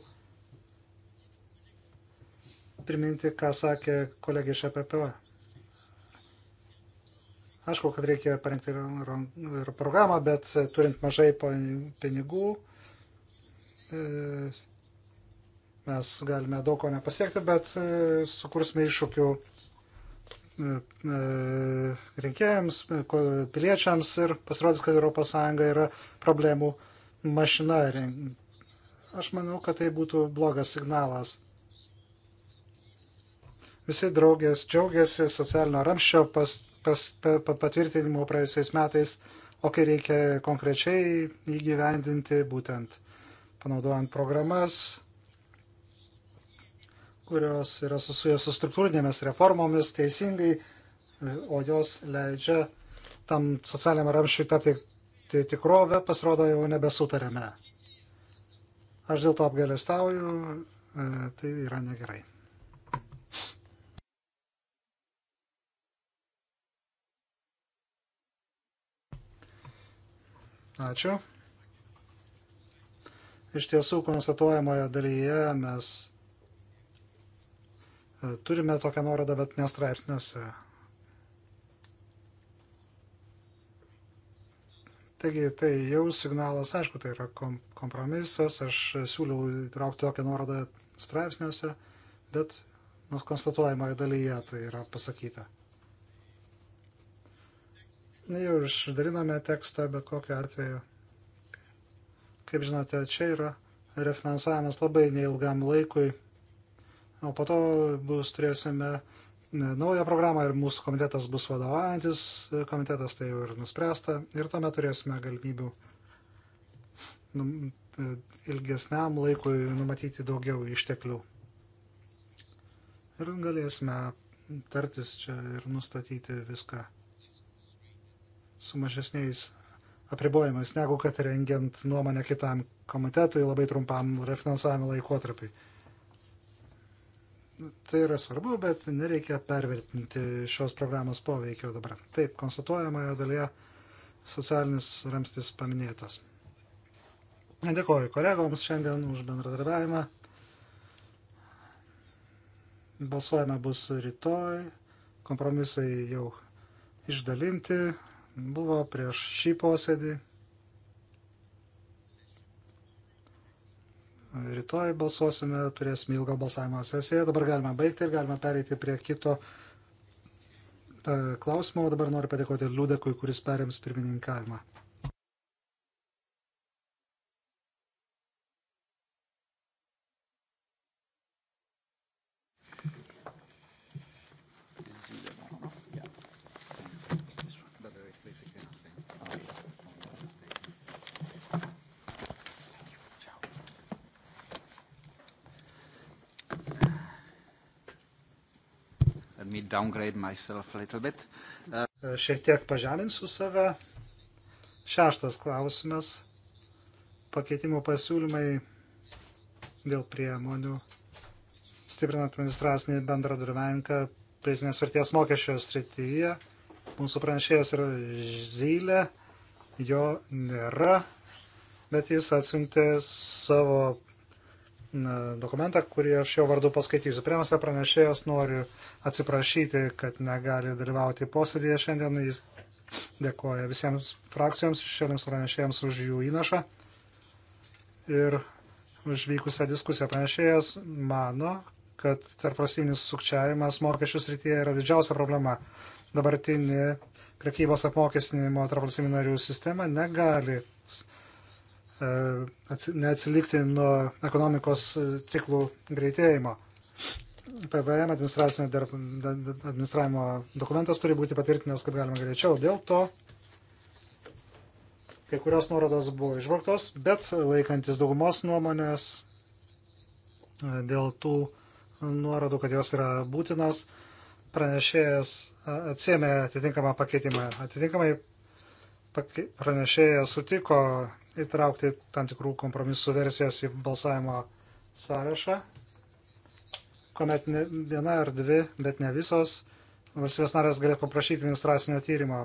priminti, ką sakė kolegė iš APP. E Aišku, kad reikia parengti ir programą, bet turint mažai pinigų, E, mes galime daug ko nepasiekti, bet e, sukursime iššūkių e, rinkėjams, piliečiams ir pasirodys, kad ES yra problemų mašina. Aš manau, kad tai būtų blogas signalas. Visi draugės džiaugiasi socialinio ramščio pas, pas, pa, patvirtinimu praėjusiais metais, o kai reikia konkrečiai įgyvendinti būtent panaudojant programas, kurios yra susijęs su struktūrinėmis reformomis teisingai, o jos leidžia tam socialiniam ramščiui tapti tikrovę, pasirodo jau nebesutarėme. Aš dėl to apgalėstauju, e, tai yra negerai. Ačiū. Iš tiesų, konstatuojamoje dalyje mes e, turime tokią nuorodą, bet nestraipsniuose. Taigi, tai jau signalas, aišku, tai yra kompromisas, aš siūliau įtraukti tokią nuorodą straipsniuose, bet nu, konstatuojamoje dalyje tai yra pasakyta. Jau išdaliname tekstą, bet kokiu atveju. Kaip žinote, čia yra refinansavimas labai neilgam laikui, o po to bus turėsime e, naują programą ir mūsų komitetas bus vadovaujantis e, komitetas, tai jau ir nuspręsta, ir tuomet turėsime galimybių nu, e, ilgesniam laikui numatyti daugiau išteklių. Ir galėsime tartis čia ir nustatyti viską su mažesniais apribojimais, negu kad rengiant nuomonę kitam komitetui labai trumpam refinansavimo laikotarpiui. Tai yra svarbu, bet nereikia pervertinti šios programos poveikio dabar. Taip, konstatuojamojo dalyje socialinis ramstis paminėtas. Dėkoju kolegoms šiandien už bendradarbiavimą. Balsuojame bus rytoj, kompromisai jau išdalinti, buvo prieš šį posėdį. Rytoj balsuosime, turėsime ilgą balsavimo sesiją. Dabar galime baigti ir galime pereiti prie kito e, klausimo. O dabar noriu padėkoti Liudekui, kuris perims pirmininkavimą. downgrade myself a little bit. Uh... Šiek tiek pažeminsiu save. Šeštas klausimas. Pakeitimų pasiūlymai dėl priemonių stiprinant administracinį bendradarbiavimą pridėtinės vertės mokesčio srityje. Mūsų pranešėjas yra Zylė, jo nėra, bet jis atsiuntė savo dokumentą, kurį aš jo vardu paskaitysiu. Pirmiausia, pranešėjas noriu atsiprašyti, kad negali dalyvauti posėdėje šiandien. Jis dėkoja visiems frakcijoms, šešėliams pranešėjams už jų įnašą ir už vykusią diskusiją. Pranešėjas mano, kad tarprasinis sukčiavimas mokesčių srityje yra didžiausia problema. Dabartinė prekybos apmokestinimo tarprasinių narių sistema negali E, neatsilikti nuo ekonomikos e, ciklų greitėjimo. PVM administracinio administravimo dokumentas turi būti patvirtinęs kaip galima greičiau. Dėl to kai kurios nuorodos buvo išbrauktos, bet laikantis daugumos nuomonės e, dėl tų nuorodų, kad jos yra būtinos, pranešėjas atsėmė atitinkamą pakeitimą. Atitinkamai pranešėjas sutiko įtraukti tam tikrų kompromisų versijas į balsavimo sąrašą, kuomet ne, viena ar dvi, bet ne visos valstybės narės galėtų paprašyti administracinio tyrimo.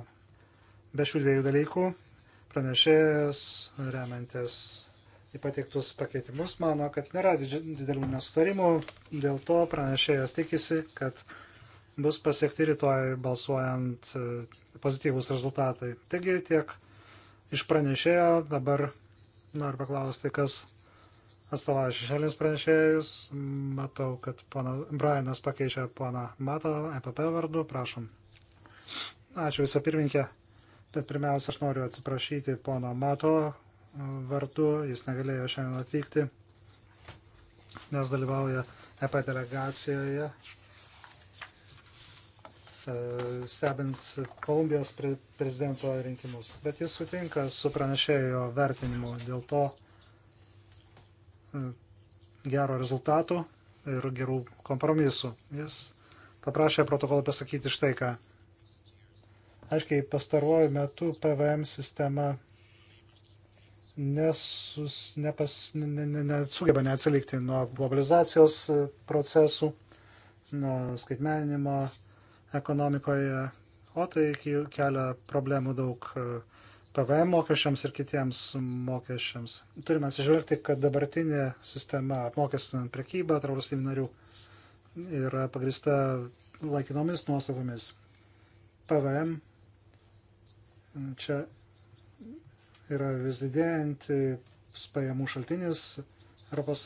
Be šių dviejų dalykų pranešėjas, remiantis į pateiktus pakeitimus, mano, kad nėra didelių nesutarimų, dėl to pranešėjas tikisi, kad bus pasiekti rytoj balsuojant e, pozityvus rezultatai. Taigi tiek iš pranešėjo. Dabar noriu paklausti, kas atstovauja šešėlinis pranešėjus. Matau, kad pana Brianas pakeičia pana Mato EPP vardu. Prašom. Ačiū visą pirminkę. Tad pirmiausia, aš noriu atsiprašyti pono Mato e, vardu. Jis negalėjo šiandien atvykti, nes dalyvauja EP delegacijoje Eh, stebint Kolumbijos pre prezidento rinkimus. Bet jis sutinka su pranešėjo vertinimu dėl to eh, gero rezultato ir gerų kompromisų. Jis paprašė protokolą pasakyti štai ką. Aiškiai, pastaruoju metu PVM sistema nesus, nepas, ne, ne, nesugeba neatsilikti nuo globalizacijos eh, procesų, nuo skaitmeninimo, ekonomikoje, o tai kelia problemų daug e, PVM mokesčiams ir kitiems mokesčiams. Turime atsižvelgti, kad dabartinė sistema apmokestinant prekybą tarp valstybių narių yra pagrista laikinomis nuostatomis. PVM čia yra vis didėjanti pajamų šaltinis ES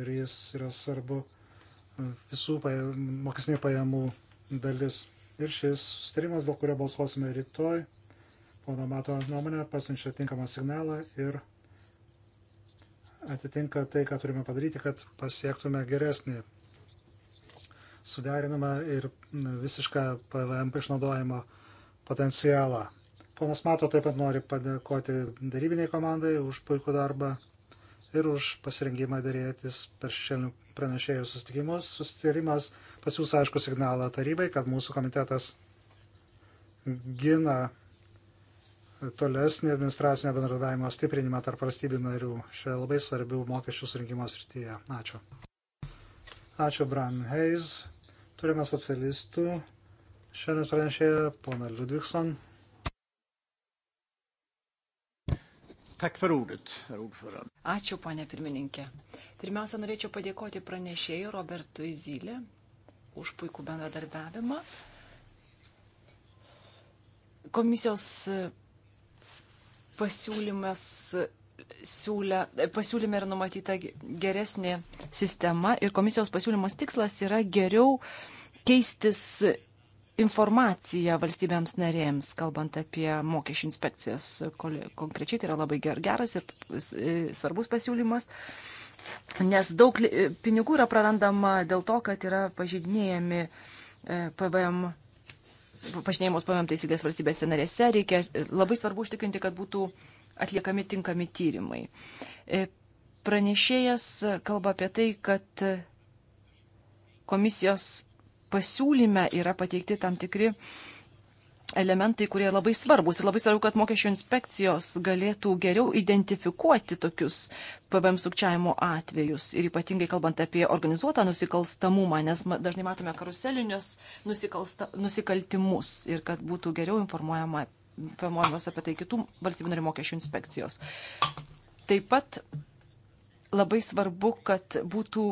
ir jis yra svarbu visų pajamų, mokesnių pajamų dalis. Ir šis sustarimas, dėl kurio balsuosime rytoj, pono Mato nuomonė pasiunčia tinkamą signalą ir atitinka tai, ką turime padaryti, kad pasiektume geresnį suderinimą ir visišką PVM išnaudojimo potencialą. Ponas Mato taip pat nori padėkoti darybiniai komandai už puikų darbą ir už pasirengimą dėrėtis per šiandien pranešėjų susitikimus. Susitarimas pasiūs aišku signalą tarybai, kad mūsų komitetas gina tolesnį administracinio bendradarbiavimo stiprinimą tarp valstybių narių šioje labai svarbių mokesčių surinkimo srityje. Ačiū. Ačiū, Bran Hayes. Turime socialistų. Šiandien pranešėja pona Ludvigson. Ačiū, ponė pirmininkė. Pirmiausia, norėčiau padėkoti pranešėjui Robertui Zylė už puikų bendradarbiavimą. Komisijos e, pasiūlymas e, siūlė, e, pasiūlyme yra numatyta geresnė sistema ir komisijos pasiūlymas tikslas yra geriau keistis informaciją valstybėms narėms, kalbant apie mokesčių inspekcijas. Konkrečiai tai yra labai geras ir svarbus pasiūlymas nes daug pinigų yra prarandama dėl to, kad yra pažydinėjami e, PVM pažinėjimos PVM taisyklės valstybėse narėse, reikia e, labai svarbu užtikrinti, kad būtų atliekami tinkami tyrimai. E, pranešėjas kalba apie tai, kad komisijos pasiūlyme yra pateikti tam tikri uh, elementai, kurie labai svarbus. Ir labai svarbu, kad mokesčių inspekcijos galėtų geriau identifikuoti tokius PVM sukčiavimo atvejus. Ir ypatingai kalbant apie organizuotą nusikalstamumą, nes dažnai matome karuselinius nusikaltimus ir kad būtų geriau informuojama, informuojamas apie tai kitų valstybių narių mokesčių inspekcijos. Taip pat labai svarbu, kad būtų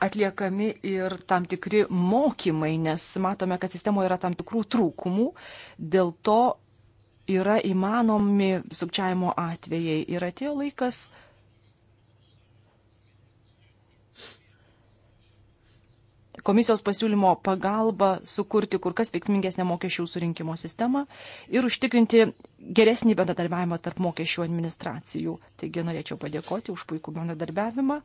atliekami ir tam tikri mokymai, nes matome, kad sistemoje yra tam tikrų trūkumų, dėl to yra įmanomi sukčiavimo atvejai ir atėjo laikas komisijos pasiūlymo pagalba sukurti kur kas veiksmingesnę mokesčių surinkimo sistemą ir užtikrinti geresnį bendradarbiavimą tarp mokesčių administracijų. Taigi norėčiau padėkoti už puikų bendradarbiavimą.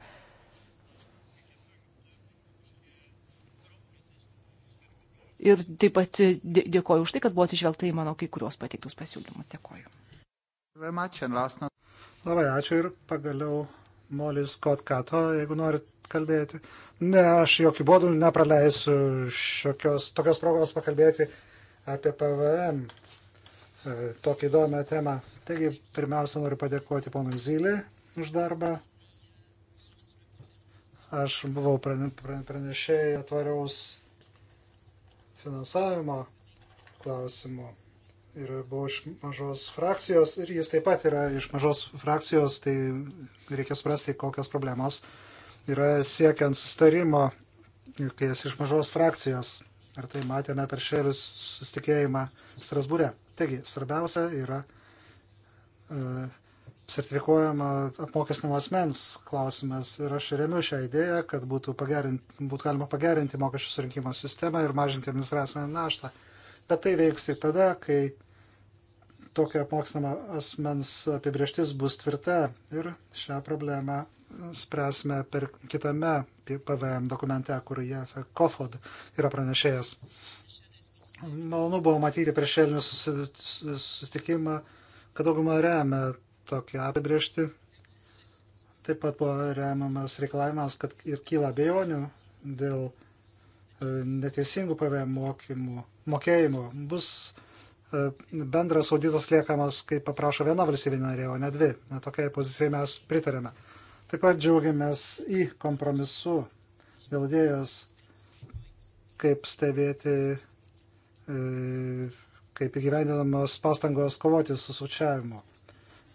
Ir taip pat dėkoju už tai, kad buvo atsižvelgta į mano kai kurios pateiktus pasiūlymus. Dėkoju. Labai ačiū ir pagaliau Molis Kotkato, jeigu norit kalbėti. Ne, aš jokių būdų nepraleisiu šiokios, tokios progos pakalbėti apie PVM, e, tokią įdomią temą. Taigi, pirmiausia, noriu padėkoti ponui Zylį už darbą. Aš buvau pranešėjai tvariaus finansavimo klausimų. Ir buvau iš mažos frakcijos ir jis taip pat yra iš mažos frakcijos, tai reikia suprasti, kokios problemos yra siekiant sustarimo, kai esi iš mažos frakcijos. Ir tai matėme per šėlius sustikėjimą Strasbūre. Taigi, svarbiausia yra uh, sertifikuojama apmokestinimo asmens klausimas ir aš remiu šią idėją, kad būtų, būtų galima pagerinti mokesčių surinkimo sistemą ir mažinti administracinę naštą. Bet tai veiks tik tada, kai tokia apmokestinama asmens apibrieštis bus tvirta ir šią problemą spręsime per kitame PVM dokumente, kur JF Kofod yra pranešėjas. Malonu buvo matyti prieš šėlinį susitikimą, kad dauguma remia tokia apibriežti. Taip pat buvo remiamas reikalavimas, kad ir kyla bejonių dėl e, neteisingų PVM mokymų, mokėjimų. Bus e, bendras auditas liekamas, kaip paprašo viena valstybė narė, o ne dvi. Na, tokiai pozicijai mes pritarėme. Taip pat džiaugiamės į kompromisu dėl idėjos, kaip stebėti, e, kaip įgyvendinamos pastangos kovoti su sučiavimu.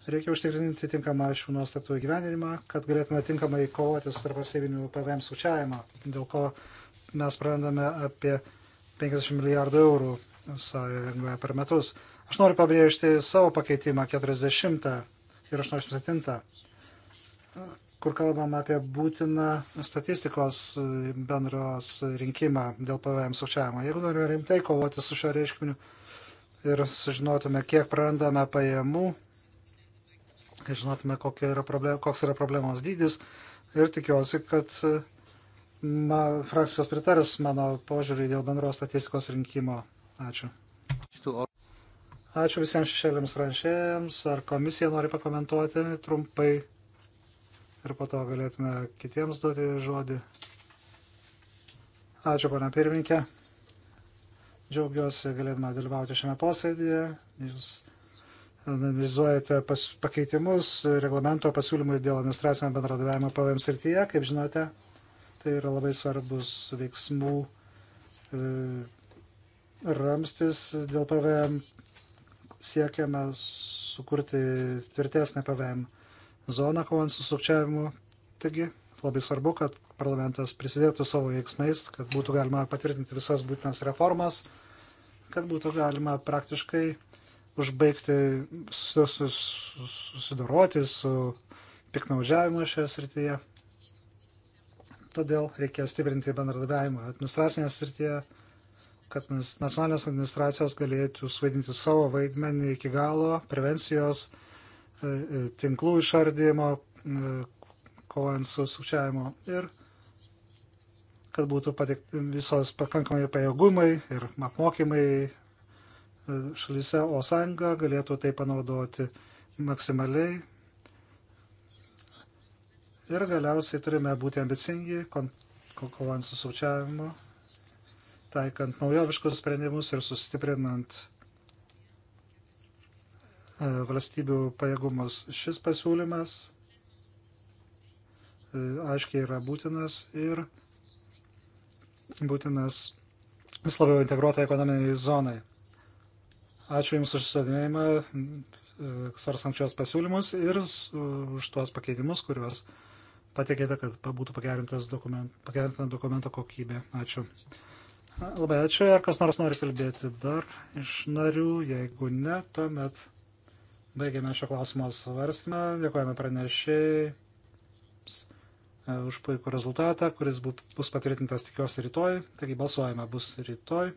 Reikia užtikrinti tinkamą šių nuostatų įgyvendinimą, kad galėtume tinkamai kovoti su tarpasėviniu PVM sučiavimo, dėl ko mes prarandame apie 50 milijardų eurų sąjungoje per metus. Aš noriu pabrėžti savo pakeitimą 40 ir 87, kur kalbam apie būtiną statistikos bendros rinkimą dėl PVM sukčiavimo. Jeigu norime rimtai kovoti su šio reiškiniu ir sužinotume, kiek prarandame pajamų, kad žinotume, yra problem, koks yra problemos dydis ir tikiuosi, kad ma, frakcijos pritarės mano požiūrį dėl bendros statistikos rinkimo. Ačiū. Ačiū visiems šešėliams pranešėjams. Ar komisija nori pakomentuoti trumpai ir po to galėtume kitiems duoti žodį. Ačiū, pana pirmininkė. Džiaugiuosi galėdama dalyvauti šiame posėdėje. Jūs analizuojate pas, pakeitimus reglamento pasiūlymui dėl administracinio bendradarbiavimo PVM srityje, kaip žinote, tai yra labai svarbus veiksmų e, ramstis dėl PVM siekiame sukurti tvirtesnę PVM zoną kovant su sukčiavimu. Taigi labai svarbu, kad parlamentas prisidėtų savo veiksmais, kad būtų galima patvirtinti visas būtinas reformas, kad būtų galima praktiškai užbaigti, susidoroti su piknaudžiavimu šioje srityje. Todėl reikia stiprinti bendradarbiavimą administracinėje srityje, kad nacionalinės administracijos galėtų suvaidinti savo vaidmenį iki galo, prevencijos, e, e, tinklų išardymo, e, kovant su sukčiavimu ir kad būtų patikti visos pakankamai pajėgumai ir apmokymai šalyse, o sąjunga galėtų tai panaudoti maksimaliai. Ir galiausiai turime būti ambicingi, kovant su sukčiavimu, taikant naujoviškus sprendimus ir sustiprinant e, valstybių pajėgumus. Šis pasiūlymas e, aiškiai yra būtinas ir būtinas vis labiau integruotai ekonominiai zonai. Ačiū Jums už sėdėjimą, svarstančios pasiūlymus ir už tuos pakeitimus, kuriuos patikėte, kad būtų pagerintas dokument, pagerinta dokumento kokybė. Ačiū. Labai ačiū. Ar kas nors nori kalbėti dar iš narių? Jeigu ne, tuomet baigiame šio klausimo svarstymą. Dėkojame pranešėjai e, už puikų rezultatą, kuris bus patvirtintas tikiuosi rytoj. Taigi balsuojame bus rytoj.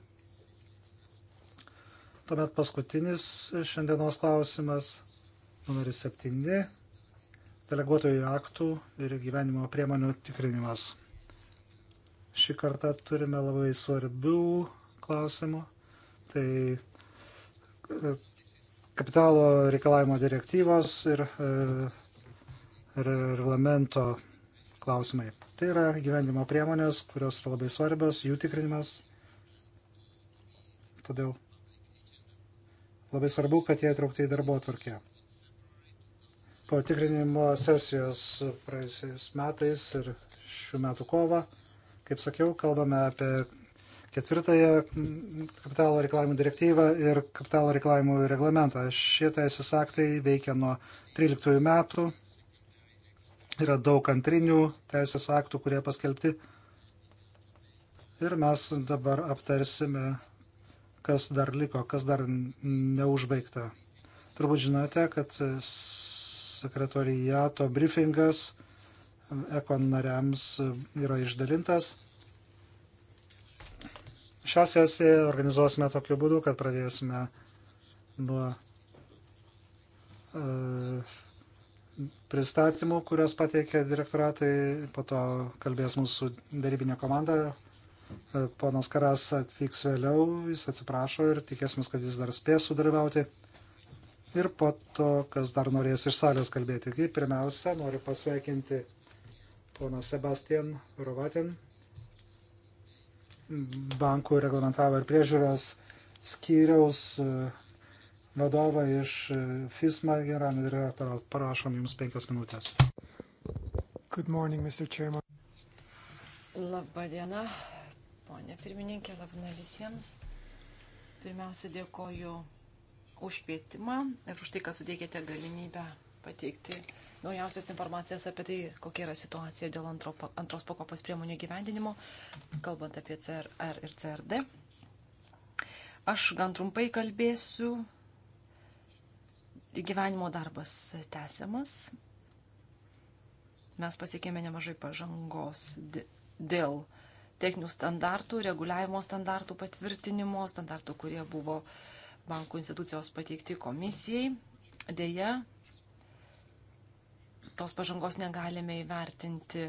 Tuomet paskutinis šiandienos klausimas, numeris 7, deleguotojų aktų ir gyvenimo priemonių tikrinimas. Šį kartą turime labai svarbių klausimų. Tai e, kapitalo reikalavimo direktyvos ir, ir e, reglamento klausimai. Tai yra gyvenimo priemonės, kurios yra labai svarbios, jų tikrinimas. Todėl Labai svarbu, kad jie įtraukti į darbo atvarkę. Po tikrinimo sesijos praėjusiais metais ir šių metų kovą, kaip sakiau, kalbame apie ketvirtąją kapitalo reikalavimų direktyvą ir kapitalo reikalavimų reglamentą. Šie teisės aktai veikia nuo 13 metų. Yra daug antrinių teisės aktų, kurie paskelbti. Ir mes dabar aptarsime kas dar liko, kas dar neužbaigta. Turbūt žinote, kad sekretorijato briefingas ekon nariams yra išdalintas. Šią sesiją organizuosime tokiu būdu, kad pradėsime nuo uh, pristatymų, kurias pateikė direktoratai, po to kalbės mūsų darybinė komanda, Ponas Karas atvyks vėliau, jis atsiprašo ir tikėsimės, kad jis dar spės sudalyvauti. Ir po to, kas dar norės iš salės kalbėti. Taigi, pirmiausia, noriu pasveikinti poną Sebastian Rovatin, bankų reglamentavo ir priežiūros skyriaus e, vadovą iš e, FISMA generalinio direktoro. Parašom jums penkias minutės. Good morning, Mr. Chairman. Labą dieną, ponė pirmininkė, labina visiems. Pirmiausia, dėkoju už kvietimą ir už tai, kad suteikėte galimybę pateikti naujausias informacijas apie tai, kokia yra situacija dėl antro, antros pakopos priemonių gyvendinimo, kalbant apie CRR ir CRD. Aš gan trumpai kalbėsiu. Gyvenimo darbas tęsiamas. Mes pasiekėme nemažai pažangos dėl techninių standartų, reguliavimo standartų patvirtinimo, standartų, kurie buvo bankų institucijos pateikti komisijai. Deja, tos pažangos negalime įvertinti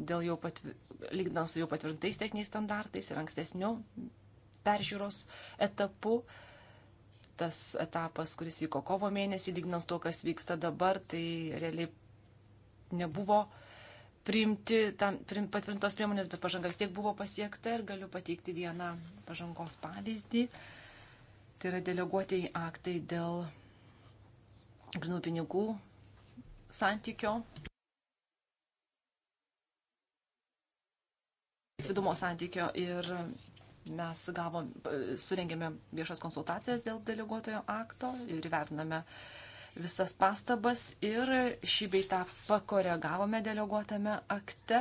dėl jau patvi, lygdant su jau patvirtintais techniniais standartais ir ankstesniu peržiūros etapu. Tas etapas, kuris vyko kovo mėnesį, lygnant to, kas vyksta dabar, tai realiai nebuvo uh, priimti tam, prim, patvirtintos priemonės, bet pažanga vis tiek buvo pasiekta ir galiu pateikti vieną pažangos pavyzdį. Tai yra deleguotieji aktai dėl grinų pinigų santykio. Vidumo santykio ir mes gavom, surengėme viešas konsultacijas dėl deleguotojo akto ir vertiname uh, visas pastabas ir šį beitą pakoregavome deleguotame akte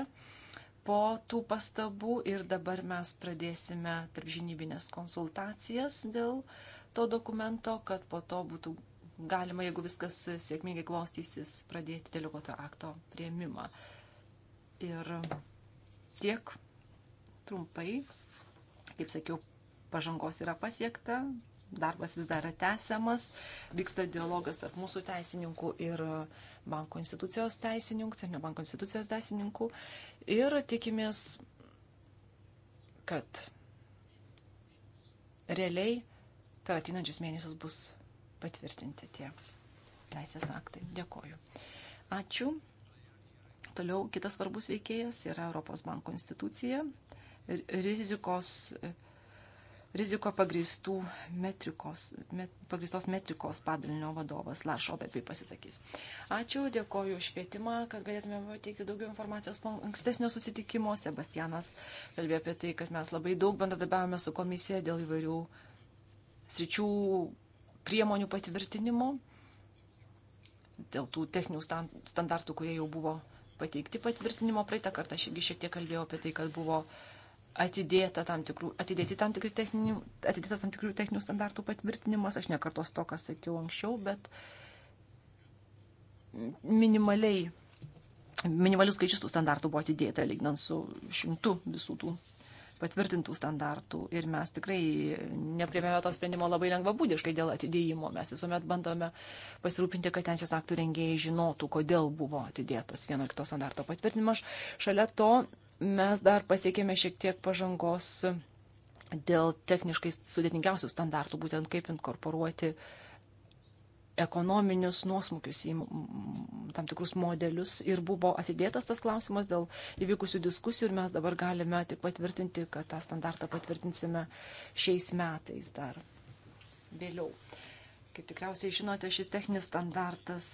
po tų pastabų ir dabar mes pradėsime tarpžinybinės konsultacijas dėl to dokumento, kad po to būtų galima, jeigu viskas sėkmingai klostysis, pradėti deleguoto akto prieimimą. Ir tiek trumpai, kaip sakiau, pažangos yra pasiekta, darbas vis dar yra tęsiamas, vyksta dialogas tarp mūsų teisininkų ir banko institucijos teisininkų, Centrinio banko institucijos teisininkų ir tikimės, kad realiai per ateinančius mėnesius bus patvirtinti tie teisės aktai. Dėkoju. Ačiū. Toliau kitas svarbus veikėjas yra Europos banko institucija. Rizikos riziko pagristų metrikos, met, pagristos metrikos padalinio vadovas Lars Obervai pasisakys. Ačiū, dėkoju už švietimą, kad galėtume pateikti daugiau informacijos po ankstesnio susitikimo. Sebastianas kalbėjo apie tai, kad mes labai daug bendradarbiavome su komisija dėl įvairių sričių priemonių patvirtinimo, dėl tų techninių standartų, kurie jau buvo pateikti patvirtinimo. Praeitą kartą aš irgi šiek tiek kalbėjau apie tai, kad buvo uh, atidėta tam tikrų, atidėti tam tikrų techninių, atidėtas tam tikrų techninių standartų patvirtinimas, aš nekartos to, ką sakiau anksčiau, bet minimaliai, minimalius skaičius tų standartų buvo atidėta, lygnant su šimtu visų tų patvirtintų standartų ir mes tikrai neprėmėme to sprendimo labai lengvabūdiškai dėl atidėjimo. Mes visuomet bandome pasirūpinti, kad teisės aktų rengėjai žinotų, kodėl buvo atidėtas vieno ar kito standarto patvirtinimas. Šalia to mes dar pasiekėme šiek tiek pažangos dėl techniškai sudėtingiausių standartų, būtent kaip inkorporuoti ekonominius nuosmukius į tam tikrus modelius ir buvo atidėtas tas klausimas dėl įvykusių diskusijų ir mes dabar galime tik patvirtinti, kad tą standartą patvirtinsime šiais metais dar vėliau. Kaip tikriausiai žinote, šis techninis standartas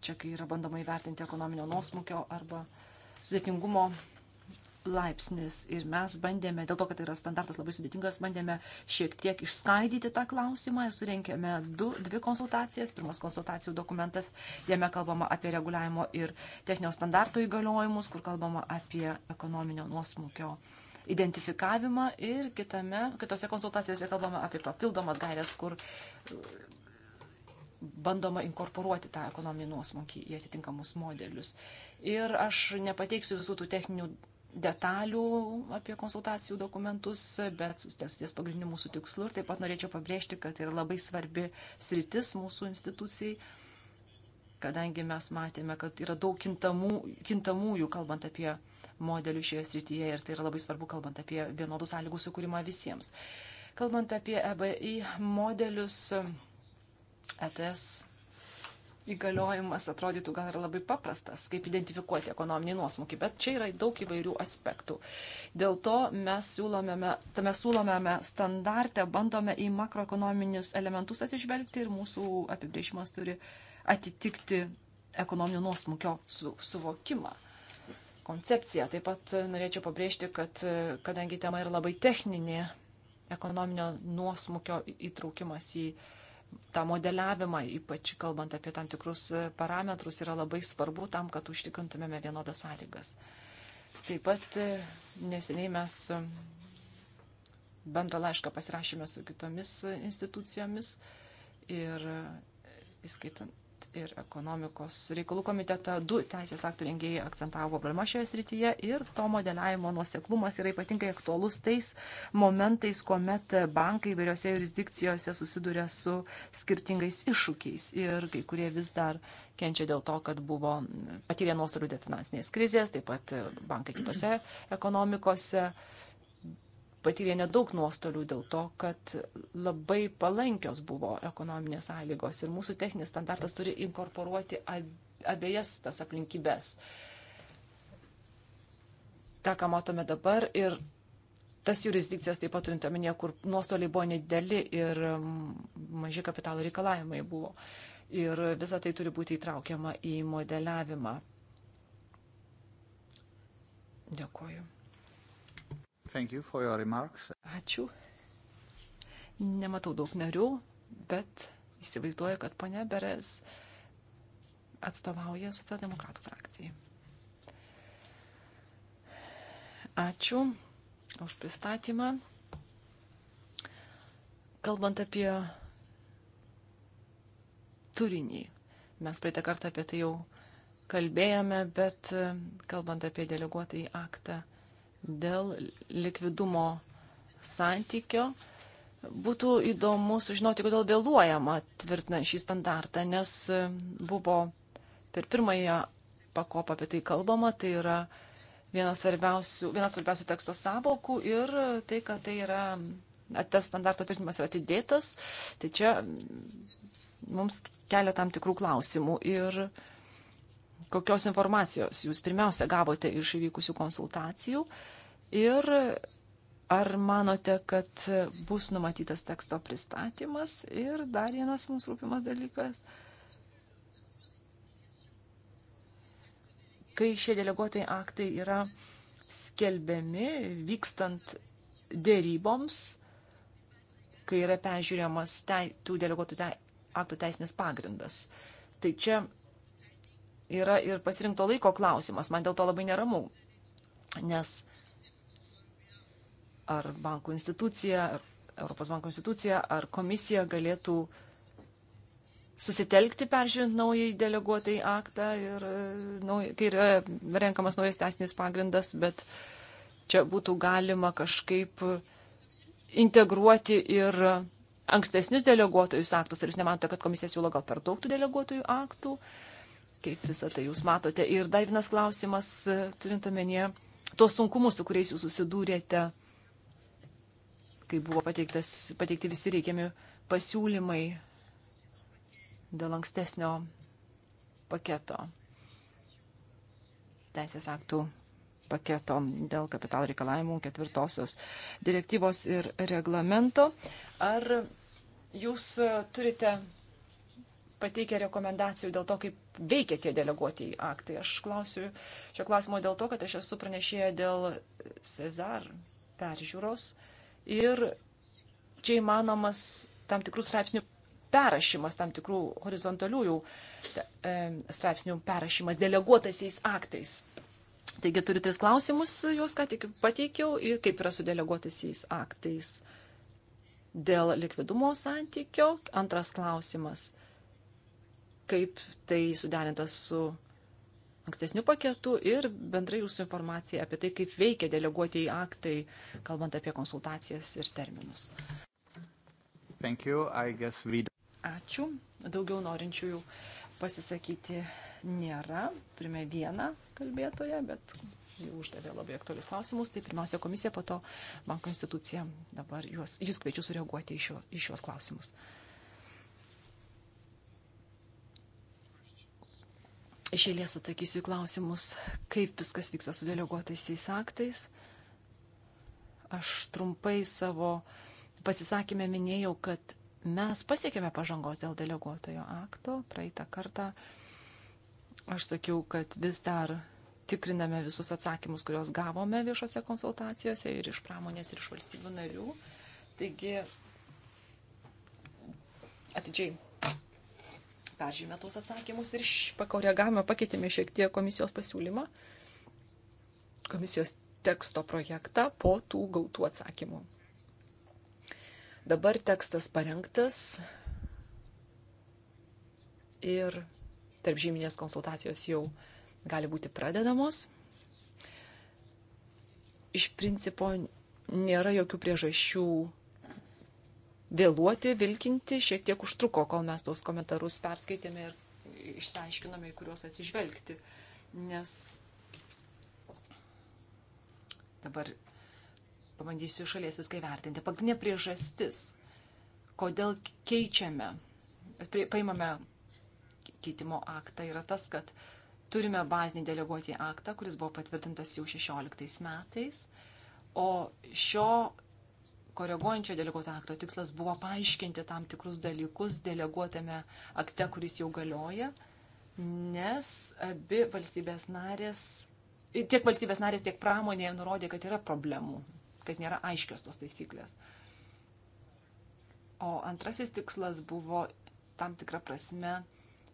čia kai yra bandoma įvertinti ekonominio nuosmukio arba sudėtingumo laipsnis ir mes bandėme, dėl to, kad tai yra standartas labai sudėtingas, bandėme šiek tiek išskaidyti tą klausimą ir surenkėme du, dvi konsultacijas. Pirmas konsultacijų dokumentas, jame kalbama apie reguliavimo ir techninio standarto įgaliojimus, kur kalbama apie ekonominio nuosmukio identifikavimą ir kitame, kitose konsultacijose kalbama apie papildomas gairias, kur bandoma inkorporuoti tą ekonominį nuosmukį į atitinkamus modelius. Ir aš nepateiksiu visų tų techninių detalių apie konsultacijų dokumentus, bet ties pagrindiniu mūsų tikslu ir taip pat norėčiau pabrėžti, kad tai yra labai svarbi sritis mūsų institucijai, kadangi mes matėme, kad yra daug kintamų, kintamųjų, kalbant apie modelių šioje srityje ir tai yra labai svarbu, kalbant apie vienodų sąlygų sukūrimą visiems. Kalbant apie EBI modelius, ETS įgaliojimas atrodytų gal ir labai paprastas, kaip identifikuoti ekonominį nuosmukį, bet čia yra daug įvairių aspektų. Dėl to mes siūlome, tame siūlome standartę, bandome į makroekonominius elementus atsižvelgti ir mūsų apibrėžimas turi atitikti ekonominio nuosmukio su, suvokimą. Koncepcija. Taip pat norėčiau pabrėžti, kad kadangi tema yra labai techninė, ekonominio nuosmukio įtraukimas į uh, tą modeliavimą, ypač kalbant apie tam tikrus e, parametrus, yra labai svarbu tam, kad užtikrintumėme vienodas sąlygas. Taip pat e, neseniai mes e, bendrą laišką pasirašėme su kitomis institucijomis ir įskaitant ir ekonomikos reikalų komitetą. Du teisės aktų rengėjai akcentavo problemą šioje srityje ir to modeliavimo nuoseklumas yra ypatingai aktuolus tais momentais, kuomet bankai vairiose jurisdikcijose susiduria su skirtingais iššūkiais ir kai kurie vis dar kenčia dėl to, kad buvo patyrę nuostolių dėl finansinės krizės, taip pat bankai kitose ekonomikose patyrė nedaug nuostolių dėl to, kad labai palankios buvo ekonominės sąlygos ir mūsų techninis standartas turi inkorporuoti abiejas tas aplinkybės. Ta, ką matome dabar ir tas jurisdikcijas taip pat turint omenyje, kur nuostoliai buvo nedideli ir mm, maži kapitalo reikalavimai buvo. Ir visa tai turi būti įtraukiama į modeliavimą. Dėkuoju. Thank you for your remarks. Ačiū. Nematau daug narių, bet įsivaizduoju, kad ponia Beres atstovauja socialdemokratų frakcijai. Ačiū už pristatymą. Kalbant apie turinį, mes praeitą kartą apie tai jau kalbėjome, bet kalbant apie deleguotąjį aktą, dėl likvidumo santykio. Būtų įdomu sužinoti, kodėl vėluojama tvirtinant šį standartą, nes buvo per pirmąją pakopą apie tai kalbama, tai yra vienas svarbiausių, vienas svarbiausių teksto savokų ir tai, kad tai yra, tas standarto tvirtinimas yra atidėtas, tai čia mums kelia tam tikrų klausimų. Ir kokios informacijos jūs pirmiausia gavote iš įvykusių konsultacijų ir ar manote, kad bus numatytas teksto pristatymas ir dar vienas mums rūpimas dalykas. Kai šie deleguotai aktai yra skelbiami vykstant dėryboms, kai yra peržiūrėjamas te, tų deleguotų te, aktų teisinis pagrindas. Tai čia yra ir pasirinkto laiko klausimas. Man dėl to labai neramu, nes ar bankų institucija, ar Europos banko institucija, ar komisija galėtų susitelkti peržiūrint naujai deleguotai aktą ir e, nauj, kai yra renkamas naujas teisinis pagrindas, bet čia būtų galima kažkaip integruoti ir ankstesnius deleguotojus aktus. Ar jūs nematote, kad komisija siūlo gal per daug tų deleguotojų aktų? Uh, kaip visą tai jūs matote. Ir dar vienas klausimas, e, turint omenyje, tuos sunkumus, su kuriais jūs susidūrėte, kai buvo pateikti visi reikiami pasiūlymai dėl ankstesnio paketo, teisės aktų paketo dėl kapital reikalavimų ketvirtosios direktyvos ir reglamento. Ar jūs turite pateikia rekomendacijų dėl to, kaip veikia tie deleguoti į aktai. Aš klausiu šio klausimo dėl to, kad aš esu pranešėję dėl Cezar peržiūros ir čia įmanomas tam tikrų straipsnių perrašymas, tam tikrų horizontaliųjų e, straipsnių perrašymas deleguotaisiais aktais. Taigi turiu tris klausimus, juos ką tik pateikiau, kaip yra su deleguotaisiais aktais dėl likvidumo santykio. Antras klausimas kaip tai suderinta su ankstesniu paketu ir bendrai jūsų informacija apie tai, kaip veikia deleguotieji aktai, kalbant apie konsultacijas ir terminus. We... Ačiū. Daugiau norinčiųjų pasisakyti nėra. Turime vieną kalbėtoją, bet jau uždavė labai aktualius klausimus. Tai pirmiausia komisija, po to banko institucija. Dabar juos, jūs kviečiu sureaguoti į šiuos klausimus. Uh, Išėlės atsakysiu į klausimus, kaip viskas vyksta su deleguotaisiais aktais. Aš trumpai savo pasisakymę minėjau, kad mes pasiekėme pažangos dėl deleguotojo akto. Praeitą kartą aš sakiau, kad vis dar tikriname visus atsakymus, kuriuos gavome viešose konsultacijose ir iš pramonės, ir iš valstybių narių. Taigi, atidžiai peržymė tuos atsakymus ir pakoregavome, pakeitėme šiek tiek komisijos pasiūlymą, komisijos teksto projektą po tų gautų atsakymų. Dabar tekstas parengtas ir tarp žyminės konsultacijos jau gali būti pradedamos. Iš principo nėra jokių priežasčių vėluoti, vilkinti, šiek tiek užtruko, kol mes tos komentarus perskaitėme ir išsiaiškinome, į kuriuos atsižvelgti. Nes dabar pabandysiu šalies viską įvertinti. Pagrindinė priežastis, kodėl keičiame, paimame keitimo aktą, yra tas, kad turime bazinį deleguotį aktą, kuris buvo patvirtintas jau 16 metais, o šio koreguojančio deleguoto akto tikslas buvo paaiškinti tam tikrus dalykus deleguotame akte, kuris jau galioja, nes abi valstybės narės, tiek valstybės narės, tiek pramonėje nurodė, kad yra problemų, kad nėra aiškios tos taisyklės. O antrasis tikslas buvo tam tikrą prasme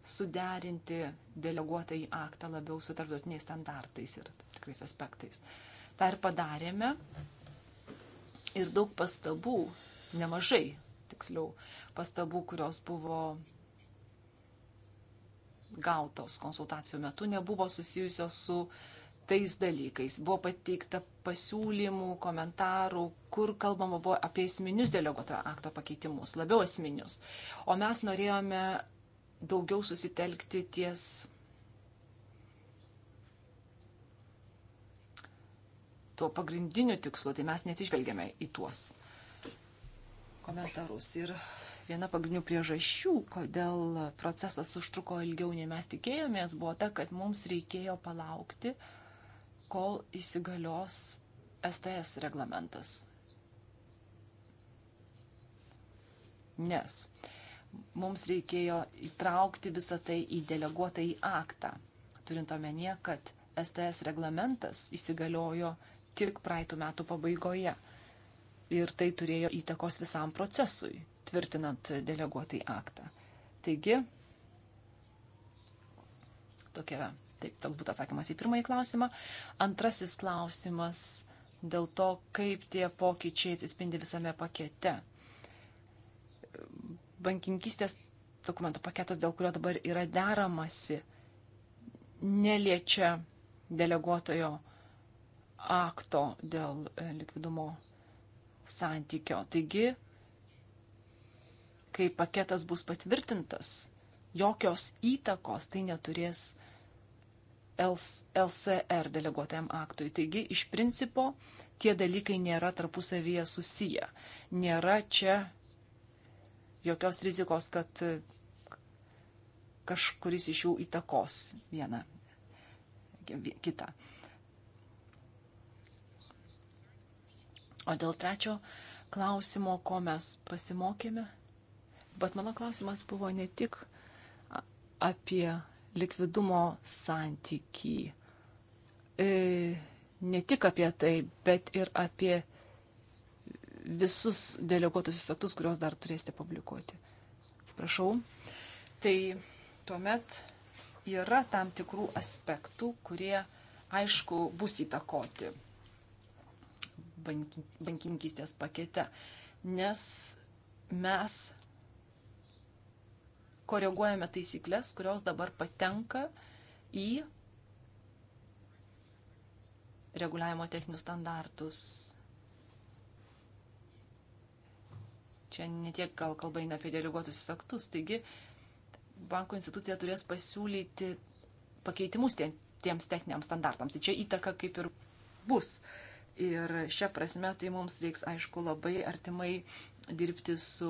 suderinti deleguotą į aktą labiau su tarptautiniais standartais ir tikrais aspektais. Ta ir padarėme ir daug pastabų, nemažai, tiksliau, pastabų, kurios buvo gautos konsultacijų metu, nebuvo susijusios su tais dalykais. Buvo pateikta pasiūlymų, komentarų, kur kalbama buvo apie esminius deleguoto akto pakeitimus, labiau esminius. O mes norėjome daugiau susitelkti ties tuo pagrindiniu tikslu, tai mes neatsižvelgiame į tuos komentarus. Ir viena pagrindinių priežasčių, kodėl procesas užtruko ilgiau nei mes tikėjomės, buvo ta, kad mums reikėjo palaukti, kol įsigalios STS reglamentas. Nes mums reikėjo įtraukti visą tai į deleguotą į aktą, turint omenyje, kad STS reglamentas įsigaliojo 2021 tik praeitų metų pabaigoje. Ir tai turėjo įtakos visam procesui, tvirtinant deleguotai aktą. Taigi, tokia yra, taip, galbūt atsakymas į pirmąjį klausimą. Antrasis klausimas dėl to, kaip tie pokyčiai atsispindi visame pakete. Bankinkystės dokumentų paketas, dėl kurio dabar yra deramasi, neliečia deleguotojo akto dėl e, likvidumo santykio. Taigi, kai paketas bus patvirtintas, jokios įtakos tai neturės LCR deleguotam aktui. Taigi, iš principo, tie dalykai nėra tarpusavyje susiję. Nėra čia jokios rizikos, kad e, kažkuris iš jų įtakos vieną kitą. O dėl trečio klausimo, ko mes pasimokėme, bet mano klausimas buvo ne tik apie likvidumo santykį, e, ne tik apie tai, bet ir apie visus deleguotusius aktus, kuriuos dar turėsite publikuoti. Atsiprašau. Tai tuomet yra tam tikrų aspektų, kurie, aišku, bus įtakoti bankininkystės pakete, nes mes koreguojame taisyklės, kurios dabar patenka į reguliavimo techninius standartus. Čia netiek gal kalba eina apie deleguotusius aktus, taigi banko institucija turės pasiūlyti pakeitimus tiems techniniams standartams. Tai čia įtaka kaip ir bus. Uh, Ir šią prasme tai mums reiks, aišku, labai artimai dirbti su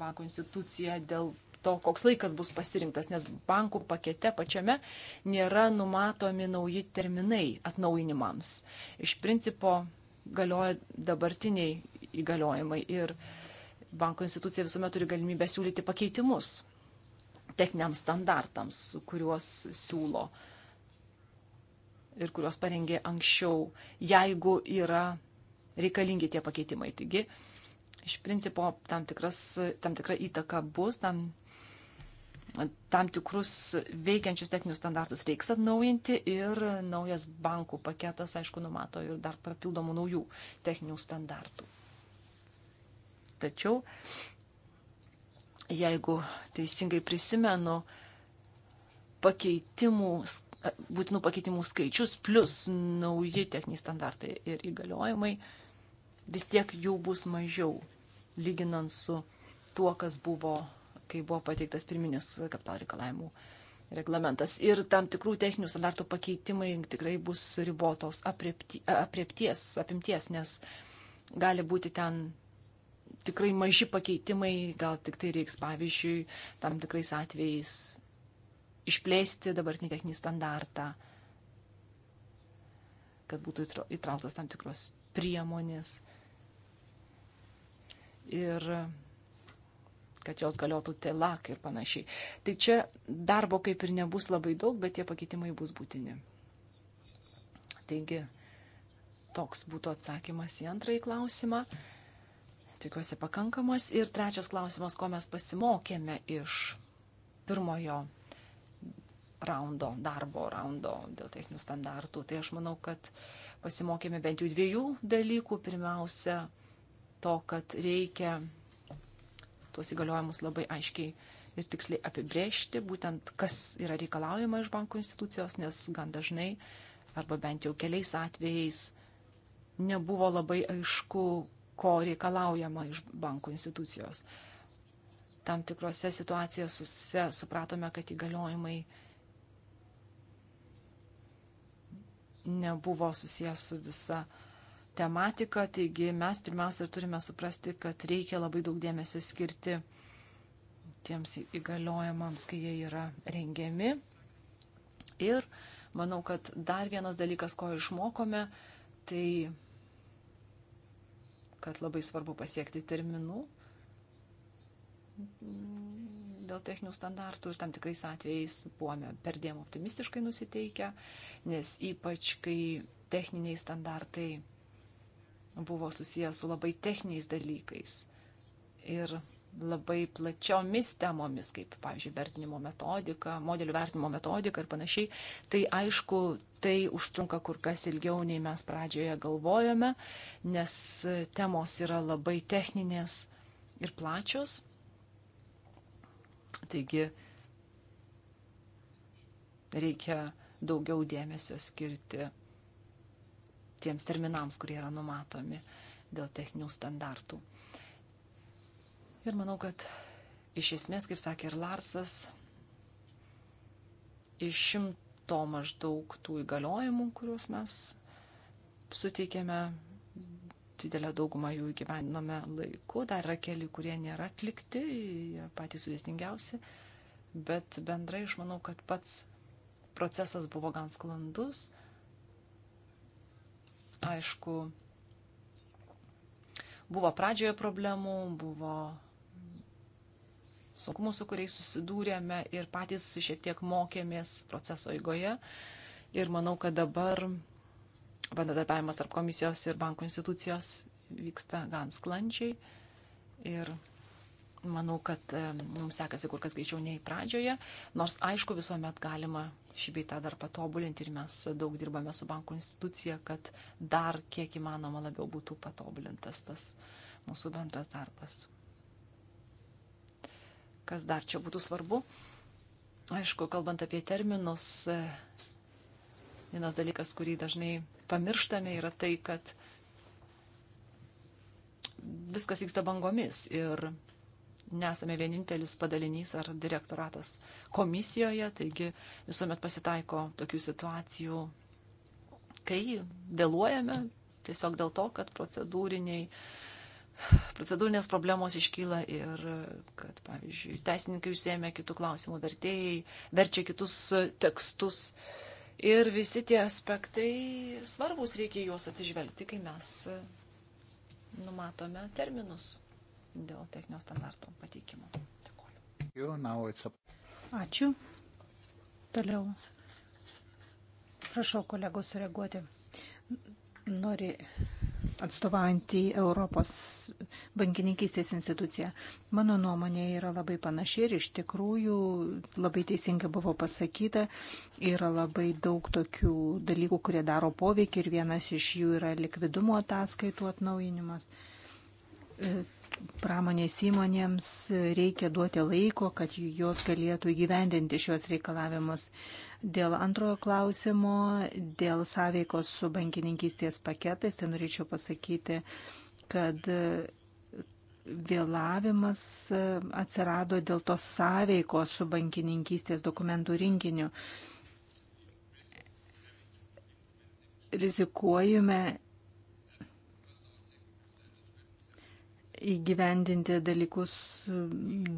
banko institucija dėl to, koks laikas bus pasirinktas, nes bankų pakete pačiame nėra numatomi nauji terminai atnaujinimams. Iš principo galioja dabartiniai įgaliojimai ir banko institucija visuomet turi galimybę siūlyti pakeitimus techniniams standartams, kuriuos siūlo uh, ir kuriuos parengė anksčiau, jeigu yra reikalingi tie pakeitimai. Taigi, iš principo, tam, tikras, tam tikra įtaka bus, tam, tam tikrus veikiančius techninius standartus reiks atnaujinti ir naujas bankų paketas, aišku, numato ir dar papildomų naujų techninių standartų. Tačiau, jeigu teisingai prisimenu, pakeitimų skaičius, būtinų pakeitimų skaičius plus nauji techniniai standartai ir įgaliojimai, vis tiek jų bus mažiau, lyginant su tuo, kas buvo, kai buvo pateiktas pirminis kapitalo reikalavimų reglamentas. Ir tam tikrų techninių standartų pakeitimai tikrai bus ribotos apriepti, apriepties, apimties, nes gali būti ten tikrai maži pakeitimai, gal tik tai reiks, pavyzdžiui, tam tikrais atvejais išplėsti dabartinį techninį standartą, kad būtų įtrauktos tam tikros priemonės ir kad jos galiotų telak ir panašiai. Tai čia darbo kaip ir nebus labai daug, bet tie pakeitimai bus būtini. Taigi, toks būtų atsakymas į antrąjį klausimą. Tikiuosi pakankamas. Ir trečias klausimas, ko mes pasimokėme iš pirmojo raundo, darbo raundo dėl techninių standartų. Tai aš manau, kad pasimokėme bent jau dviejų dalykų. Pirmiausia, to, kad reikia tuos įgaliojimus labai aiškiai ir tiksliai apibrėžti, būtent kas yra reikalaujama iš bankų institucijos, nes gan dažnai, arba bent jau keliais atvejais, nebuvo labai aišku, ko reikalaujama iš bankų institucijos. Tam tikrose situacijose supratome, kad įgaliojimai nebuvo susijęs su visa tematika, taigi mes pirmiausia turime suprasti, kad reikia labai daug dėmesio skirti tiems įgaliojimams, kai jie yra rengiami. Ir manau, kad dar vienas dalykas, ko išmokome, tai kad labai svarbu pasiekti terminų dėl techninių standartų ir tam tikrais atvejais buvome perdėm optimistiškai nusiteikę, nes ypač kai techniniai standartai buvo susijęs su labai techniniais dalykais ir labai plačiomis temomis, kaip, pavyzdžiui, vertinimo metodika, modelių vertinimo metodika ir panašiai, tai aišku, tai užtrunka kur kas ilgiau, nei mes pradžioje galvojome, nes temos yra labai techninės ir plačios. Taigi reikia daugiau dėmesio skirti tiems terminams, kurie yra numatomi dėl techninių standartų. Ir manau, kad iš esmės, kaip sakė ir Larsas, iš šimto maždaug tų įgaliojimų, kuriuos mes suteikėme didelę daugumą jų gyvenome laiku, dar yra keli, kurie nėra atlikti, patys sudėtingiausi, bet bendrai aš manau, kad pats procesas buvo gan sklandus. Aišku, buvo pradžioje problemų, buvo sunkumų, su kuriais susidūrėme ir patys šiek tiek mokėmės proceso eigoje. Ir manau, kad dabar bendradarbiavimas tarp komisijos ir bankų institucijos vyksta gan sklandžiai. Ir manau, kad e, mums sekasi kur kas greičiau nei pradžioje, nors aišku visuomet galima šį beitą dar patobulinti ir mes daug dirbame su bankų institucija, kad dar kiek įmanoma labiau būtų patobulintas tas mūsų bendras darbas. Kas dar čia būtų svarbu? Aišku, kalbant apie terminus, e, vienas dalykas, kurį dažnai pamirštame, yra tai, kad viskas vyksta bangomis ir nesame vienintelis padalinys ar direktoratas komisijoje, taigi visuomet pasitaiko tokių situacijų, kai vėluojame tiesiog dėl to, kad procedūriniai procedūrinės problemos iškyla ir kad, pavyzdžiui, teisininkai užsėmė kitų klausimų vertėjai, verčia kitus tekstus, Ir visi tie aspektai svarbus, reikia juos atsižvelgti, kai mes e, numatome terminus dėl techninio standarto pateikimo. Dėkuoju. Ačiū. Toliau. Prašau kolegos reaguoti. Nori atstovaujantį Europos bankininkystės instituciją. Mano nuomonė yra labai panaši ir iš tikrųjų labai teisingai buvo pasakyta, yra labai daug tokių dalykų, kurie daro poveikį ir vienas iš jų yra likvidumo ataskaitų atnaujinimas. E, pramonės įmonėms reikia duoti laiko, kad jos galėtų įgyvendinti šios reikalavimus. Dėl antrojo klausimo, dėl sąveikos su bankininkystės paketais, tai norėčiau pasakyti, kad vėlavimas atsirado dėl tos sąveikos su bankininkystės dokumentų rinkiniu. Rizikuojame įgyvendinti dalykus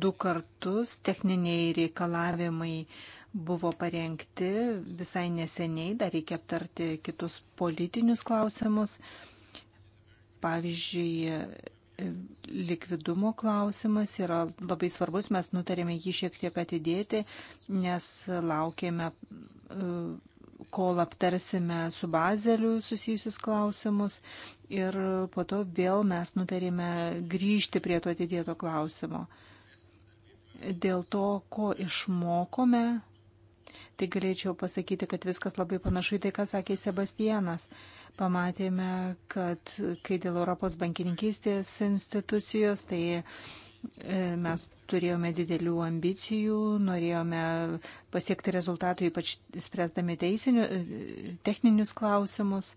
du kartus. Techniniai reikalavimai buvo parengti visai neseniai, dar reikia aptarti kitus politinius klausimus. Pavyzdžiui, likvidumo klausimas yra labai svarbus, mes nutarėme jį šiek tiek atidėti, nes laukėme kol aptarsime su bazeliu susijusius klausimus ir po to vėl mes nutarėme grįžti prie to atidėto klausimo. Dėl to, ko išmokome, Tai galėčiau pasakyti, kad viskas labai panašu į tai, ką sakė Sebastianas. Pamatėme, kad kai dėl Europos bankininkystės institucijos, tai e, mes turėjome didelių ambicijų, norėjome pasiekti rezultatų, ypač spręsdami teisinių, techninius klausimus.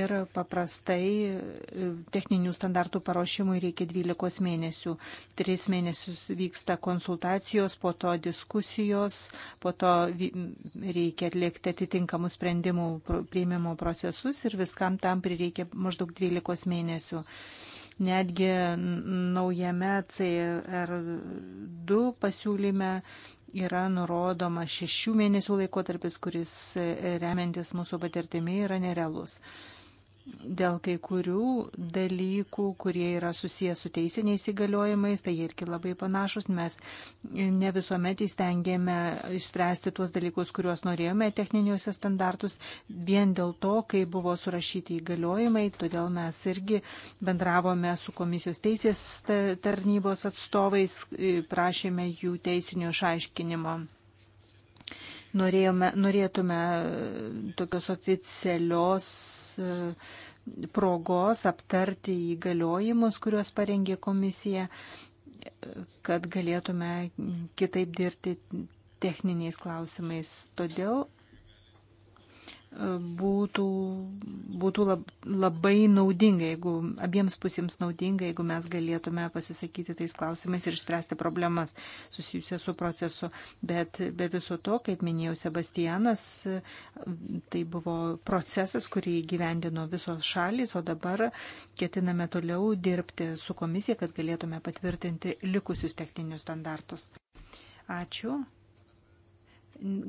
Ir paprastai e, techninių standartų paruošimui reikia 12 mėnesių. 3 mėnesius vyksta konsultacijos, po to diskusijos, po to reikia atlikti atitinkamų sprendimų prieimimo procesus ir viskam tam prireikia maždaug 12 mėnesių. Netgi naujame CR2 pasiūlyme yra nurodoma šešių mėnesių laikotarpis, kuris e, remiantis mūsų patirtimi yra nerealus dėl kai kurių dalykų, kurie yra susijęs su teisiniais įgaliojimais, tai irgi labai panašus. Mes ne visuomet įstengėme išspręsti tuos dalykus, kuriuos norėjome techniniuose standartus, vien dėl to, kai buvo surašyti įgaliojimai, todėl mes irgi bendravome su komisijos teisės tarnybos atstovais, prašėme jų teisinio išaiškinimo. Norėjome, norėtume tokios oficialios e, progos aptarti įgaliojimus, kuriuos parengė komisija, kad galėtume kitaip dirbti techniniais klausimais. Todėl būtų, būtų lab, labai naudinga, jeigu abiems pusėms naudinga, jeigu mes galėtume pasisakyti tais klausimais ir išspręsti problemas susijusias su procesu. Bet be viso to, kaip minėjau, Sebastianas, tai buvo procesas, kurį gyvendino visos šalys, o dabar ketiname toliau dirbti su komisija, kad galėtume patvirtinti likusius techninius standartus. Ačiū.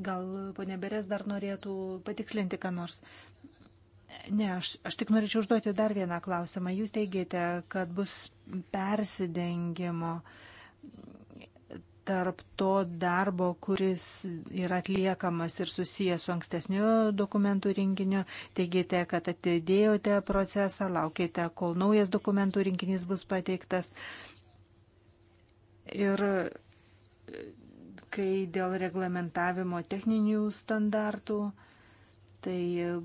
Gal ponė Berės dar norėtų patikslinti, ką nors. Ne, aš, aš tik norėčiau užduoti dar vieną klausimą. Jūs teigėte, kad bus persidengimo tarp to darbo, kuris yra atliekamas ir susijęs su ankstesniu dokumentų rinkiniu. Teigėte, kad atidėjote procesą, laukėte, kol naujas dokumentų rinkinys bus pateiktas. Ir kai dėl reglamentavimo techninių standartų, tai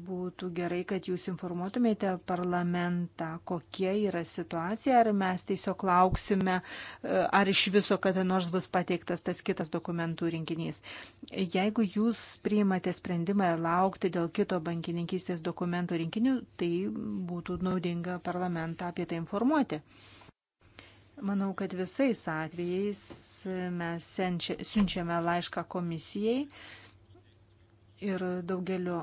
būtų gerai, kad jūs informuotumėte parlamentą, kokia yra situacija, ar mes tiesiog lauksime, ar iš viso kada nors bus pateiktas tas kitas dokumentų rinkinys. Jeigu jūs priimate sprendimą laukti dėl kito bankininkystės dokumentų rinkinių, tai būtų naudinga parlamentą apie tai informuoti. Manau, kad visais atvejais e, mes siunčiame laišką komisijai ir daugeliu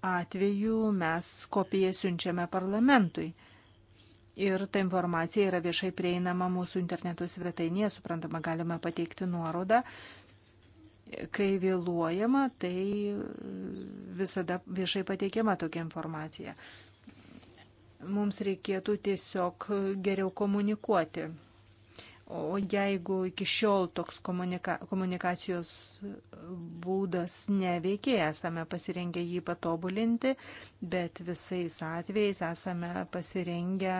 atveju mes kopiją siunčiame parlamentui. Ir ta informacija yra viešai prieinama mūsų interneto svetainėje, suprantama, galime pateikti nuorodą. Kai vėluojama, tai visada viešai pateikiama tokia informacija. Mums reikėtų tiesiog geriau komunikuoti O jeigu iki šiol toks komunika komunikacijos būdas neveikė, esame pasirengę jį patobulinti, bet visais atvejais esame pasirengę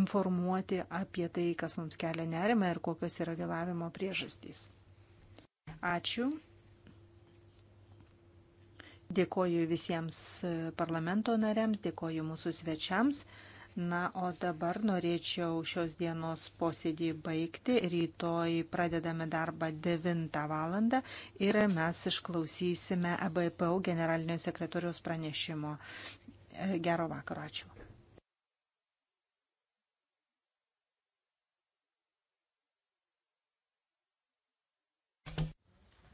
informuoti apie tai, kas mums kelia nerimą ir kokios yra vėlavimo priežastys. Ačiū. Dėkoju visiems parlamento nariams, dėkoju mūsų svečiams. Na, o dabar norėčiau šios dienos posėdį baigti. Rytoj pradedame darbą 9 val. ir mes išklausysime ABPO e generalinio sekretorijos pranešimo. E, gero vakaro, ačiū.